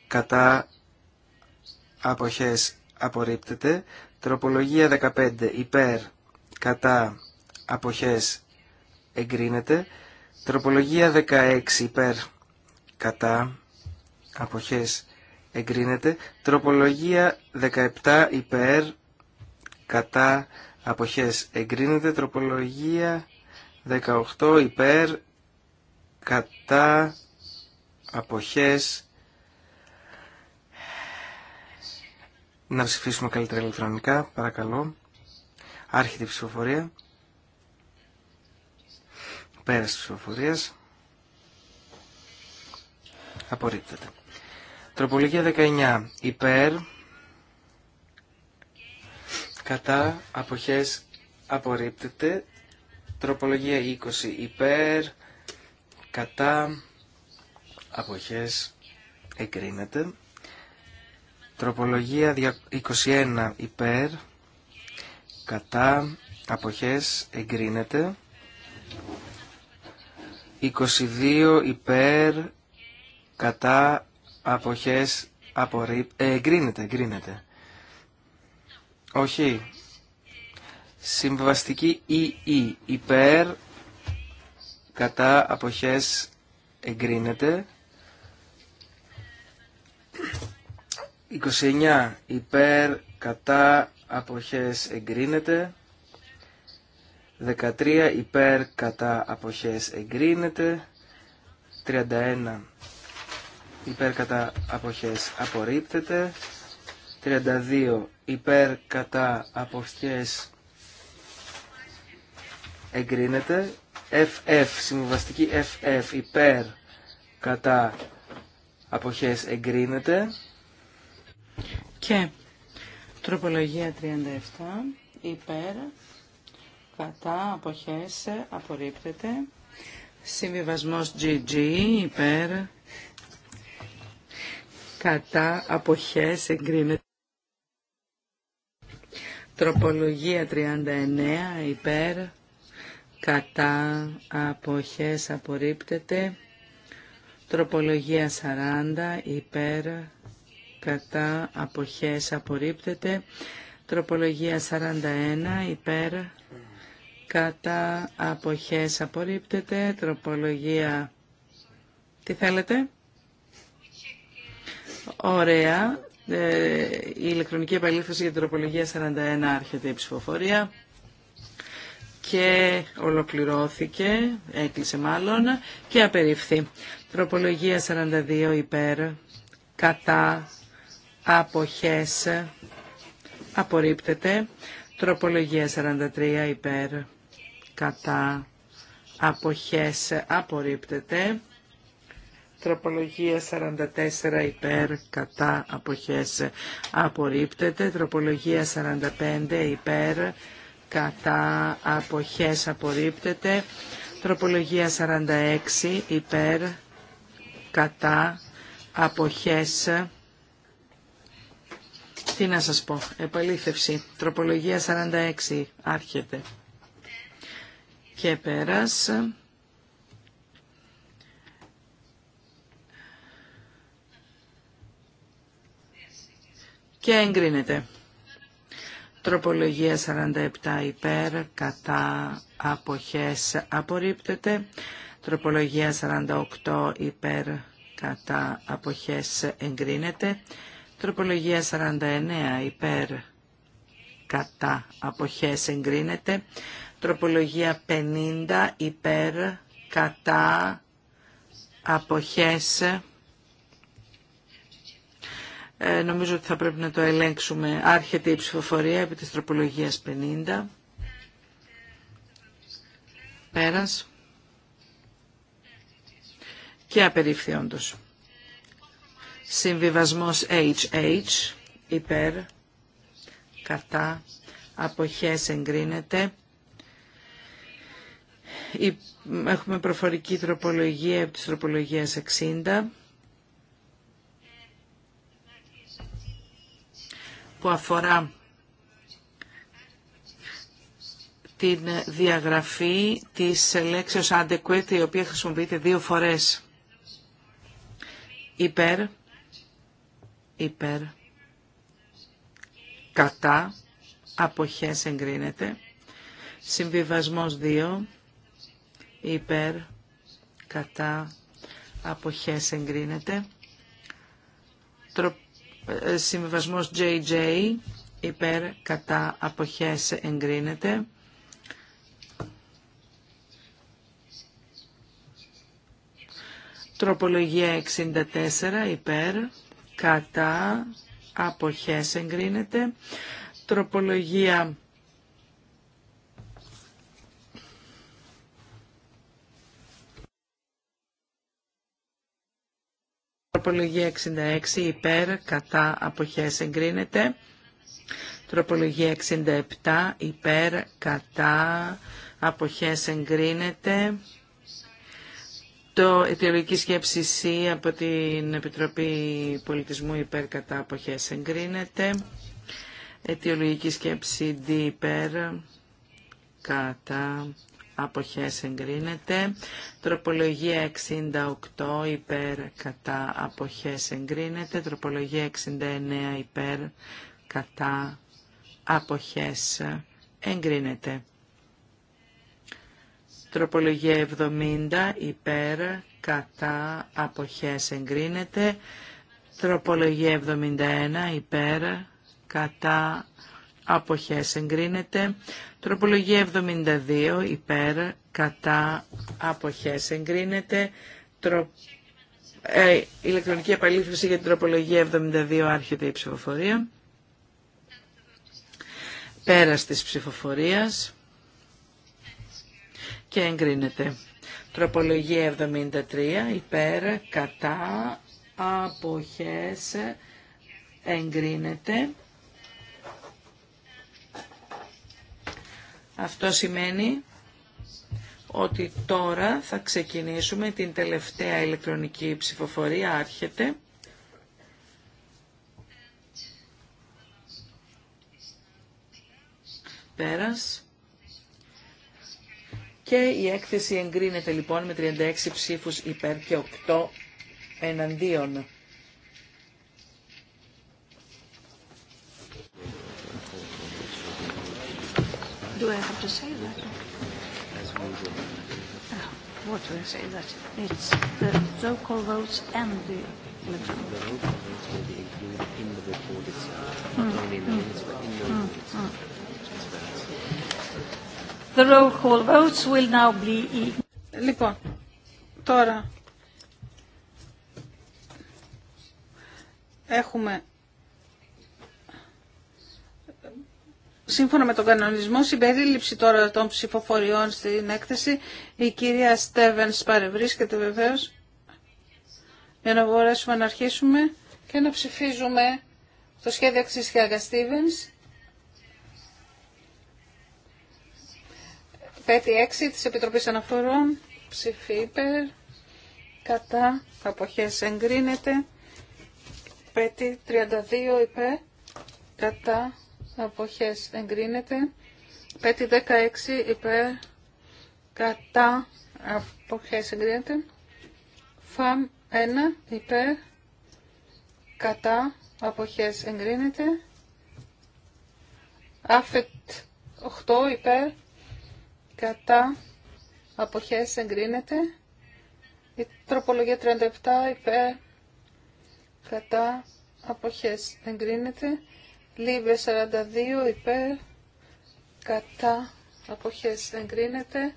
Κατά αποχές απορρίπτεται. Τροπολογία 15 υπέρ κατά αποχές εγκρίνεται. Τροπολογία 16 υπέρ κατά αποχές εγκρίνεται. Τροπολογία 17 υπέρ κατά αποχές εγκρίνεται. Τροπολογία 18 υπέρ κατά αποχές Να ψηφίσουμε καλύτερα ηλεκτρονικά, παρακαλώ. Άρχεται η ψηφοφορία. Πέρας της ψηφοφορίας. Απορρίπτεται. Τροπολογία 19. Υπέρ. Κατά. Αποχές. Απορρίπτεται. Τροπολογία 20. Υπέρ. Κατά. Αποχές. Εγκρίνεται. Τροπολογία 21 υπέρ, κατά, αποχές, εγκρίνεται. 22 υπέρ, κατά, αποχές, απορρίπ... Ε, εγκρίνεται, εγκρίνεται. Όχι. Συμβαστική ΙΙ υπέρ, κατά, αποχές, εγκρίνεται. 29 υπέρ κατά αποχές εγκρίνεται. 13 υπέρ κατά αποχές εγκρίνεται. 31 υπέρ κατά αποχές απορρίπτεται. 32 υπέρ κατά αποχές εγκρίνεται. FF, συμβαστική FF υπέρ κατά αποχές εγκρίνεται. Και τροπολογία 37 υπέρ κατά αποχές απορρίπτεται. Συμβιβασμός GG υπέρ κατά αποχές εγκρίνεται. Τροπολογία 39 υπέρ κατά αποχές απορρίπτεται. Τροπολογία 40 υπέρ κατά αποχές απορρίπτεται. Τροπολογία 41 υπέρ κατά αποχές απορρίπτεται. Τροπολογία... Τι θέλετε? Ωραία. Ε, η ηλεκτρονική επαλήφωση για την τροπολογία 41 άρχεται η ψηφοφορία και ολοκληρώθηκε, έκλεισε μάλλον, και απερίφθη. Τροπολογία 42 υπέρ, κατά, αποχές απορρίπτεται. Τροπολογία 43 υπέρ κατά αποχές απορρίπτεται. Τροπολογία 44 υπέρ κατά αποχές απορρίπτεται. Τροπολογία 45 υπέρ κατά αποχές απορρίπτεται. Τροπολογία 46 υπέρ κατά αποχές τι να σας πω. Επαλήθευση. Τροπολογία 46. Άρχεται. Και πέρας. Και εγκρίνεται. Τροπολογία 47 υπέρ, κατά αποχές απορρίπτεται. Τροπολογία 48 υπέρ, κατά αποχές εγκρίνεται. Τροπολογία 49 υπέρ κατά αποχές εγκρίνεται. Τροπολογία 50 υπέρ κατά αποχές ε, νομίζω ότι θα πρέπει να το ελέγξουμε. Άρχεται η ψηφοφορία επί της τροπολογίας 50. Πέρας. Και απερίφθη όντως. Συμβιβασμός HH υπέρ κατά αποχές εγκρίνεται. Έχουμε προφορική τροπολογία από τις τροπολογίες 60 που αφορά την διαγραφή της λέξεως adequate η οποία χρησιμοποιείται δύο φορές υπέρ υπέρ κατά αποχές εγκρίνεται. Συμβιβασμός 2 υπέρ κατά αποχές εγκρίνεται. Τρο... Ε, συμβιβασμός JJ υπέρ κατά αποχές εγκρίνεται. Τροπολογία 64 υπέρ κατά, αποχές εγκρίνεται. Τροπολογία 66 υπέρ, κατά, αποχές εγκρίνεται. Τροπολογία 67 υπέρ, κατά, αποχές εγκρίνεται. Το αιτιολογική σκέψη C από την Επιτροπή Πολιτισμού υπέρ κατά αποχές εγκρίνεται. Αιτιολογική σκέψη D υπέρ κατά αποχές εγκρίνεται. Τροπολογία 68 υπέρ κατά αποχές εγκρίνεται. Τροπολογία 69 υπέρ κατά αποχές εγκρίνεται. Τροπολογία 70 υπέρ κατά αποχές εγκρίνεται. Τροπολογία 71 υπέρ κατά αποχές εγκρίνεται. Τροπολογία 72 υπέρ κατά αποχές εγκρίνεται. Τρο... Ε, ηλεκτρονική επαλήθρωση για την τροπολογία 72 άρχεται η ψηφοφορία. Πέρα της ψηφοφορίας και εγκρίνεται. Τροπολογία 73 υπέρ κατά αποχές εγκρίνεται. Αυτό σημαίνει ότι τώρα θα ξεκινήσουμε την τελευταία ηλεκτρονική ψηφοφορία. Άρχεται. Πέρας. Και η έκθεση εγκρίνεται λοιπόν με 36 ψήφους υπέρ και 8 εναντίον. E- λοιπόν, τώρα έχουμε σύμφωνα με τον κανονισμό συμπερίληψη τώρα των ψηφοφοριών στην έκθεση. Η κυρία Στέβενς παρευρίσκεται βεβαίως για να μπορέσουμε να αρχίσουμε και να ψηφίζουμε το σχέδιο αξίσχυα Στέβενς. Πέτη 6 της Επιτροπής Αναφορών. Ψηφί υπέρ. Κατά. Αποχές εγκρίνεται. Πέτη 32 υπέρ. Κατά. Αποχές εγκρίνεται. Πέτη 16 υπέρ. Κατά. Αποχές εγκρίνεται. Φαμ 1 υπέρ. Κατά. Αποχές εγκρίνεται. Άφετ 8 υπέρ κατά αποχές εγκρίνεται. Η τροπολογία 37 υπέρ κατά αποχές εγκρίνεται. Λίβε 42 υπέρ κατά αποχές εγκρίνεται.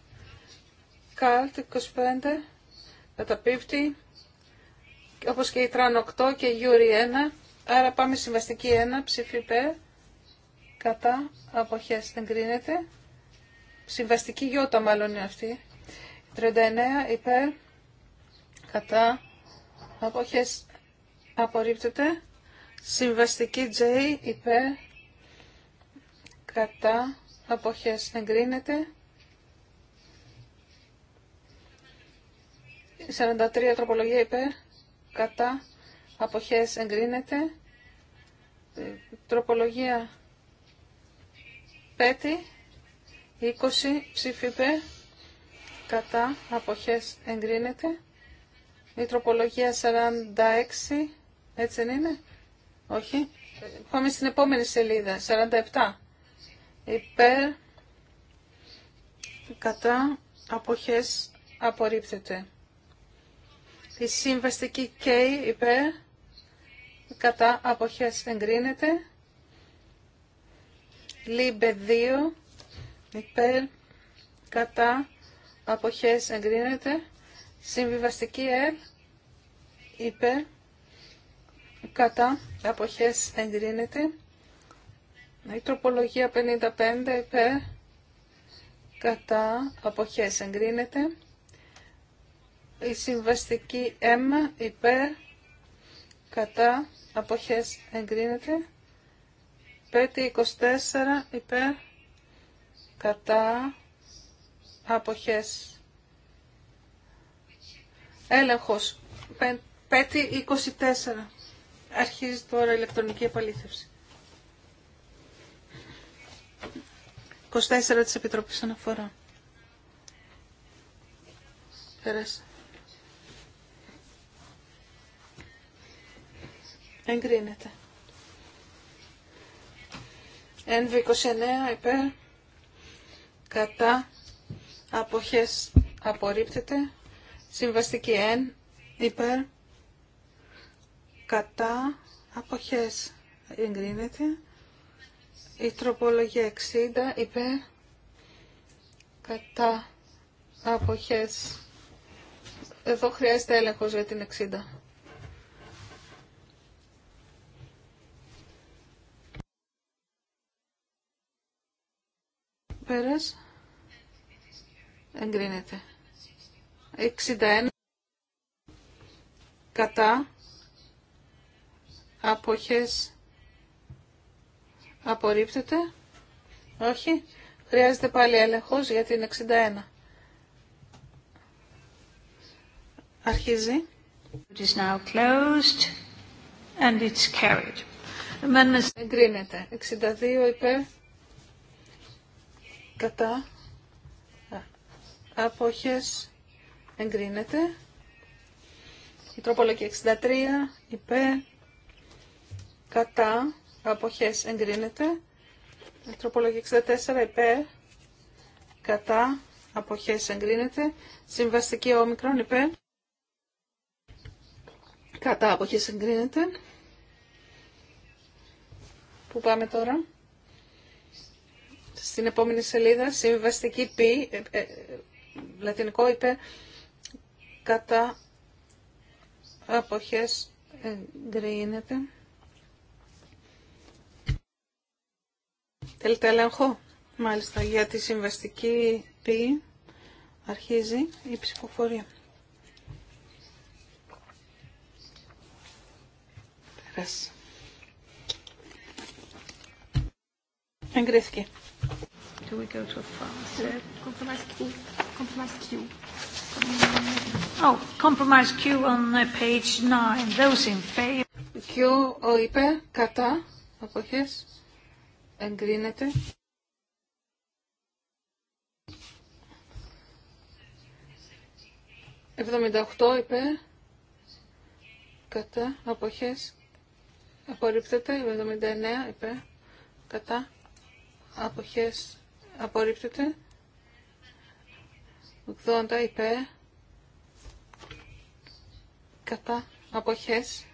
Καλτ 25 καταπίπτει. Όπως και η Τραν 8 και η Γιούρι 1. Άρα πάμε στη Βαστική 1 ψήφι υπέρ κατά αποχές εγκρίνεται. Συμβαστική γιώτα μάλλον είναι αυτή. 39 υπέρ κατά αποχές απορρίπτεται. Συμβαστική J υπέρ κατά αποχές εγκρίνεται. 43 τροπολογία υπέρ κατά αποχές εγκρίνεται. Τροπολογία 5 20 ψήφιπε κατά αποχές εγκρίνεται. Η τροπολογία 46, έτσι δεν είναι, όχι. Πάμε στην επόμενη σελίδα, 47. Υπέρ κατά αποχές απορρίπτεται. Η συμβαστική K υπέρ κατά αποχές εγκρίνεται. Λίμπε 2 υπέρ, κατά, αποχές εγκρίνεται. Συμβιβαστική L, ε, υπέρ, κατά, αποχές εγκρίνεται. Η τροπολογία 55 υπέρ, κατά, αποχές εγκρίνεται. Η συμβαστική M υπέρ, κατά, αποχές εγκρίνεται. 24 υπέρ, κατά αποχές. Έλεγχος. Έλεγχος. 24. Αρχίζει τώρα η ηλεκτρονική επαλήθευση. 24 της Επιτροπής Αναφορά. Πέρασε. Εγκρίνεται. ΕΝΒ 29 υπέρ κατά αποχές απορρίπτεται συμβαστική εν υπέρ κατά αποχές εγκρίνεται η τροπολογία 60 υπέρ κατά αποχές εδώ χρειάζεται έλεγχος για την 60 Εγκρίνεται. 61. Κατά. Αποχές. Απορρίπτεται. Όχι. Χρειάζεται πάλι έλεγχος για την 61. Αρχίζει. It is now closed and it's carried. Εγκρίνεται. 62 υπέρ κατά απόχες εγκρίνεται. Η τροπολογία 63 υπέρ κατά απόχες εγκρίνεται. Η τροπολογία 64 υπέρ κατά απόχες εγκρίνεται. Συμβαστική όμικρον υπέρ κατά απόχες εγκρίνεται. Πού πάμε τώρα. Στην επόμενη σελίδα, συμβαστική πη ε, ε, λατινικό είπε κατά αποχές εγκρίνεται. Θέλετε έλεγχο, μάλιστα, για τη συμβαστική π, αρχίζει η ψηφοφορία. Πέρασε. Εγκρίθηκε do we go to France? Compromise Q. Compromise Q. Oh, compromise Q on page 9. Those in favor. Q, ο υπέρ, κατά, αποχές, εγκρίνεται. 78 υπέρ, κατά, αποχές, απορρίπτεται. 79 υπέρ, κατά, αποχές, απορρίπτεται. 80 υπέ. κατά αποχές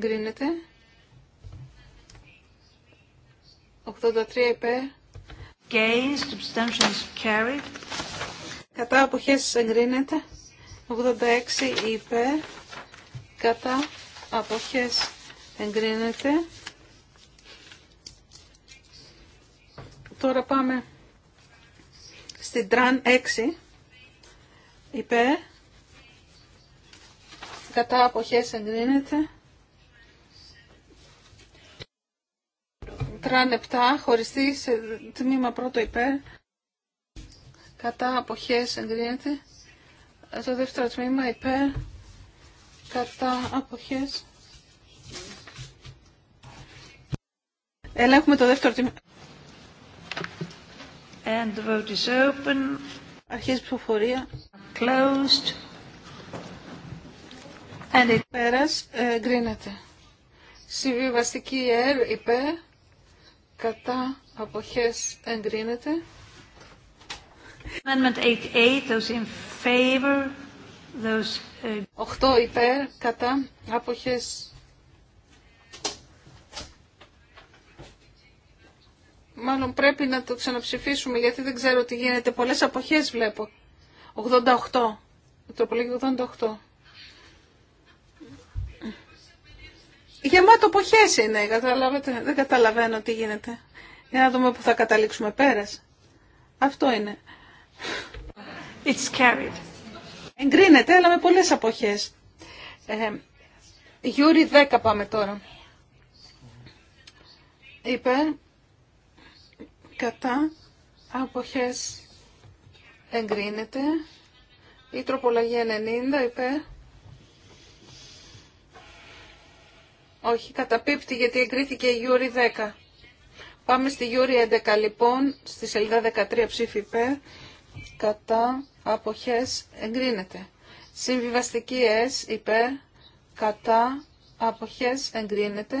γκρίνεται. 83 υπέρ carried. Κατά αποχές εγκρίνεται. 86 υπέ. κατά αποχές εγκρίνεται. Τώρα πάμε στην τραν 6 υπέρ κατά αποχές εγκρίνεται τραν 7 χωριστή σε τμήμα πρώτο υπέρ κατά αποχές εγκρίνεται το δεύτερο τμήμα υπέρ κατά αποχές ελέγχουμε το δεύτερο τμήμα And the vote is open. Αρχίζει ψηφοφορία. Closed. And it... Πέρας, εγκρίνεται. Συμβιβαστική ΕΡ υπέρ, κατά αποχές εγκρίνεται. Amendment 88, those in favor, those... Uh... 8 υπέρ, κατά αποχές Μάλλον πρέπει να το ξαναψηφίσουμε γιατί δεν ξέρω τι γίνεται. Πολλές αποχές βλέπω. 88. Το 88. Γεμάτο αποχές είναι, καταλάβατε. Δεν καταλαβαίνω τι γίνεται. Για να δούμε που θα καταλήξουμε πέρας. Αυτό είναι. It's carried. Εγκρίνεται, αλλά με πολλές αποχές. Ε, Γιούρι 10 πάμε τώρα. Είπε κατά αποχές εγκρίνεται η τροπολογία 90 υπέρ όχι καταπίπτει γιατί εγκρίθηκε η Γιούρι 10 πάμε στη Γιούρι 11 λοιπόν στη σελίδα 13 ψήφι υπέρ κατά αποχές εγκρίνεται συμβιβαστική S υπέρ κατά αποχές εγκρίνεται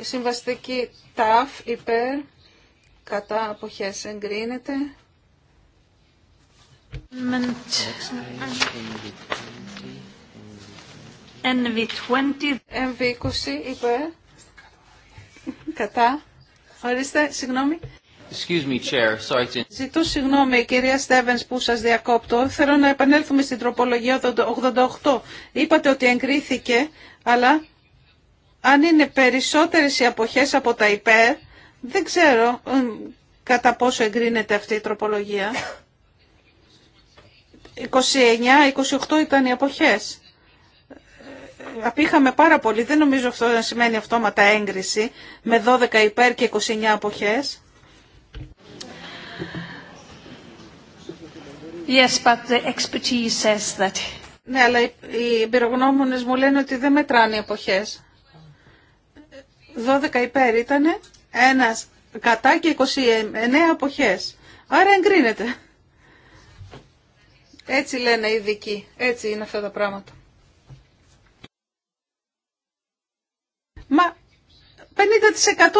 συμβαστική ΤΑΦ υπέρ κατά αποχές εγκρίνεται. NV20 nv 20 ειπε κατά ορίστε συγγνώμη Excuse me, chair. Sorry to... Ζητώ συγγνώμη, κυρία Στέβενς, που σας διακόπτω. Θέλω να επανέλθουμε στην τροπολογία 88. Είπατε ότι εγκρίθηκε, αλλά αν είναι περισσότερες οι αποχές από τα υπέρ, δεν ξέρω ε, κατά πόσο εγκρίνεται αυτή η τροπολογία. 29-28 ήταν οι αποχές. Ε, απήχαμε πάρα πολύ. Δεν νομίζω αυτό να σημαίνει αυτόματα έγκριση με 12 υπέρ και 29 αποχές. Yes, but the expertise says that. Ναι, αλλά οι εμπειρογνώμονες μου λένε ότι δεν μετράνε οι εποχές. 12 υπέρ ήτανε ένας κατά και 29 αποχές. Άρα εγκρίνεται. Έτσι λένε οι ειδικοί. Έτσι είναι αυτά τα πράγματα. Μα 50%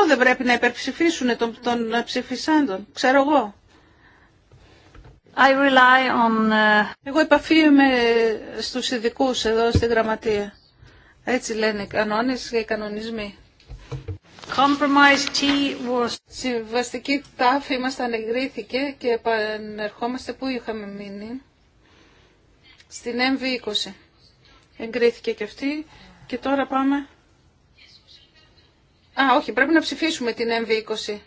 δεν πρέπει να υπερψηφίσουν των, τον ψηφισάντων. Ξέρω εγώ. I rely on... Uh, εγώ επαφίομαι στους ειδικού εδώ στην γραμματεία. Έτσι λένε οι κανόνες και οι κανονισμοί. Compromise T Συμβαστική τάφη μας ανεγρήθηκε και επανερχόμαστε που είχαμε μείνει. Στην MV20. Εγκρίθηκε και αυτή. Και τώρα πάμε... Α, όχι, πρέπει να ψηφίσουμε την MV20.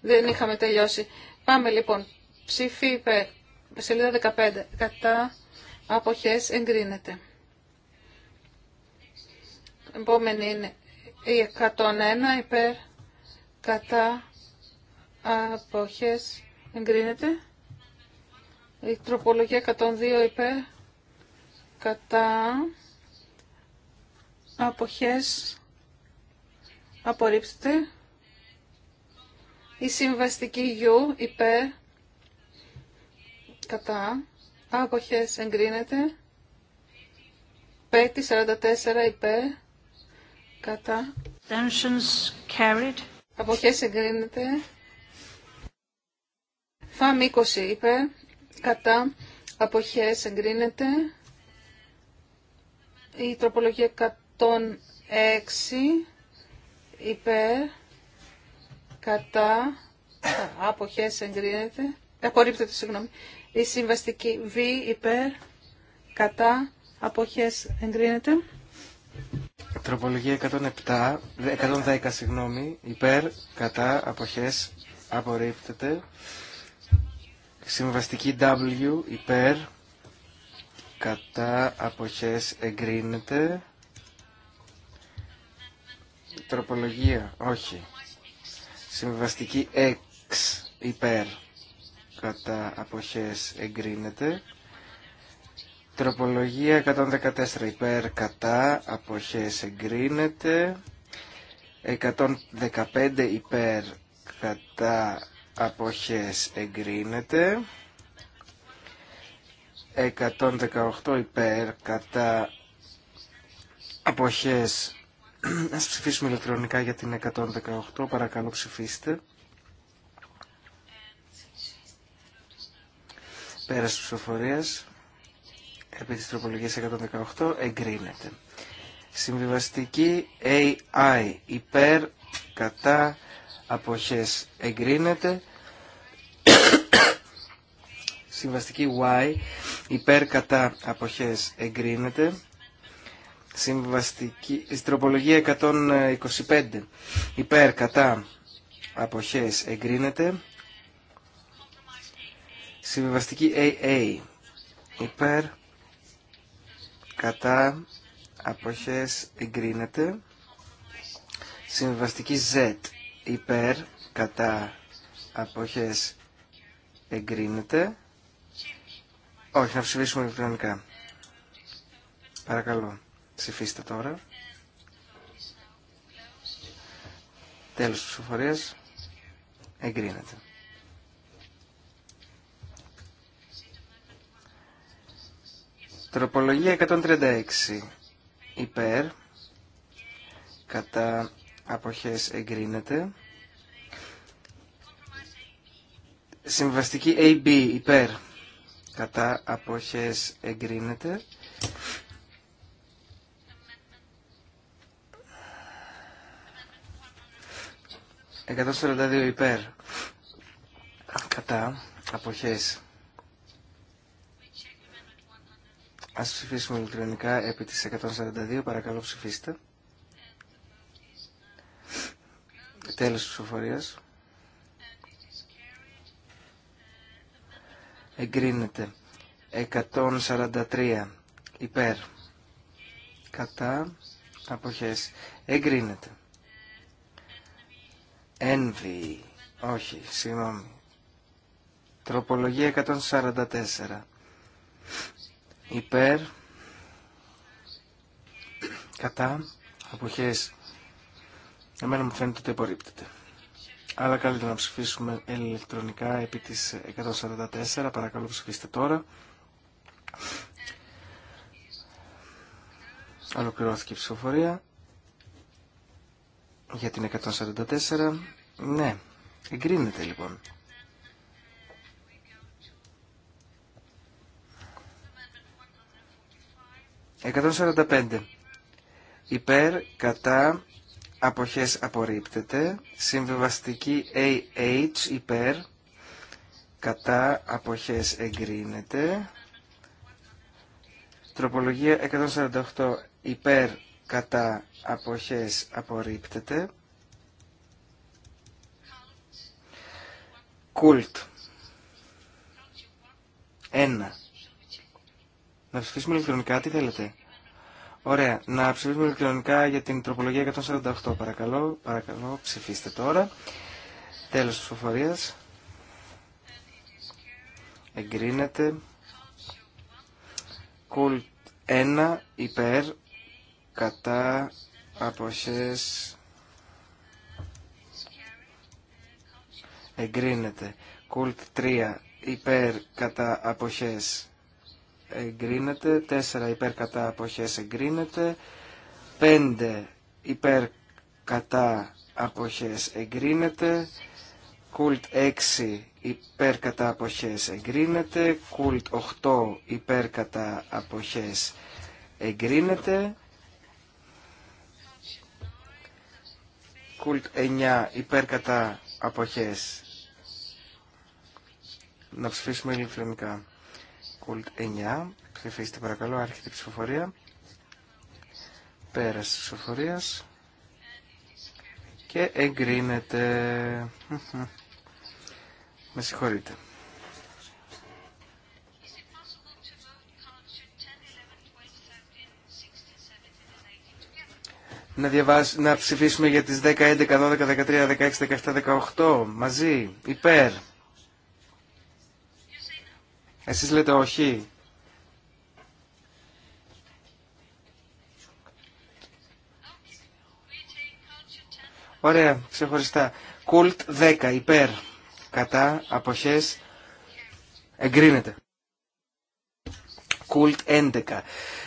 Δεν είχαμε τελειώσει. Πάμε λοιπόν. Ψήφι υπέρ. Σελίδα 15. Κατά αποχές εγκρίνεται. Επόμενη είναι η 101 υπέρ κατά αποχές εγκρίνεται. Η τροπολογία 102 υπέρ κατά αποχές απορρίψεται. Η συμβαστική U υπέρ κατά αποχές εγκρίνεται. 544 υπέρ Κατά. Αποχέ carried. Αποχές εγκρίνεται. Φαμ 20 είπε. Κατά. Αποχές εγκρίνεται. Η τροπολογία 106 είπε Κατά. Αποχές εγκρίνεται. Απορρίπτεται, συγγνώμη. Η συμβαστική Β υπέρ. Κατά. Αποχές εγκρίνεται. Τροπολογία 107, 110 συγγνώμη, υπέρ, κατά, αποχές, απορρίπτεται. Συμβαστική W, υπέρ, κατά, αποχές, εγκρίνεται. Τροπολογία, όχι. Συμβαστική X, υπέρ, κατά, αποχές, εγκρίνεται. Τροπολογία 114 υπέρ κατά αποχές εγκρίνεται. 115 υπέρ κατά αποχές εγκρίνεται. 118 υπέρ κατά αποχές. Ας ψηφίσουμε ηλεκτρονικά για την 118. Παρακαλώ ψηφίστε. Πέρας ψηφοφορίας επί της τροπολογίας 118 εγκρίνεται. Συμβιβαστική AI υπέρ κατά αποχές εγκρίνεται. Συμβαστική Y υπέρ κατά αποχές εγκρίνεται. Συμβαστική τροπολογία 125 υπέρ κατά αποχές εγκρίνεται. Συμβιβαστική AA υπέρ κατά αποχές εγκρίνεται. Συμβαστική Z υπέρ κατά αποχές εγκρίνεται. Όχι, να ψηφίσουμε ηλεκτρονικά. Παρακαλώ, ψηφίστε τώρα. Τέλος της ψηφοφορίας. Εγκρίνεται. Τροπολογία 136. Υπέρ. Κατά αποχές εγκρίνεται. Συμβαστική AB. Υπέρ. Κατά αποχές εγκρίνεται. ...142 υπέρ... ...κατά... ...αποχές... Ας ψηφίσουμε ηλεκτρονικά επί της 142. Παρακαλώ ψηφίστε. Τέλος της ψηφοφορίας. Εγκρίνεται. 143. Υπέρ. Κατά. Αποχές. Εγκρίνεται. Envy. Όχι, συγγνώμη. Τροπολογία 144 υπέρ κατά αποχές εμένα μου φαίνεται ότι απορρίπτεται αλλά καλύτερα να ψηφίσουμε ηλεκτρονικά επί της 144 παρακαλώ ψηφίστε τώρα ολοκληρώθηκε η ψηφοφορία για την 144 ναι εγκρίνεται λοιπόν 145. Υπέρ, κατά, αποχές απορρίπτεται. Συμβιβαστική AH υπέρ, κατά, αποχές εγκρίνεται. Τροπολογία 148 υπέρ, κατά, αποχές απορρίπτεται. Κουλτ. Ένα. Να ψηφίσουμε ηλεκτρονικά, τι θέλετε. Ωραία, να ψηφίσουμε ηλεκτρονικά για την τροπολογία 148, παρακαλώ. Παρακαλώ, ψηφίστε τώρα. Τέλος της φοφορίας. Εγκρίνεται. Κουλ 1 υπέρ κατά αποχές εγκρίνεται. Κουλτ 3 υπέρ κατά αποχές εγκρίνεται, 4 υπέρ κατά αποχές εγκρίνεται, 5 υπέρ κατά αποχές εγκρίνεται, κουλτ 6 υπέρ κατά αποχές εγκρίνεται, κουλτ 8 υπέρ κατά αποχές εγκρίνεται, κουλτ 9 υπέρ κατά αποχές να ψηφίσουμε ηλεκτρονικά. Κουλτ 9. Ψηφίστε παρακαλώ, άρχεται η ψηφοφορία. Πέραση τη ψηφοφορία Και εγκρίνεται. Με συγχωρείτε. Να, διαβάσ... να ψηφίσουμε για τις 10, 11, 12, 13, 16, 17, 18 μαζί, υπέρ. Εσείς λέτε όχι. Ωραία, ξεχωριστά. Κουλτ 10, υπέρ, κατά, αποχές, εγκρίνεται. Κουλτ 11,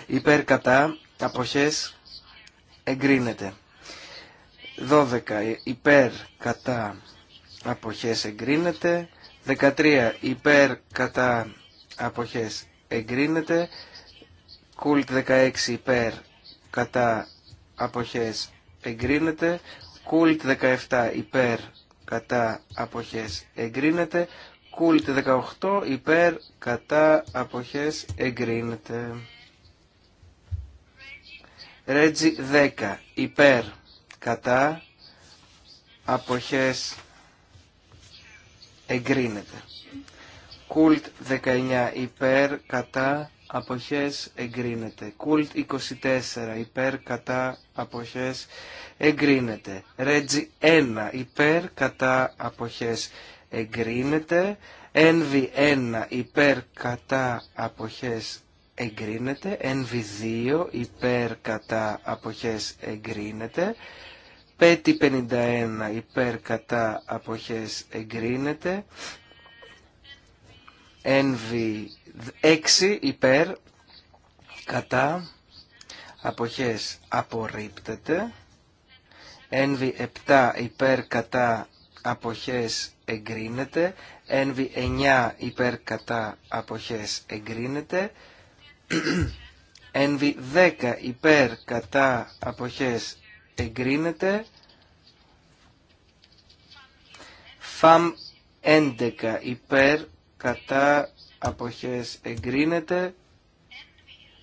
υπέρ, κατά, αποχές, εγκρίνεται. 12, υπέρ, κατά, αποχές, εγκρίνεται. 13, υπέρ, κατά, αποχές εγκρίνεται. Κούλτ 16 υπέρ κατά αποχές εγκρίνεται. Κούλτ 17 υπέρ κατά αποχές εγκρίνεται. Κούλτ 18 υπέρ κατά αποχές εγκρίνεται. Ρέτζι 10 υπέρ κατά αποχές εγκρίνεται. Κουλτ 19 υπέρ κατά αποχές εγκρίνεται. Κουλτ 24 υπέρ κατά αποχές εγκρίνεται. Ρέτζι 1 υπέρ κατά αποχές εγκρίνεται. Ένβι 1 υπέρ κατά αποχές εγκρίνεται. Ένβι 2 υπέρ κατά αποχές εγκρίνεται. Πέτη 51 υπέρ κατά αποχές εγκρίνεται. NV6 υπέρ κατά αποχές απορρίπτεται. NV7 υπέρ κατά αποχές εγκρίνεται. NV9 υπέρ κατά αποχές εγκρίνεται. NV10 υπέρ κατά αποχές εγκρίνεται. Φά 11 υπέρ κατά αποχές εγκρίνεται.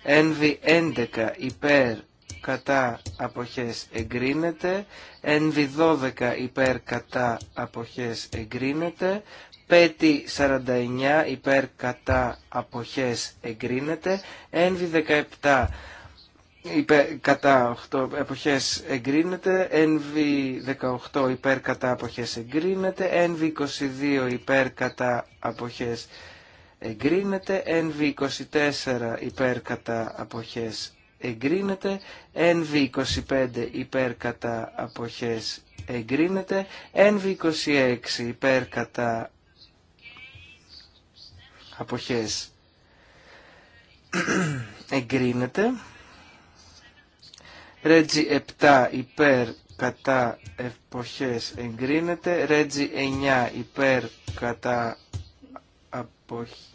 NV11 υπέρ κατά αποχές εγκρίνεται. NV12 υπέρ κατά αποχές εγκρίνεται. Πέτη 49 υπέρ κατά αποχές εγκρίνεται. NV17 Υπε, κατά 8 εποχές εγκρίνεται, NV18 υπέρ κατά εποχες εγκρινεται εγκρίνεται, NV22 υπέρ κατά εποχες εγκρινεται εγκρίνεται, NV24 υπέρ κατά εποχές εγκρίνεται, NV25 υπέρ κατά εποχές εγκρίνεται, NV26 υπέρ κατά εποχές εγκρίνεται. Ρέτζι 7 υπέρ κατά εποχές εγκρίνεται. Ρέτζι 9 υπέρ κατά αποχή.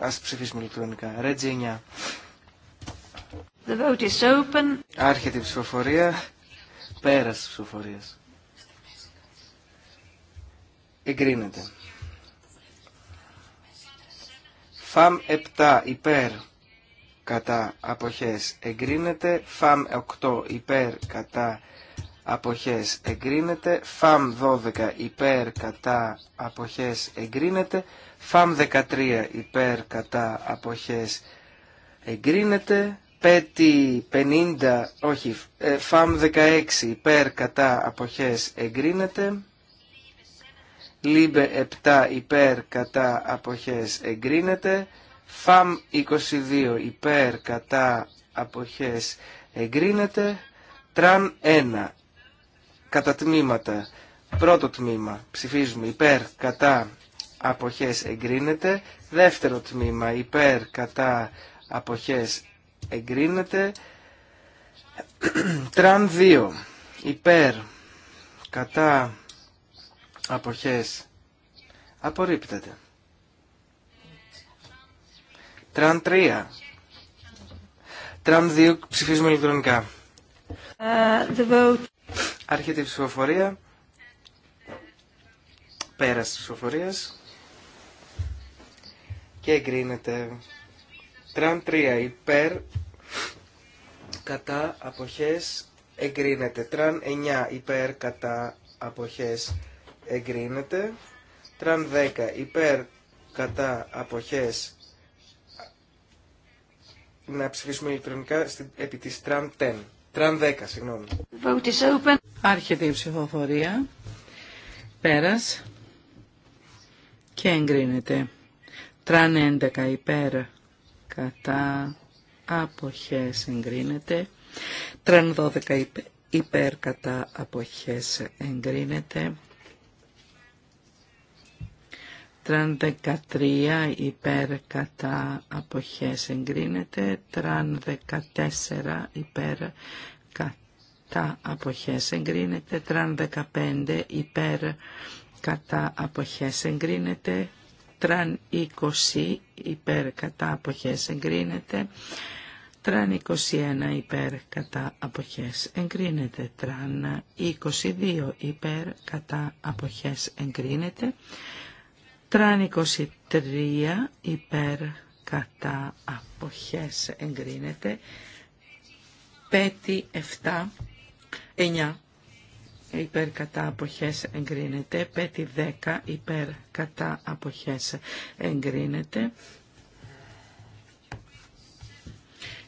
Ας ψηφίσουμε ηλεκτρονικά. Ρέτζι 9. The vote is open. Άρχεται η ψηφοφορία. Πέρας της ψηφοφορίας. Εγκρίνεται. ΦΑΜ 7 υπέρ κατά αποχές εγκρίνεται, φαμ 8 υπέρ κατά αποχές εγκρίνεται, φαμ 12 υπέρ κατά αποχές εγκρίνεται, φαμ 13 υπέρ κατά αποχές εγκρίνεται, πέτη 50, όχι, ε, φαμ 16 υπέρ κατά αποχές εγκρίνεται, λίμπε 7 υπέρ κατά αποχές εγκρίνεται, ΦΑΜ 22 υπέρ κατά αποχές εγκρίνεται. Τραν 1 κατά τμήματα. Πρώτο τμήμα ψηφίζουμε υπέρ κατά αποχές εγκρίνεται. Δεύτερο τμήμα υπέρ κατά αποχές εγκρίνεται. Τραν 2 υπέρ κατά αποχές απορρίπτεται. Τραν 3. Τραν 2 ψηφίζουμε ηλεκτρονικά. Uh, Άρχεται η ψηφοφορία. Πέρας της ψηφοφορίας. Και εγκρίνεται. Τραν 3 υπέρ. Κατά αποχές εγκρίνεται. Τραν 9 υπέρ κατά αποχές εγκρίνεται. Τραν 10 υπέρ κατά αποχές να ψηφίσουμε ηλεκτρονικά επί της Τραν 10. Τραν 10, συγγνώμη. Άρχεται η ψηφοφορία. Πέρας. Και εγκρίνεται. Τραν 11 υπέρ. Κατά. Αποχές εγκρίνεται. Τραν 12 υπέρ. Υπέρ κατά αποχές εγκρίνεται. Τραν 13 υπέρ κατά αποχές εγκρίνεται. Τραν 14 υπέρ κατά αποχές εγκρίνεται. Τραν 15 υπέρ κατά αποχές εγκρίνεται. Τραν 20 υπέρ κατά αποχές εγκρίνεται. Τραν 21 υπέρ κατά αποχές εγκρίνεται. Τραν 22 υπέρ κατά αποχές εγκρίνεται. Τραν 23 υπέρ κατά αποχές εγκρίνεται. Πέτη 7, 9 υπέρ κατά αποχές εγκρίνεται. Πέτη 10 υπέρ κατά αποχές εγκρίνεται.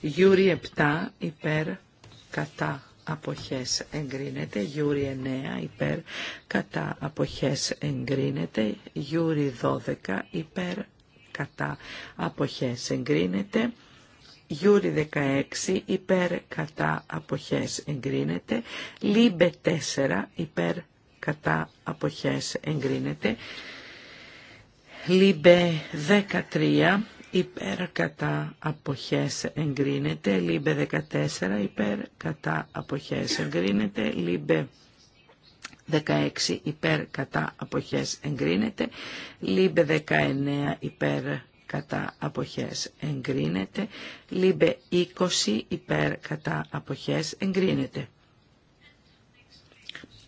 Γιούρι 7 υπέρ κατά αποχές εγκρίνεται, Γιούρι 9 υπέρ, κατά αποχές εγκρίνεται, Γιούρι 12 υπέρ, κατά αποχές εγκρίνεται, Γιούρι 16 υπέρ, κατά αποχές εγκρίνεται, Λίμπε 4 υπέρ, κατά αποχές εγκρίνεται, Λίμπε 13 υπέρ κατά αποχές εγκρίνεται, λίμπε 14 υπέρ κατά αποχές εγκρίνεται, λίμπε 16 υπέρ κατά αποχές εγκρίνεται, λίμπε 19 υπέρ κατά αποχές εγκρίνεται, λίμπε 20 υπέρ κατά αποχές εγκρίνεται.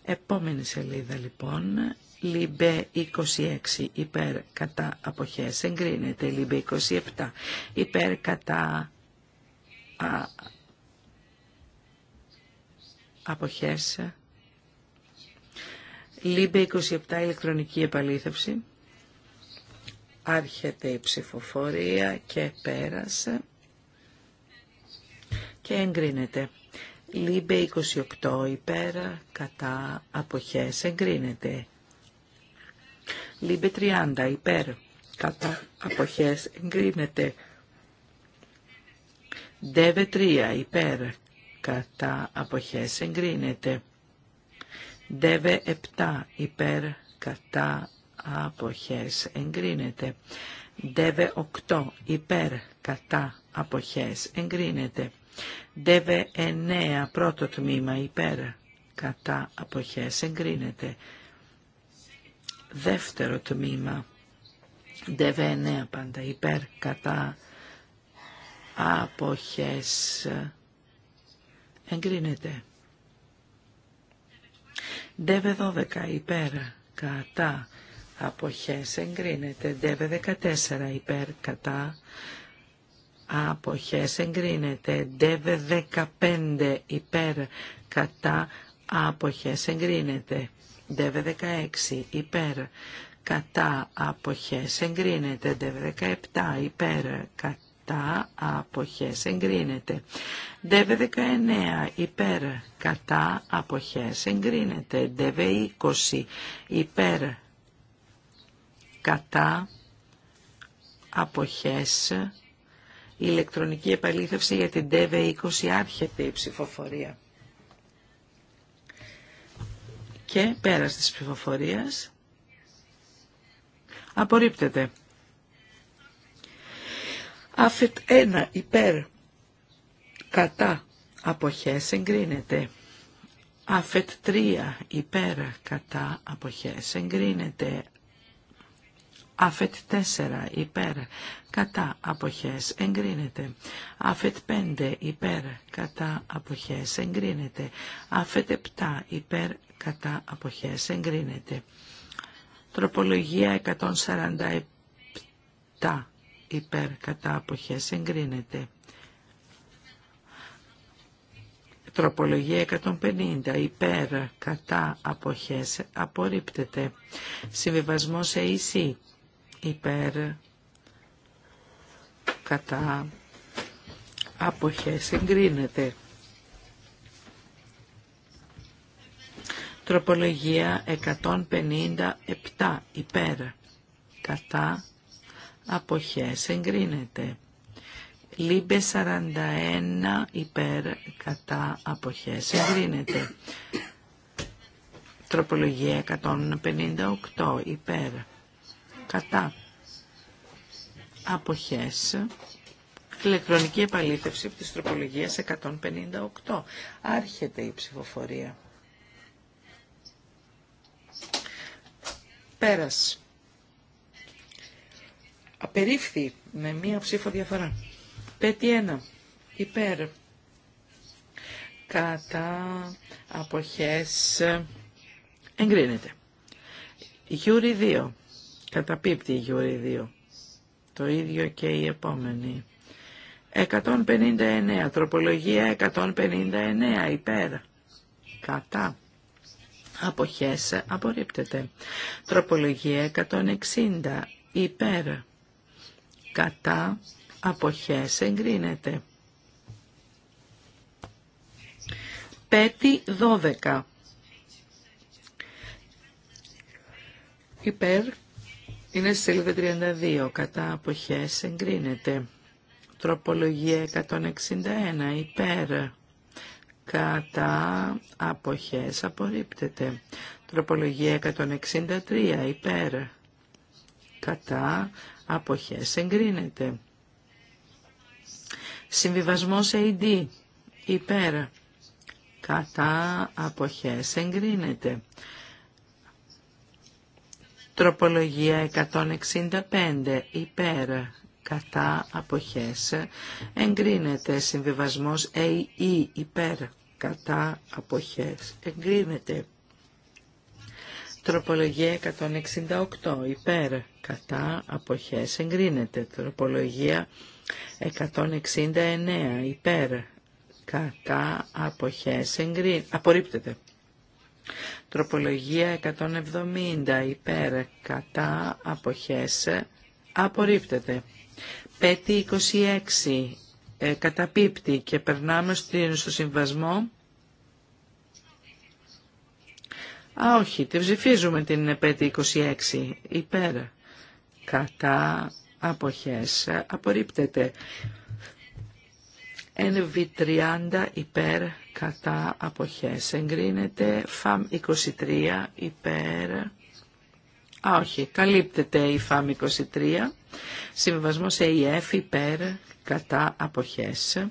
Επόμενη σελίδα λοιπόν, Λίμπε 26 υπέρ κατά αποχές εγκρίνεται. Λίμπε 27 υπέρ κατά α, αποχές. Λίμπε 27 ηλεκτρονική επαλήθευση. Άρχεται η ψηφοφορία και πέρασε και εγκρίνεται. Λίμπε 28 υπέρ κατά αποχές εγκρίνεται. Λίμπε 30 υπέρ κατά αποχές εγκρίνεται. Δεβε 3 υπέρ κατά αποχές εγκρίνεται. Δεβε 7 υπέρ κατά αποχές εγκρίνεται. Δεβε 8 υπέρ κατά αποχές εγκρίνεται. Δεβε 9 πρώτο τμήμα υπέρ κατά αποχές εγκρίνεται. Δεύτερο τμήμα. 9 ναι, πάντα υπέρ κατά αποχές εγκρίνεται. Δεβε 12 υπέρ κατά αποχές εγκρίνεται. Δεβε 14 υπέρ κατά αποχές εγκρίνεται. Δεβε 15 υπέρ κατά αποχές εγκρίνεται. ΔΕΒΕ 16 υπέρ κατά αποχές εγκρίνεται. ΔΕΒΕ 17 υπέρ κατά αποχές εγκρίνεται. ΔΕΒΕ 19 υπέρ κατά αποχές εγκρίνεται. ΔΕΒΕ 20 υπέρ κατά αποχές ηλεκτρονική επαλήθευση για την ΔΕΒΕ 20 άρχεται η ψηφοφορία και πέρας της ψηφοφορίας απορρίπτεται. Αφετ 1 υπέρ κατά αποχές εγκρίνεται. Αφετ 3 υπέρ κατά αποχές εγκρίνεται. Αφετ 4 υπέρ κατά αποχές εγκρίνεται. Αφετ 5 υπέρ κατά αποχές εγκρίνεται. Αφετ 7 υπέρ κατά αποχές εγκρίνεται. Τροπολογία 147 υπέρ κατά αποχές εγκρίνεται. Τροπολογία 150 υπέρ κατά αποχές απορρίπτεται. Συμβιβασμός AC υπέρ κατά αποχέ εγκρίνεται. Τροπολογία 157 υπέρ κατά αποχέ εγκρίνεται. Λίμπε 41 υπέρ κατά αποχέ εγκρίνεται. Τροπολογία 158 υπέρ κατά αποχές ηλεκτρονική επαλήθευση της τροπολογίας 158. Άρχεται η ψηφοφορία. Πέρας. Απερίφθη με μία ψήφο διαφορά. Πέτει ένα. Υπέρ. Κατά αποχές εγκρίνεται. Γιούρι 2. Καταπίπτει η Γιούρι Το ίδιο και η επόμενη. 159. Τροπολογία 159. Υπέρ. Κατά. Αποχές. Απορρίπτεται. Τροπολογία 160. Υπέρ. Κατά. Αποχές. Εγκρίνεται. Πέτη 12. Υπέρ είναι στη σελίδα 32. Κατά αποχές εγκρίνεται. Τροπολογία 161. Υπέρ. Κατά αποχές απορρίπτεται. Τροπολογία 163. Υπέρ. Κατά αποχές εγκρίνεται. Συμβιβασμός AD. Υπέρ. Κατά αποχές εγκρίνεται. Τροπολογία 165 υπέρ κατά αποχές εγκρίνεται συμβιβασμός ΑΕ e. υπέρ κατά αποχές εγκρίνεται. Τροπολογία 168 υπέρ κατά αποχές εγκρίνεται. Τροπολογία 169 υπέρ κατά αποχές εγκρίνεται. Απορρίπτεται. Τροπολογία 170 υπέρ κατά αποχές απορρίπτεται. 26 ε, καταπίπτει και περνάμε στο συμβασμό. Α, όχι, τη ψηφίζουμε την 26 υπέρ κατά αποχές απορρίπτεται. NV30 υπέρ κατά αποχές. Εγκρίνεται ΦΑΜ 23 υπέρ... Α, όχι, καλύπτεται η ΦΑΜ 23. Συμβασμός ΕΙΕΦ υπέρ κατά αποχές.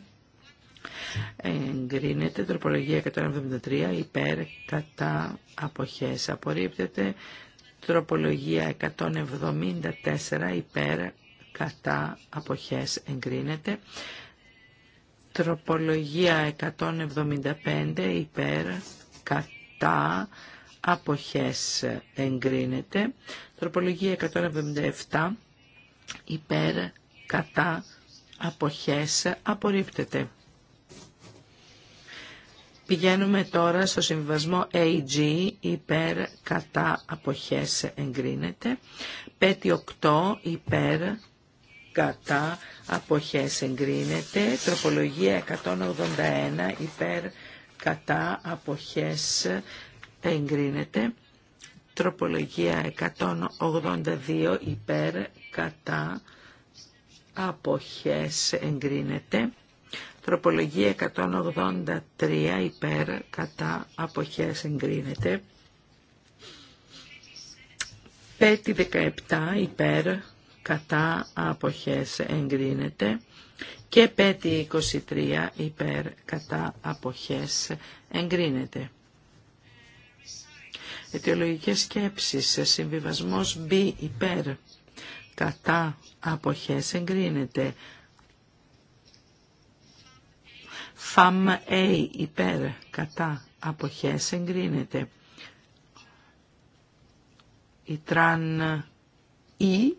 Εγκρίνεται τροπολογία 173 υπέρ κατά αποχές. Απορρίπτεται τροπολογία 174 υπέρ κατά αποχές εγκρίνεται. Τροπολογία 175 υπέρ κατά αποχές εγκρίνεται. Τροπολογία 177 υπέρ κατά αποχές απορρίπτεται. Πηγαίνουμε τώρα στο συμβιβασμό AG, υπέρ κατά αποχές εγκρίνεται. 5-8 υπέρ κατά αποχές εγκρίνεται, τροπολογία 181 υπέρ κατά αποχές εγκρίνεται, τροπολογία 182 υπέρ κατά αποχές εγκρίνεται, τροπολογία 183 υπέρ κατά αποχές εγκρίνεται, 5-17 υπέρ κατά αποχές εγκρίνεται και πέτει 23 υπέρ κατά αποχές εγκρίνεται. Αιτιολογικές σκέψεις, συμβιβασμός B υπέρ κατά αποχές εγκρίνεται. Φαμ A υπέρ κατά αποχές εγκρίνεται. Η τραν E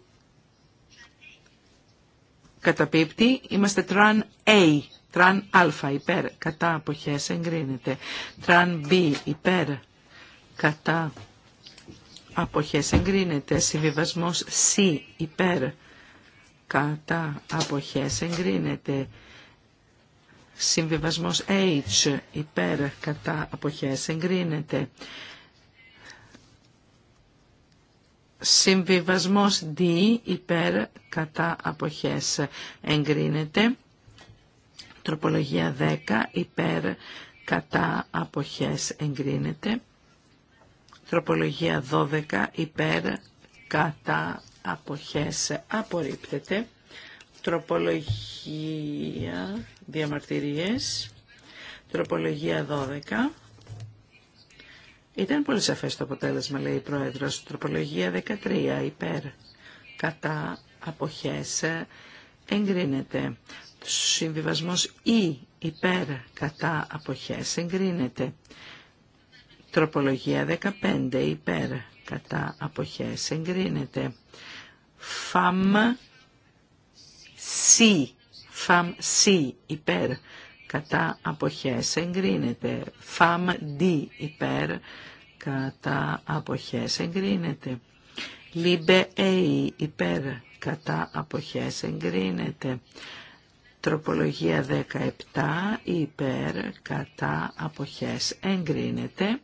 καταπίπτει. Είμαστε τραν A, τραν α, υπέρ, κατά αποχές, εγκρίνεται. Τραν B, υπέρ, κατά αποχές, εγκρίνεται. Συμβιβασμός C, υπέρ, κατά αποχές, εγκρίνεται. Συμβιβασμός H, υπέρ, κατά αποχές, εγκρίνεται. Συμβιβασμός D υπέρ κατά αποχές εγκρίνεται. Τροπολογία 10 υπέρ κατά αποχές εγκρίνεται. Τροπολογία 12 υπέρ κατά αποχές απορρίπτεται. Τροπολογία διαμαρτυρίες. Τροπολογία 12 ήταν πολύ σαφέ το αποτέλεσμα, λέει η πρόεδρο. Τροπολογία 13, υπέρ, κατά, Αποχέ. εγκρίνεται. Συμβιβασμό ή υπέρ, κατά, Αποχέ. εγκρίνεται. Τροπολογία 15, υπέρ, κατά, Αποχέ. εγκρίνεται. Φαμ, σι, φαμ, σι, υπέρ, κατά Αποχέ. εγκρίνεται. Φαμ δι υπέρ κατά αποχές εγκρίνεται. Λίμπε ει υπέρ κατά αποχές εγκρίνεται. Τροπολογία 17 υπέρ κατά αποχές εγκρίνεται.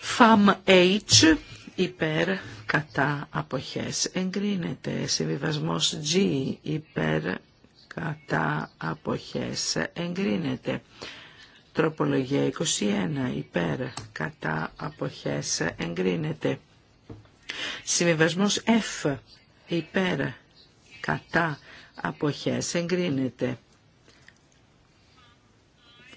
Φαμ H υπέρ κατά αποχές εγκρίνεται. Συμβιβασμός G υπέρ κατά αποχές εγκρίνεται. Τροπολογία 21 υπέρ κατά αποχές εγκρίνεται. Συμβιβασμός F υπέρ κατά αποχές εγκρίνεται.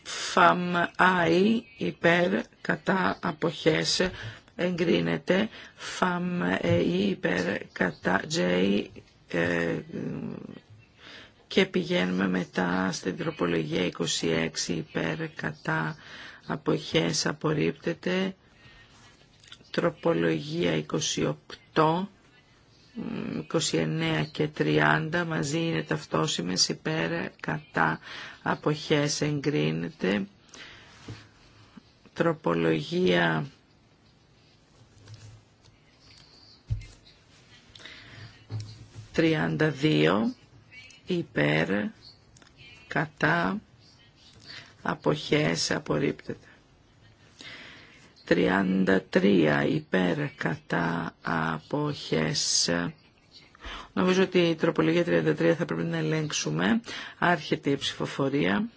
Φαμ αι υπέρ κατά αποχές εγκρίνεται. Φαμ Ε υπέρ κατά J ε, και πηγαίνουμε μετά στην τροπολογία 26 υπέρ κατά αποχές απορρίπτεται τροπολογία 28 29 και 30 μαζί είναι ταυτόσιμες υπέρ κατά αποχές εγκρίνεται τροπολογία 32 υπέρ, κατά, αποχές απορρίπτεται. 33 υπέρ κατά αποχές. Νομίζω ότι η τροπολογία 33 θα πρέπει να ελέγξουμε. Άρχεται η ψηφοφορία.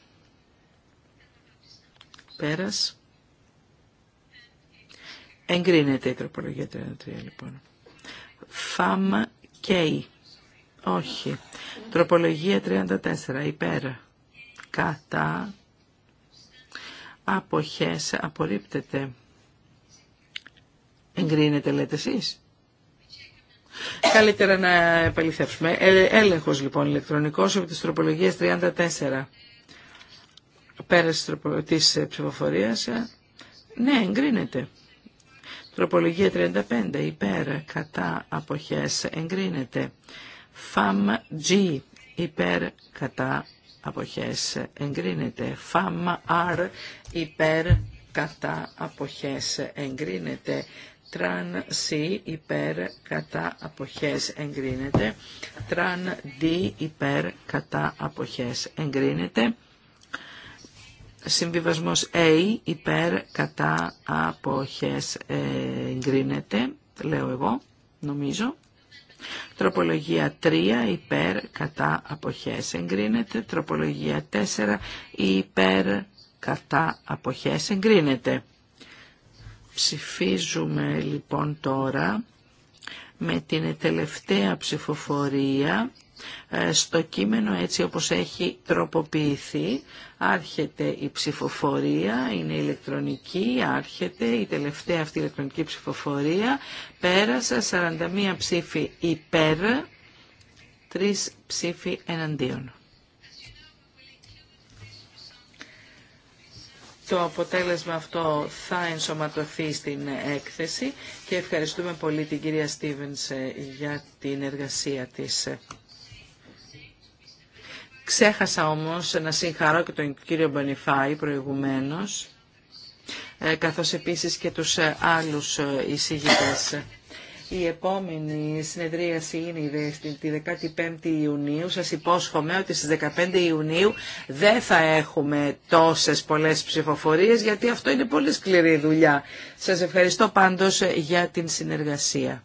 Πέρας. Εγκρίνεται η τροπολογία 33 λοιπόν. Φαμ και όχι. Τροπολογία 34. Υπέρ. Κατά. Αποχές. Απορρίπτεται. Εγκρίνεται λέτε εσείς. Καλύτερα να επαληθεύσουμε. Ε, έλεγχος λοιπόν ηλεκτρονικός από της τροπολογίας 34. Πέρα της ε, ψηφοφορίας. Ε, ναι, εγκρίνεται. Τροπολογία 35. Υπέρ. Κατά. Αποχές. Εγκρίνεται. Φαμ G υπέρ κατά αποχές εγκρίνεται. Φαμ R υπέρ κατά αποχές εγκρίνεται. Τραν C υπέρ κατά αποχές εγκρίνεται. Τραν D υπέρ κατά αποχές εγκρίνεται. Συμβιβασμός A υπέρ κατά αποχές εγκρίνεται, λέω εγώ, νομίζω. Τροπολογία 3 υπέρ κατά αποχές εγκρίνεται. Τροπολογία 4 υπέρ κατά αποχές εγκρίνεται. Ψηφίζουμε λοιπόν τώρα με την τελευταία ψηφοφορία ε, στο κείμενο έτσι όπως έχει τροποποιηθεί. Άρχεται η ψηφοφορία, είναι ηλεκτρονική, άρχεται η τελευταία αυτή ηλεκτρονική ψηφοφορία. Πέρασα 41 ψήφοι υπέρ, 3 ψήφοι εναντίον. Το αποτέλεσμα αυτό θα ενσωματωθεί στην έκθεση και ευχαριστούμε πολύ την κυρία Στίβενς ε, για την εργασία της. Ξέχασα όμως να συγχαρώ και τον κύριο Μπονιφάη προηγουμένως, ε, καθώς επίσης και τους ε, άλλους ε, εισηγητές. Η επόμενη συνεδρίαση είναι τη 15η Ιουνίου. Σας υπόσχομαι ότι στις 15 Ιουνίου δεν θα έχουμε τόσες πολλές ψηφοφορίες γιατί αυτό είναι πολύ σκληρή δουλειά. Σας ευχαριστώ πάντως για την συνεργασία.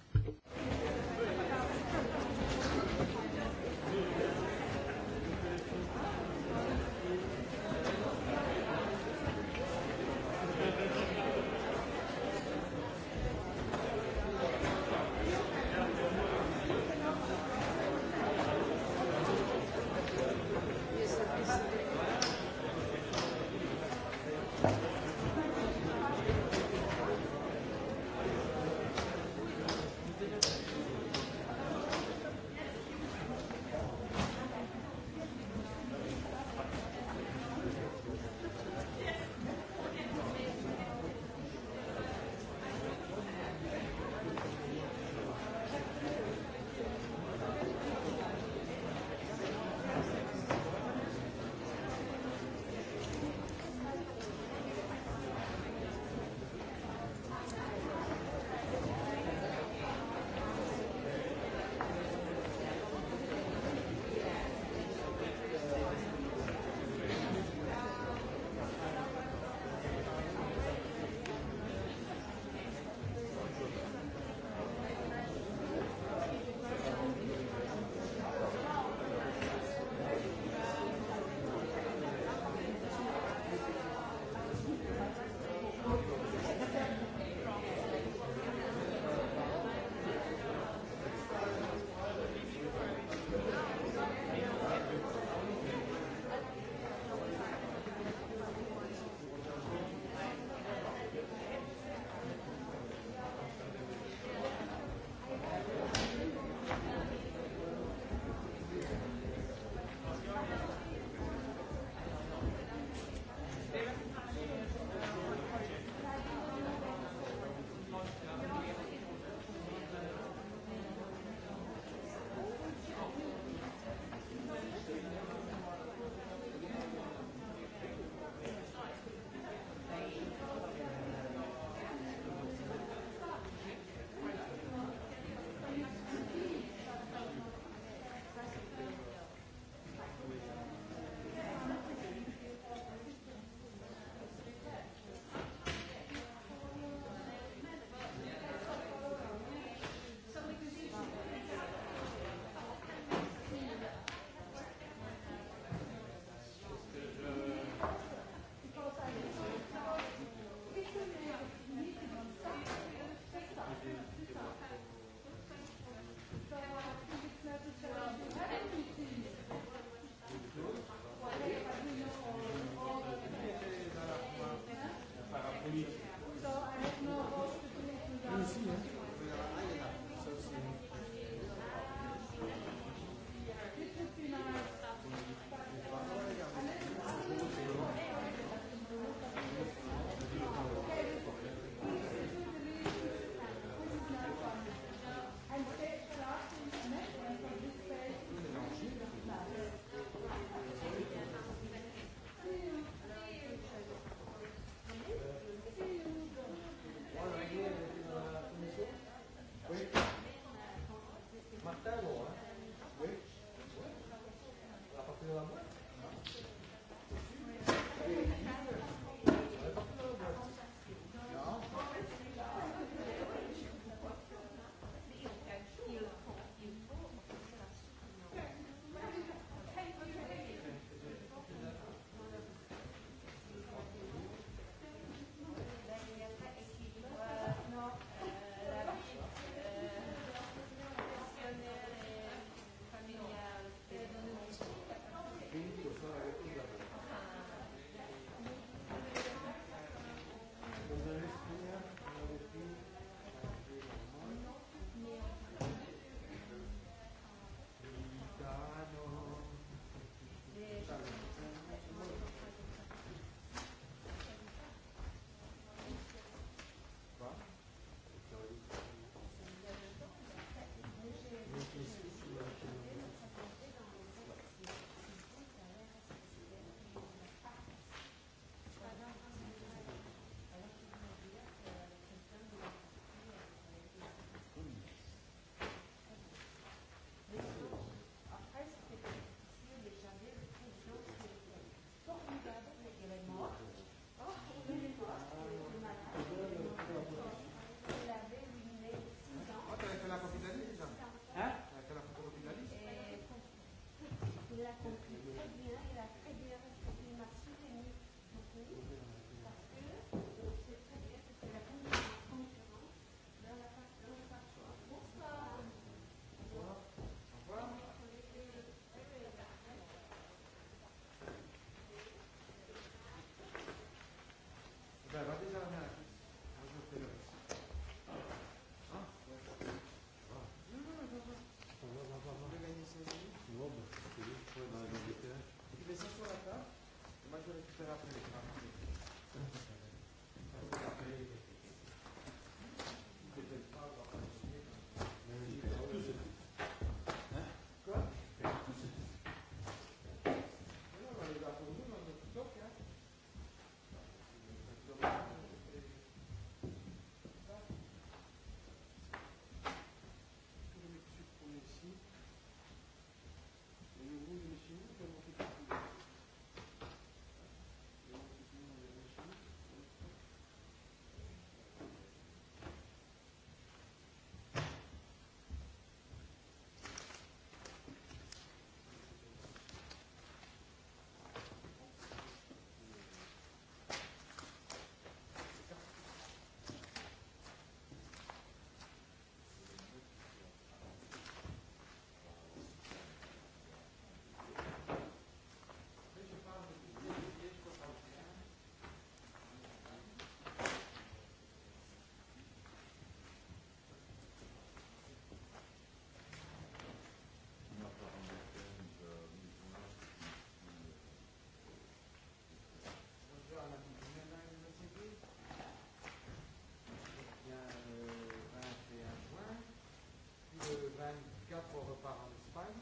on repart en Espagne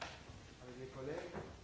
avec les collègues.